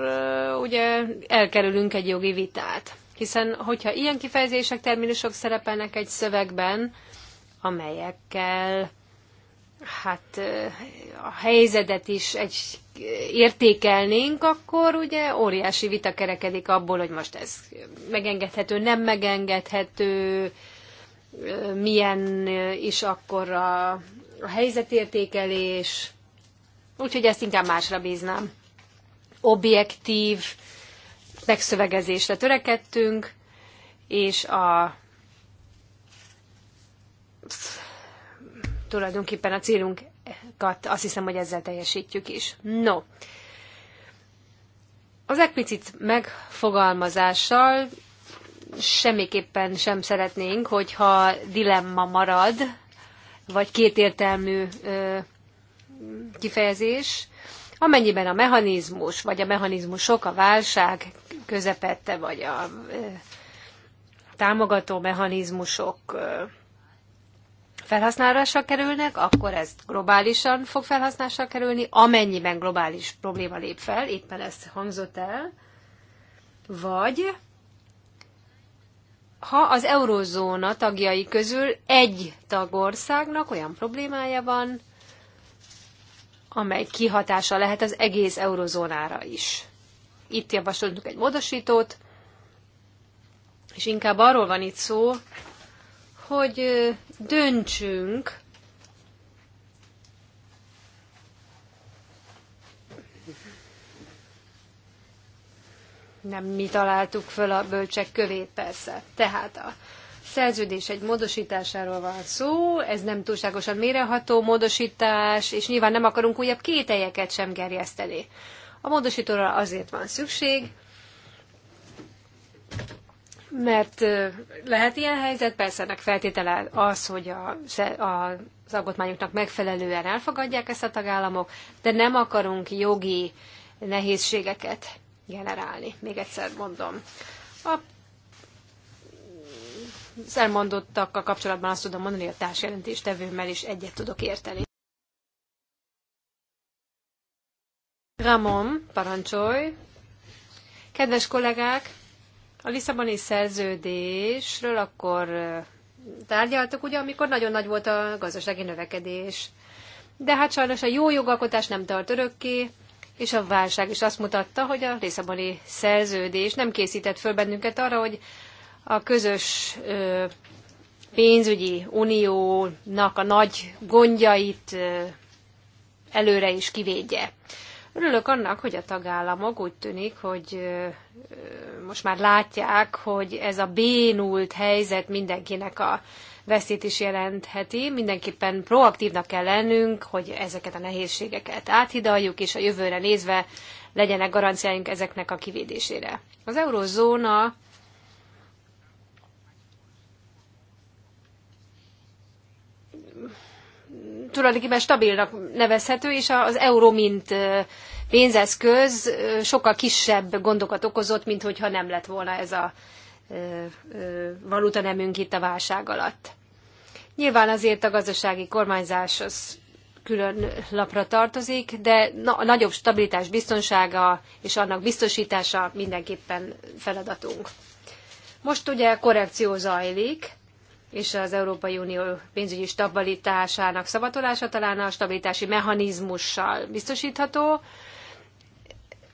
ugye elkerülünk egy jogi vitát. Hiszen, hogyha ilyen kifejezések, terminusok szerepelnek egy szövegben, amelyekkel hát a helyzetet is egy értékelnénk, akkor ugye óriási vita kerekedik abból, hogy most ez megengedhető, nem megengedhető, milyen is akkor a, a helyzetértékelés. Úgyhogy ezt inkább másra bíznám. Objektív megszövegezésre törekedtünk, és a tulajdonképpen a célunkat azt hiszem, hogy ezzel teljesítjük is. No, az explicit megfogalmazással semmiképpen sem szeretnénk, hogyha dilemma marad, vagy kétértelmű ö, kifejezés, amennyiben a mechanizmus, vagy a mechanizmusok a válság közepette, vagy a ö, támogató mechanizmusok ö, felhasználásra kerülnek, akkor ez globálisan fog felhasználásra kerülni, amennyiben globális probléma lép fel, éppen ezt hangzott el, vagy ha az eurózóna tagjai közül egy tagországnak olyan problémája van, amely kihatása lehet az egész eurozónára is. Itt javasoltunk egy módosítót, és inkább arról van itt szó, hogy döntsünk, nem mi találtuk föl a bölcsek kövét persze. Tehát a szerződés egy módosításáról van szó, ez nem túlságosan méreható módosítás, és nyilván nem akarunk újabb kételyeket sem gerjeszteni. A módosítóra azért van szükség, mert lehet ilyen helyzet, persze ennek feltétele az, hogy a, a, az alkotmányoknak megfelelően elfogadják ezt a tagállamok, de nem akarunk jogi nehézségeket generálni. Még egyszer mondom. A elmondottakkal kapcsolatban azt tudom mondani, hogy a társjelentéstevőmmel is egyet tudok érteni. Ramon, parancsolj! Kedves kollégák, a Lisszaboni szerződésről akkor tárgyaltak, ugye, amikor nagyon nagy volt a gazdasági növekedés. De hát sajnos a jó jogalkotás nem tart örökké, és a válság is azt mutatta, hogy a Lisszaboni szerződés nem készített föl bennünket arra, hogy a közös pénzügyi uniónak a nagy gondjait előre is kivédje. Örülök annak, hogy a tagállamok úgy tűnik, hogy most már látják, hogy ez a bénult helyzet mindenkinek a veszélyt is jelentheti. Mindenképpen proaktívnak kell lennünk, hogy ezeket a nehézségeket áthidaljuk, és a jövőre nézve legyenek garanciáink ezeknek a kivédésére. Az eurozóna tulajdonképpen stabilnak nevezhető, és az euró mint pénzeszköz sokkal kisebb gondokat okozott, mint hogyha nem lett volna ez a valuta nemünk itt a válság alatt. Nyilván azért a gazdasági kormányzás az külön lapra tartozik, de a nagyobb stabilitás biztonsága és annak biztosítása mindenképpen feladatunk. Most ugye korrekció zajlik, és az Európai Unió pénzügyi stabilitásának szabatolása talán a stabilitási mechanizmussal biztosítható,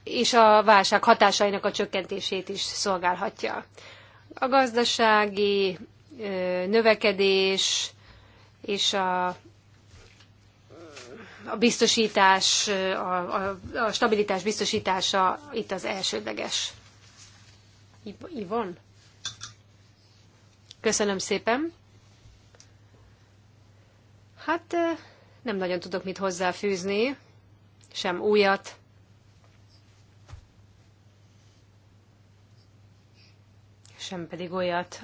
és a válság hatásainak a csökkentését is szolgálhatja. A gazdasági növekedés és a, a biztosítás, a, a, a stabilitás biztosítása itt az elsődleges. Ivon? Köszönöm szépen. Hát nem nagyon tudok mit hozzáfűzni, sem újat sem pedig olyat,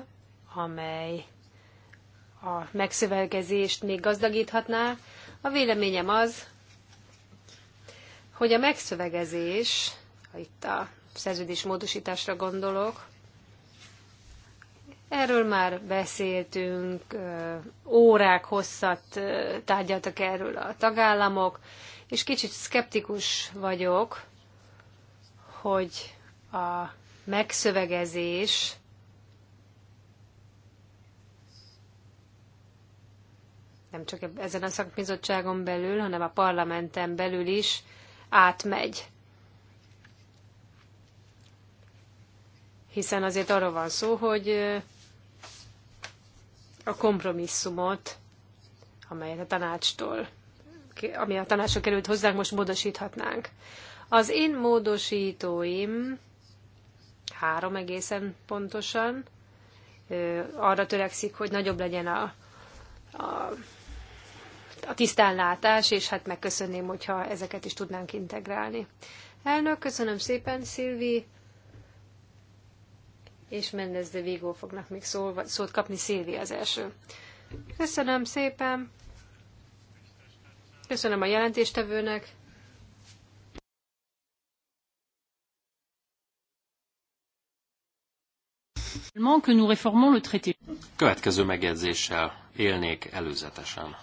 amely a megszövegezést még gazdagíthatná. A véleményem az, hogy a megszövegezés, ha itt a szerződés módosításra gondolok, erről már beszéltünk, órák hosszat tárgyaltak erről a tagállamok, és kicsit szkeptikus vagyok, hogy a megszövegezés nem csak ezen a szakbizottságon belül, hanem a parlamenten belül is átmegy. Hiszen azért arról van szó, hogy a kompromisszumot, amelyet a tanácstól, ami a tanácsra került hozzánk, most módosíthatnánk. Az én módosítóim három egészen pontosan arra törekszik, hogy nagyobb legyen a, a a tisztánlátás, és hát megköszönném, hogyha ezeket is tudnánk integrálni. Elnök, köszönöm szépen, Szilvi, és Mendez de Vigo fognak még szó, szót kapni, Szilvi az első. Köszönöm szépen, köszönöm a jelentéstevőnek, Következő megjegyzéssel élnék előzetesen.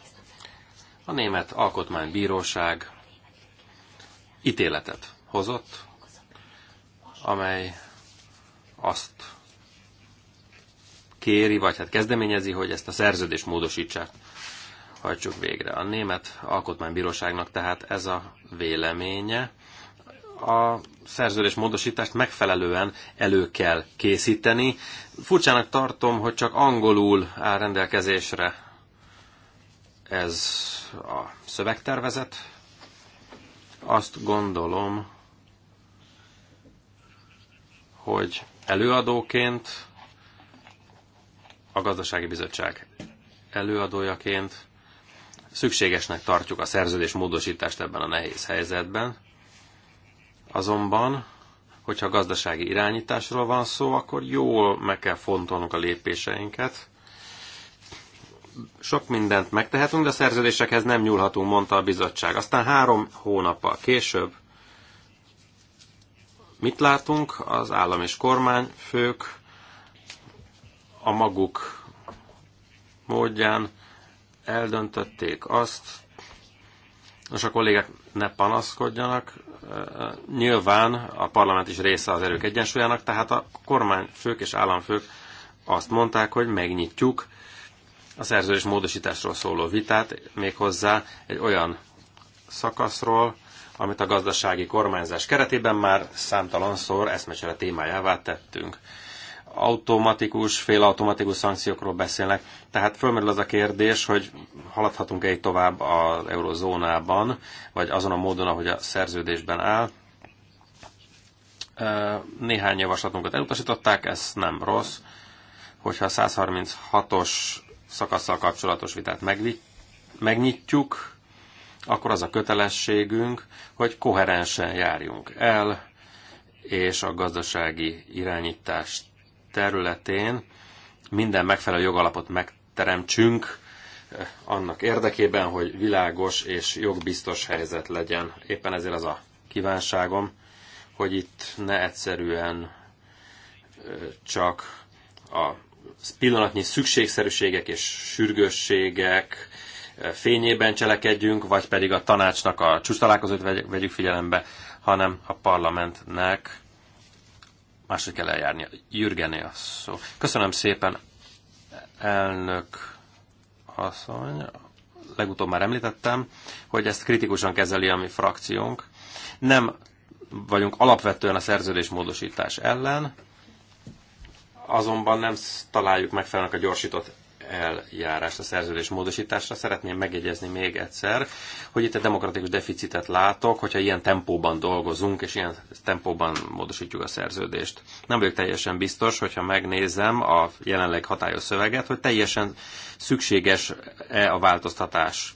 A Német Alkotmánybíróság ítéletet hozott, amely azt kéri, vagy hát kezdeményezi, hogy ezt a szerződést módosítsák, hajtsuk végre. A Német Alkotmánybíróságnak tehát ez a véleménye. A szerződés módosítást megfelelően elő kell készíteni. Furcsának tartom, hogy csak angolul áll rendelkezésre ez a szövegtervezet. Azt gondolom, hogy előadóként, a gazdasági bizottság előadójaként szükségesnek tartjuk a szerződés módosítást ebben a nehéz helyzetben. Azonban, hogyha gazdasági irányításról van szó, akkor jól meg kell fontolnunk a lépéseinket, sok mindent megtehetünk, de a szerződésekhez nem nyúlhatunk, mondta a bizottság. Aztán három hónappal később mit látunk? Az állam és kormányfők a maguk módján eldöntötték azt, és a kollégák ne panaszkodjanak, nyilván a parlament is része az erők egyensúlyának, tehát a kormányfők és államfők azt mondták, hogy megnyitjuk a szerződés módosításról szóló vitát, méghozzá egy olyan szakaszról, amit a gazdasági kormányzás keretében már számtalanszor eszmecsere témájává tettünk. Automatikus, félautomatikus szankciókról beszélnek, tehát fölmerül az a kérdés, hogy haladhatunk-e így tovább az eurozónában, vagy azon a módon, ahogy a szerződésben áll. Néhány javaslatunkat elutasították, ez nem rossz, hogyha a 136-os szakaszsal kapcsolatos vitát megnyitjuk, akkor az a kötelességünk, hogy koherensen járjunk el, és a gazdasági irányítás területén minden megfelelő jogalapot megteremtsünk eh, annak érdekében, hogy világos és jogbiztos helyzet legyen. Éppen ezért az a kívánságom, hogy itt ne egyszerűen eh, csak a pillanatnyi szükségszerűségek és sürgősségek eh, fényében cselekedjünk, vagy pedig a tanácsnak a csúcstalálkozót vegyük figyelembe, hanem a parlamentnek máshogy kell eljárni. Jürgené a szó. Köszönöm szépen, elnök asszony. Legutóbb már említettem, hogy ezt kritikusan kezeli a mi frakciónk. Nem vagyunk alapvetően a szerződés módosítás ellen, azonban nem találjuk megfelelően a gyorsított eljárást a szerződés módosításra. Szeretném megjegyezni még egyszer, hogy itt egy demokratikus deficitet látok, hogyha ilyen tempóban dolgozunk, és ilyen tempóban módosítjuk a szerződést. Nem vagyok teljesen biztos, hogyha megnézem a jelenleg hatályos szöveget, hogy teljesen szükséges-e a változtatás.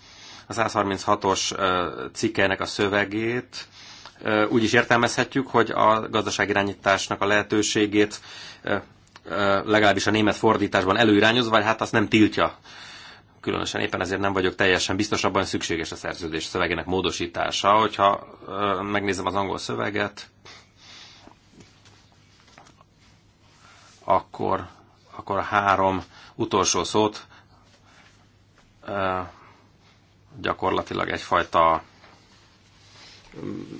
A 136-os cikkelnek a szövegét úgy is értelmezhetjük, hogy a gazdaságirányításnak a lehetőségét legalábbis a német fordításban előirányoz, vagy hát azt nem tiltja. Különösen éppen ezért nem vagyok teljesen biztos abban, szükséges a szerződés szövegének módosítása. Hogyha megnézem az angol szöveget, akkor, akkor a három utolsó szót gyakorlatilag egyfajta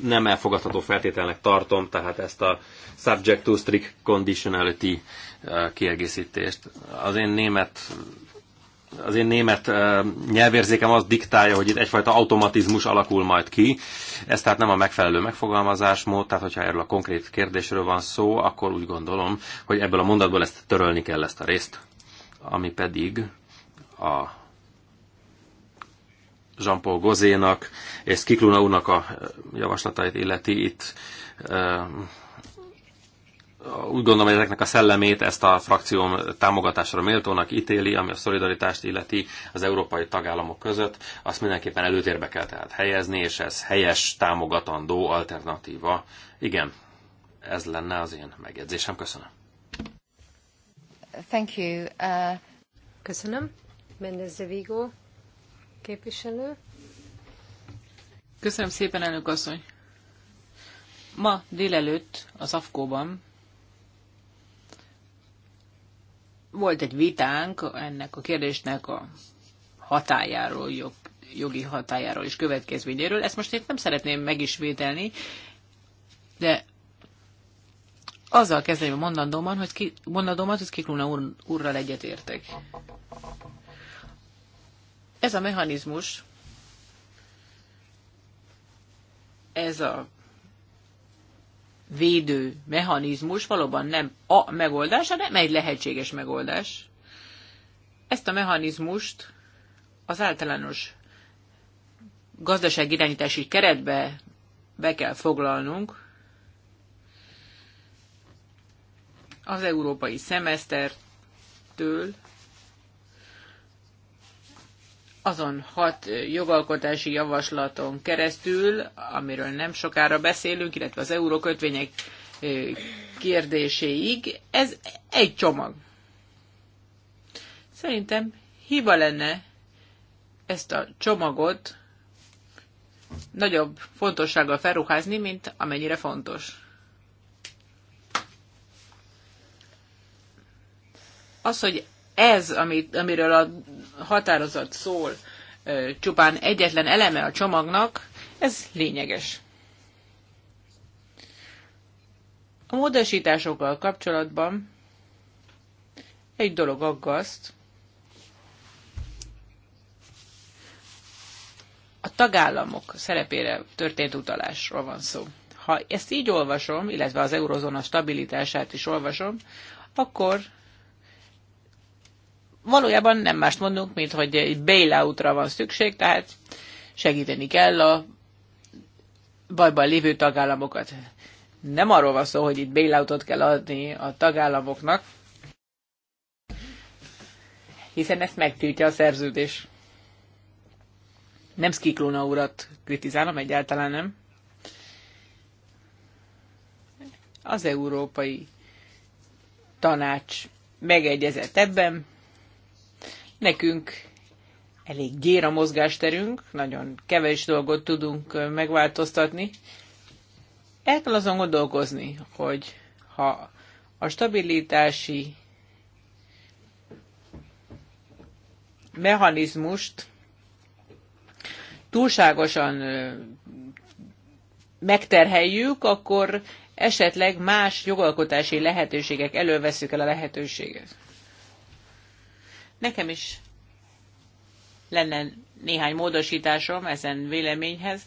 nem elfogadható feltételnek tartom, tehát ezt a subject to strict conditionality kiegészítést. Az én német az én német nyelvérzékem az diktálja, hogy itt egyfajta automatizmus alakul majd ki. Ez tehát nem a megfelelő megfogalmazásmód, tehát hogyha erről a konkrét kérdésről van szó, akkor úgy gondolom, hogy ebből a mondatból ezt törölni kell ezt a részt, ami pedig a Jean-Paul Gozénak és Kikluna úrnak a javaslatait illeti itt úgy gondolom, hogy ezeknek a szellemét ezt a frakcióm támogatásra méltónak ítéli, ami a szolidaritást illeti az európai tagállamok között, azt mindenképpen előtérbe kell tehát helyezni, és ez helyes, támogatandó alternatíva. Igen, ez lenne az én megjegyzésem. Köszönöm. Thank you. Uh... Köszönöm. Mendez de Vigo képviselő. Köszönöm szépen, elnök asszony. Ma délelőtt az AFKO-ban Volt egy vitánk ennek a kérdésnek a hatájáról, jog, jogi hatájáról és következményéről. Ezt most itt nem szeretném megismételni, de azzal kezdeném a mondandóban, hogy, ki, mondandómat, hogy Kikluna úr, úrral egyetértek. Ez a mechanizmus, ez a védő mechanizmus valóban nem a megoldás, hanem egy lehetséges megoldás. Ezt a mechanizmust az általános irányítási keretbe be kell foglalnunk. Az európai szemesztertől azon hat jogalkotási javaslaton keresztül, amiről nem sokára beszélünk, illetve az eurókötvények kérdéséig, ez egy csomag. Szerintem hiba lenne ezt a csomagot nagyobb fontossággal felruházni, mint amennyire fontos. Az, hogy ez, amit, amiről a határozat szól, csupán egyetlen eleme a csomagnak, ez lényeges. A módosításokkal kapcsolatban egy dolog aggaszt. A tagállamok szerepére történt utalásról van szó. Ha ezt így olvasom, illetve az eurozóna stabilitását is olvasom, akkor valójában nem mást mondunk, mint hogy egy bailoutra van szükség, tehát segíteni kell a bajban lévő tagállamokat. Nem arról van szó, hogy itt bailoutot kell adni a tagállamoknak, hiszen ezt megtiltja a szerződés. Nem Skiklóna urat kritizálom, egyáltalán nem. Az Európai Tanács megegyezett ebben, Nekünk elég gyér a mozgásterünk, nagyon kevés dolgot tudunk megváltoztatni. El kell azon gondolkozni, hogy ha a stabilitási mechanizmust túlságosan megterheljük, akkor esetleg más jogalkotási lehetőségek előveszik el a lehetőséget. Nekem is lenne néhány módosításom ezen véleményhez.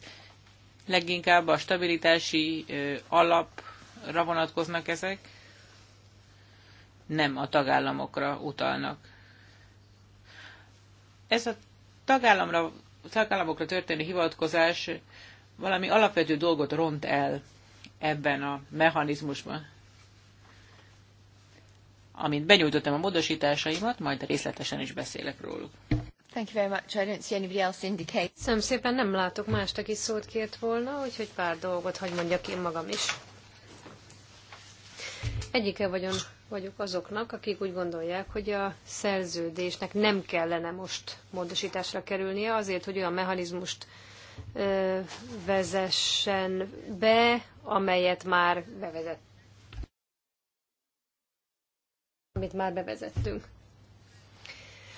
Leginkább a stabilitási alapra vonatkoznak ezek, nem a tagállamokra utalnak. Ez a tagállamra, tagállamokra történő hivatkozás valami alapvető dolgot ront el ebben a mechanizmusban amint benyújtottam a módosításaimat, majd részletesen is beszélek róluk. Thank you very much. I don't see anybody else indicate. Szem szépen nem látok más, aki szót kért volna, úgyhogy pár dolgot hagy mondjak én magam is. Egyike vagyon, vagyok azoknak, akik úgy gondolják, hogy a szerződésnek nem kellene most módosításra kerülnie azért, hogy olyan mechanizmust ö, vezessen be, amelyet már bevezett, amit már bevezettünk.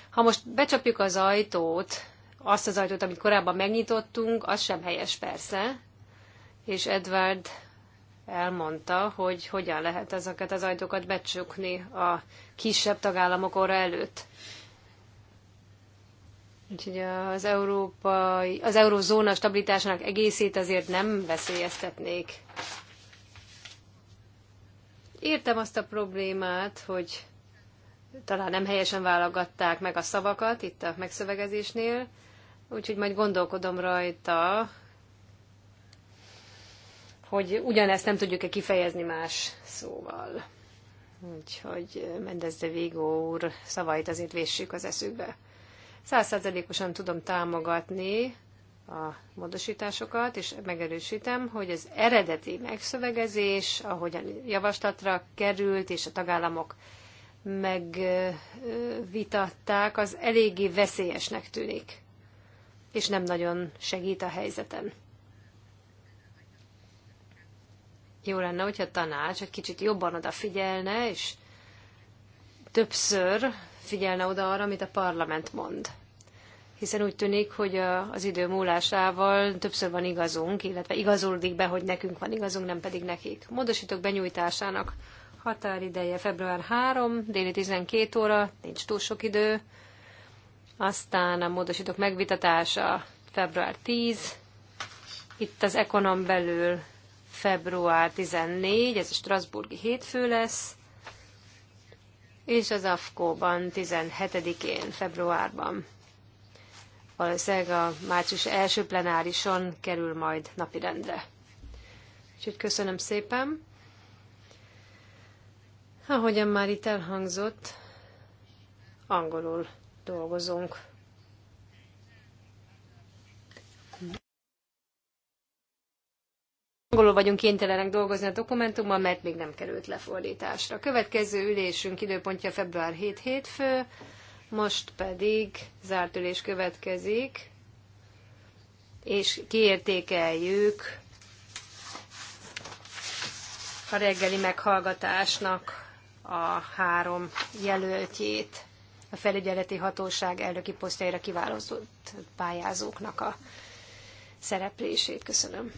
Ha most becsapjuk az ajtót, azt az ajtót, amit korábban megnyitottunk, az sem helyes persze, és Edward elmondta, hogy hogyan lehet ezeket az ajtókat becsukni a kisebb tagállamok óra előtt. Úgyhogy az, európai, az Eurózóna stabilitásának egészét azért nem veszélyeztetnék Értem azt a problémát, hogy talán nem helyesen válogatták meg a szavakat itt a megszövegezésnél, úgyhogy majd gondolkodom rajta, hogy ugyanezt nem tudjuk-e kifejezni más szóval. Úgyhogy Mendez de Vigo úr szavait azért véssük az eszükbe. Százszázalékosan tudom támogatni a módosításokat, és megerősítem, hogy az eredeti megszövegezés, ahogyan javaslatra került, és a tagállamok megvitatták, az eléggé veszélyesnek tűnik, és nem nagyon segít a helyzeten. Jó lenne, hogyha a tanács egy kicsit jobban odafigyelne, és többször figyelne oda arra, amit a parlament mond hiszen úgy tűnik, hogy a, az idő múlásával többször van igazunk, illetve igazolódik be, hogy nekünk van igazunk, nem pedig nekik. Módosítók benyújtásának határideje február 3, déli 12 óra, nincs túl sok idő. Aztán a módosítók megvitatása február 10, itt az ekonom belül február 14, ez a Strasburgi hétfő lesz, és az AFKO-ban 17-én, februárban valószínűleg a március első plenárison kerül majd napirendre. Úgyhogy köszönöm szépen. Ahogyan már itt elhangzott, angolul dolgozunk. Angolul vagyunk kénytelenek dolgozni a dokumentumban, mert még nem került lefordításra. Következő ülésünk időpontja február 7 hétfő. Most pedig zárt ülés következik, és kiértékeljük a reggeli meghallgatásnak a három jelöltjét, a felügyeleti hatóság elnöki posztjaira kiválasztott pályázóknak a szereplését. Köszönöm.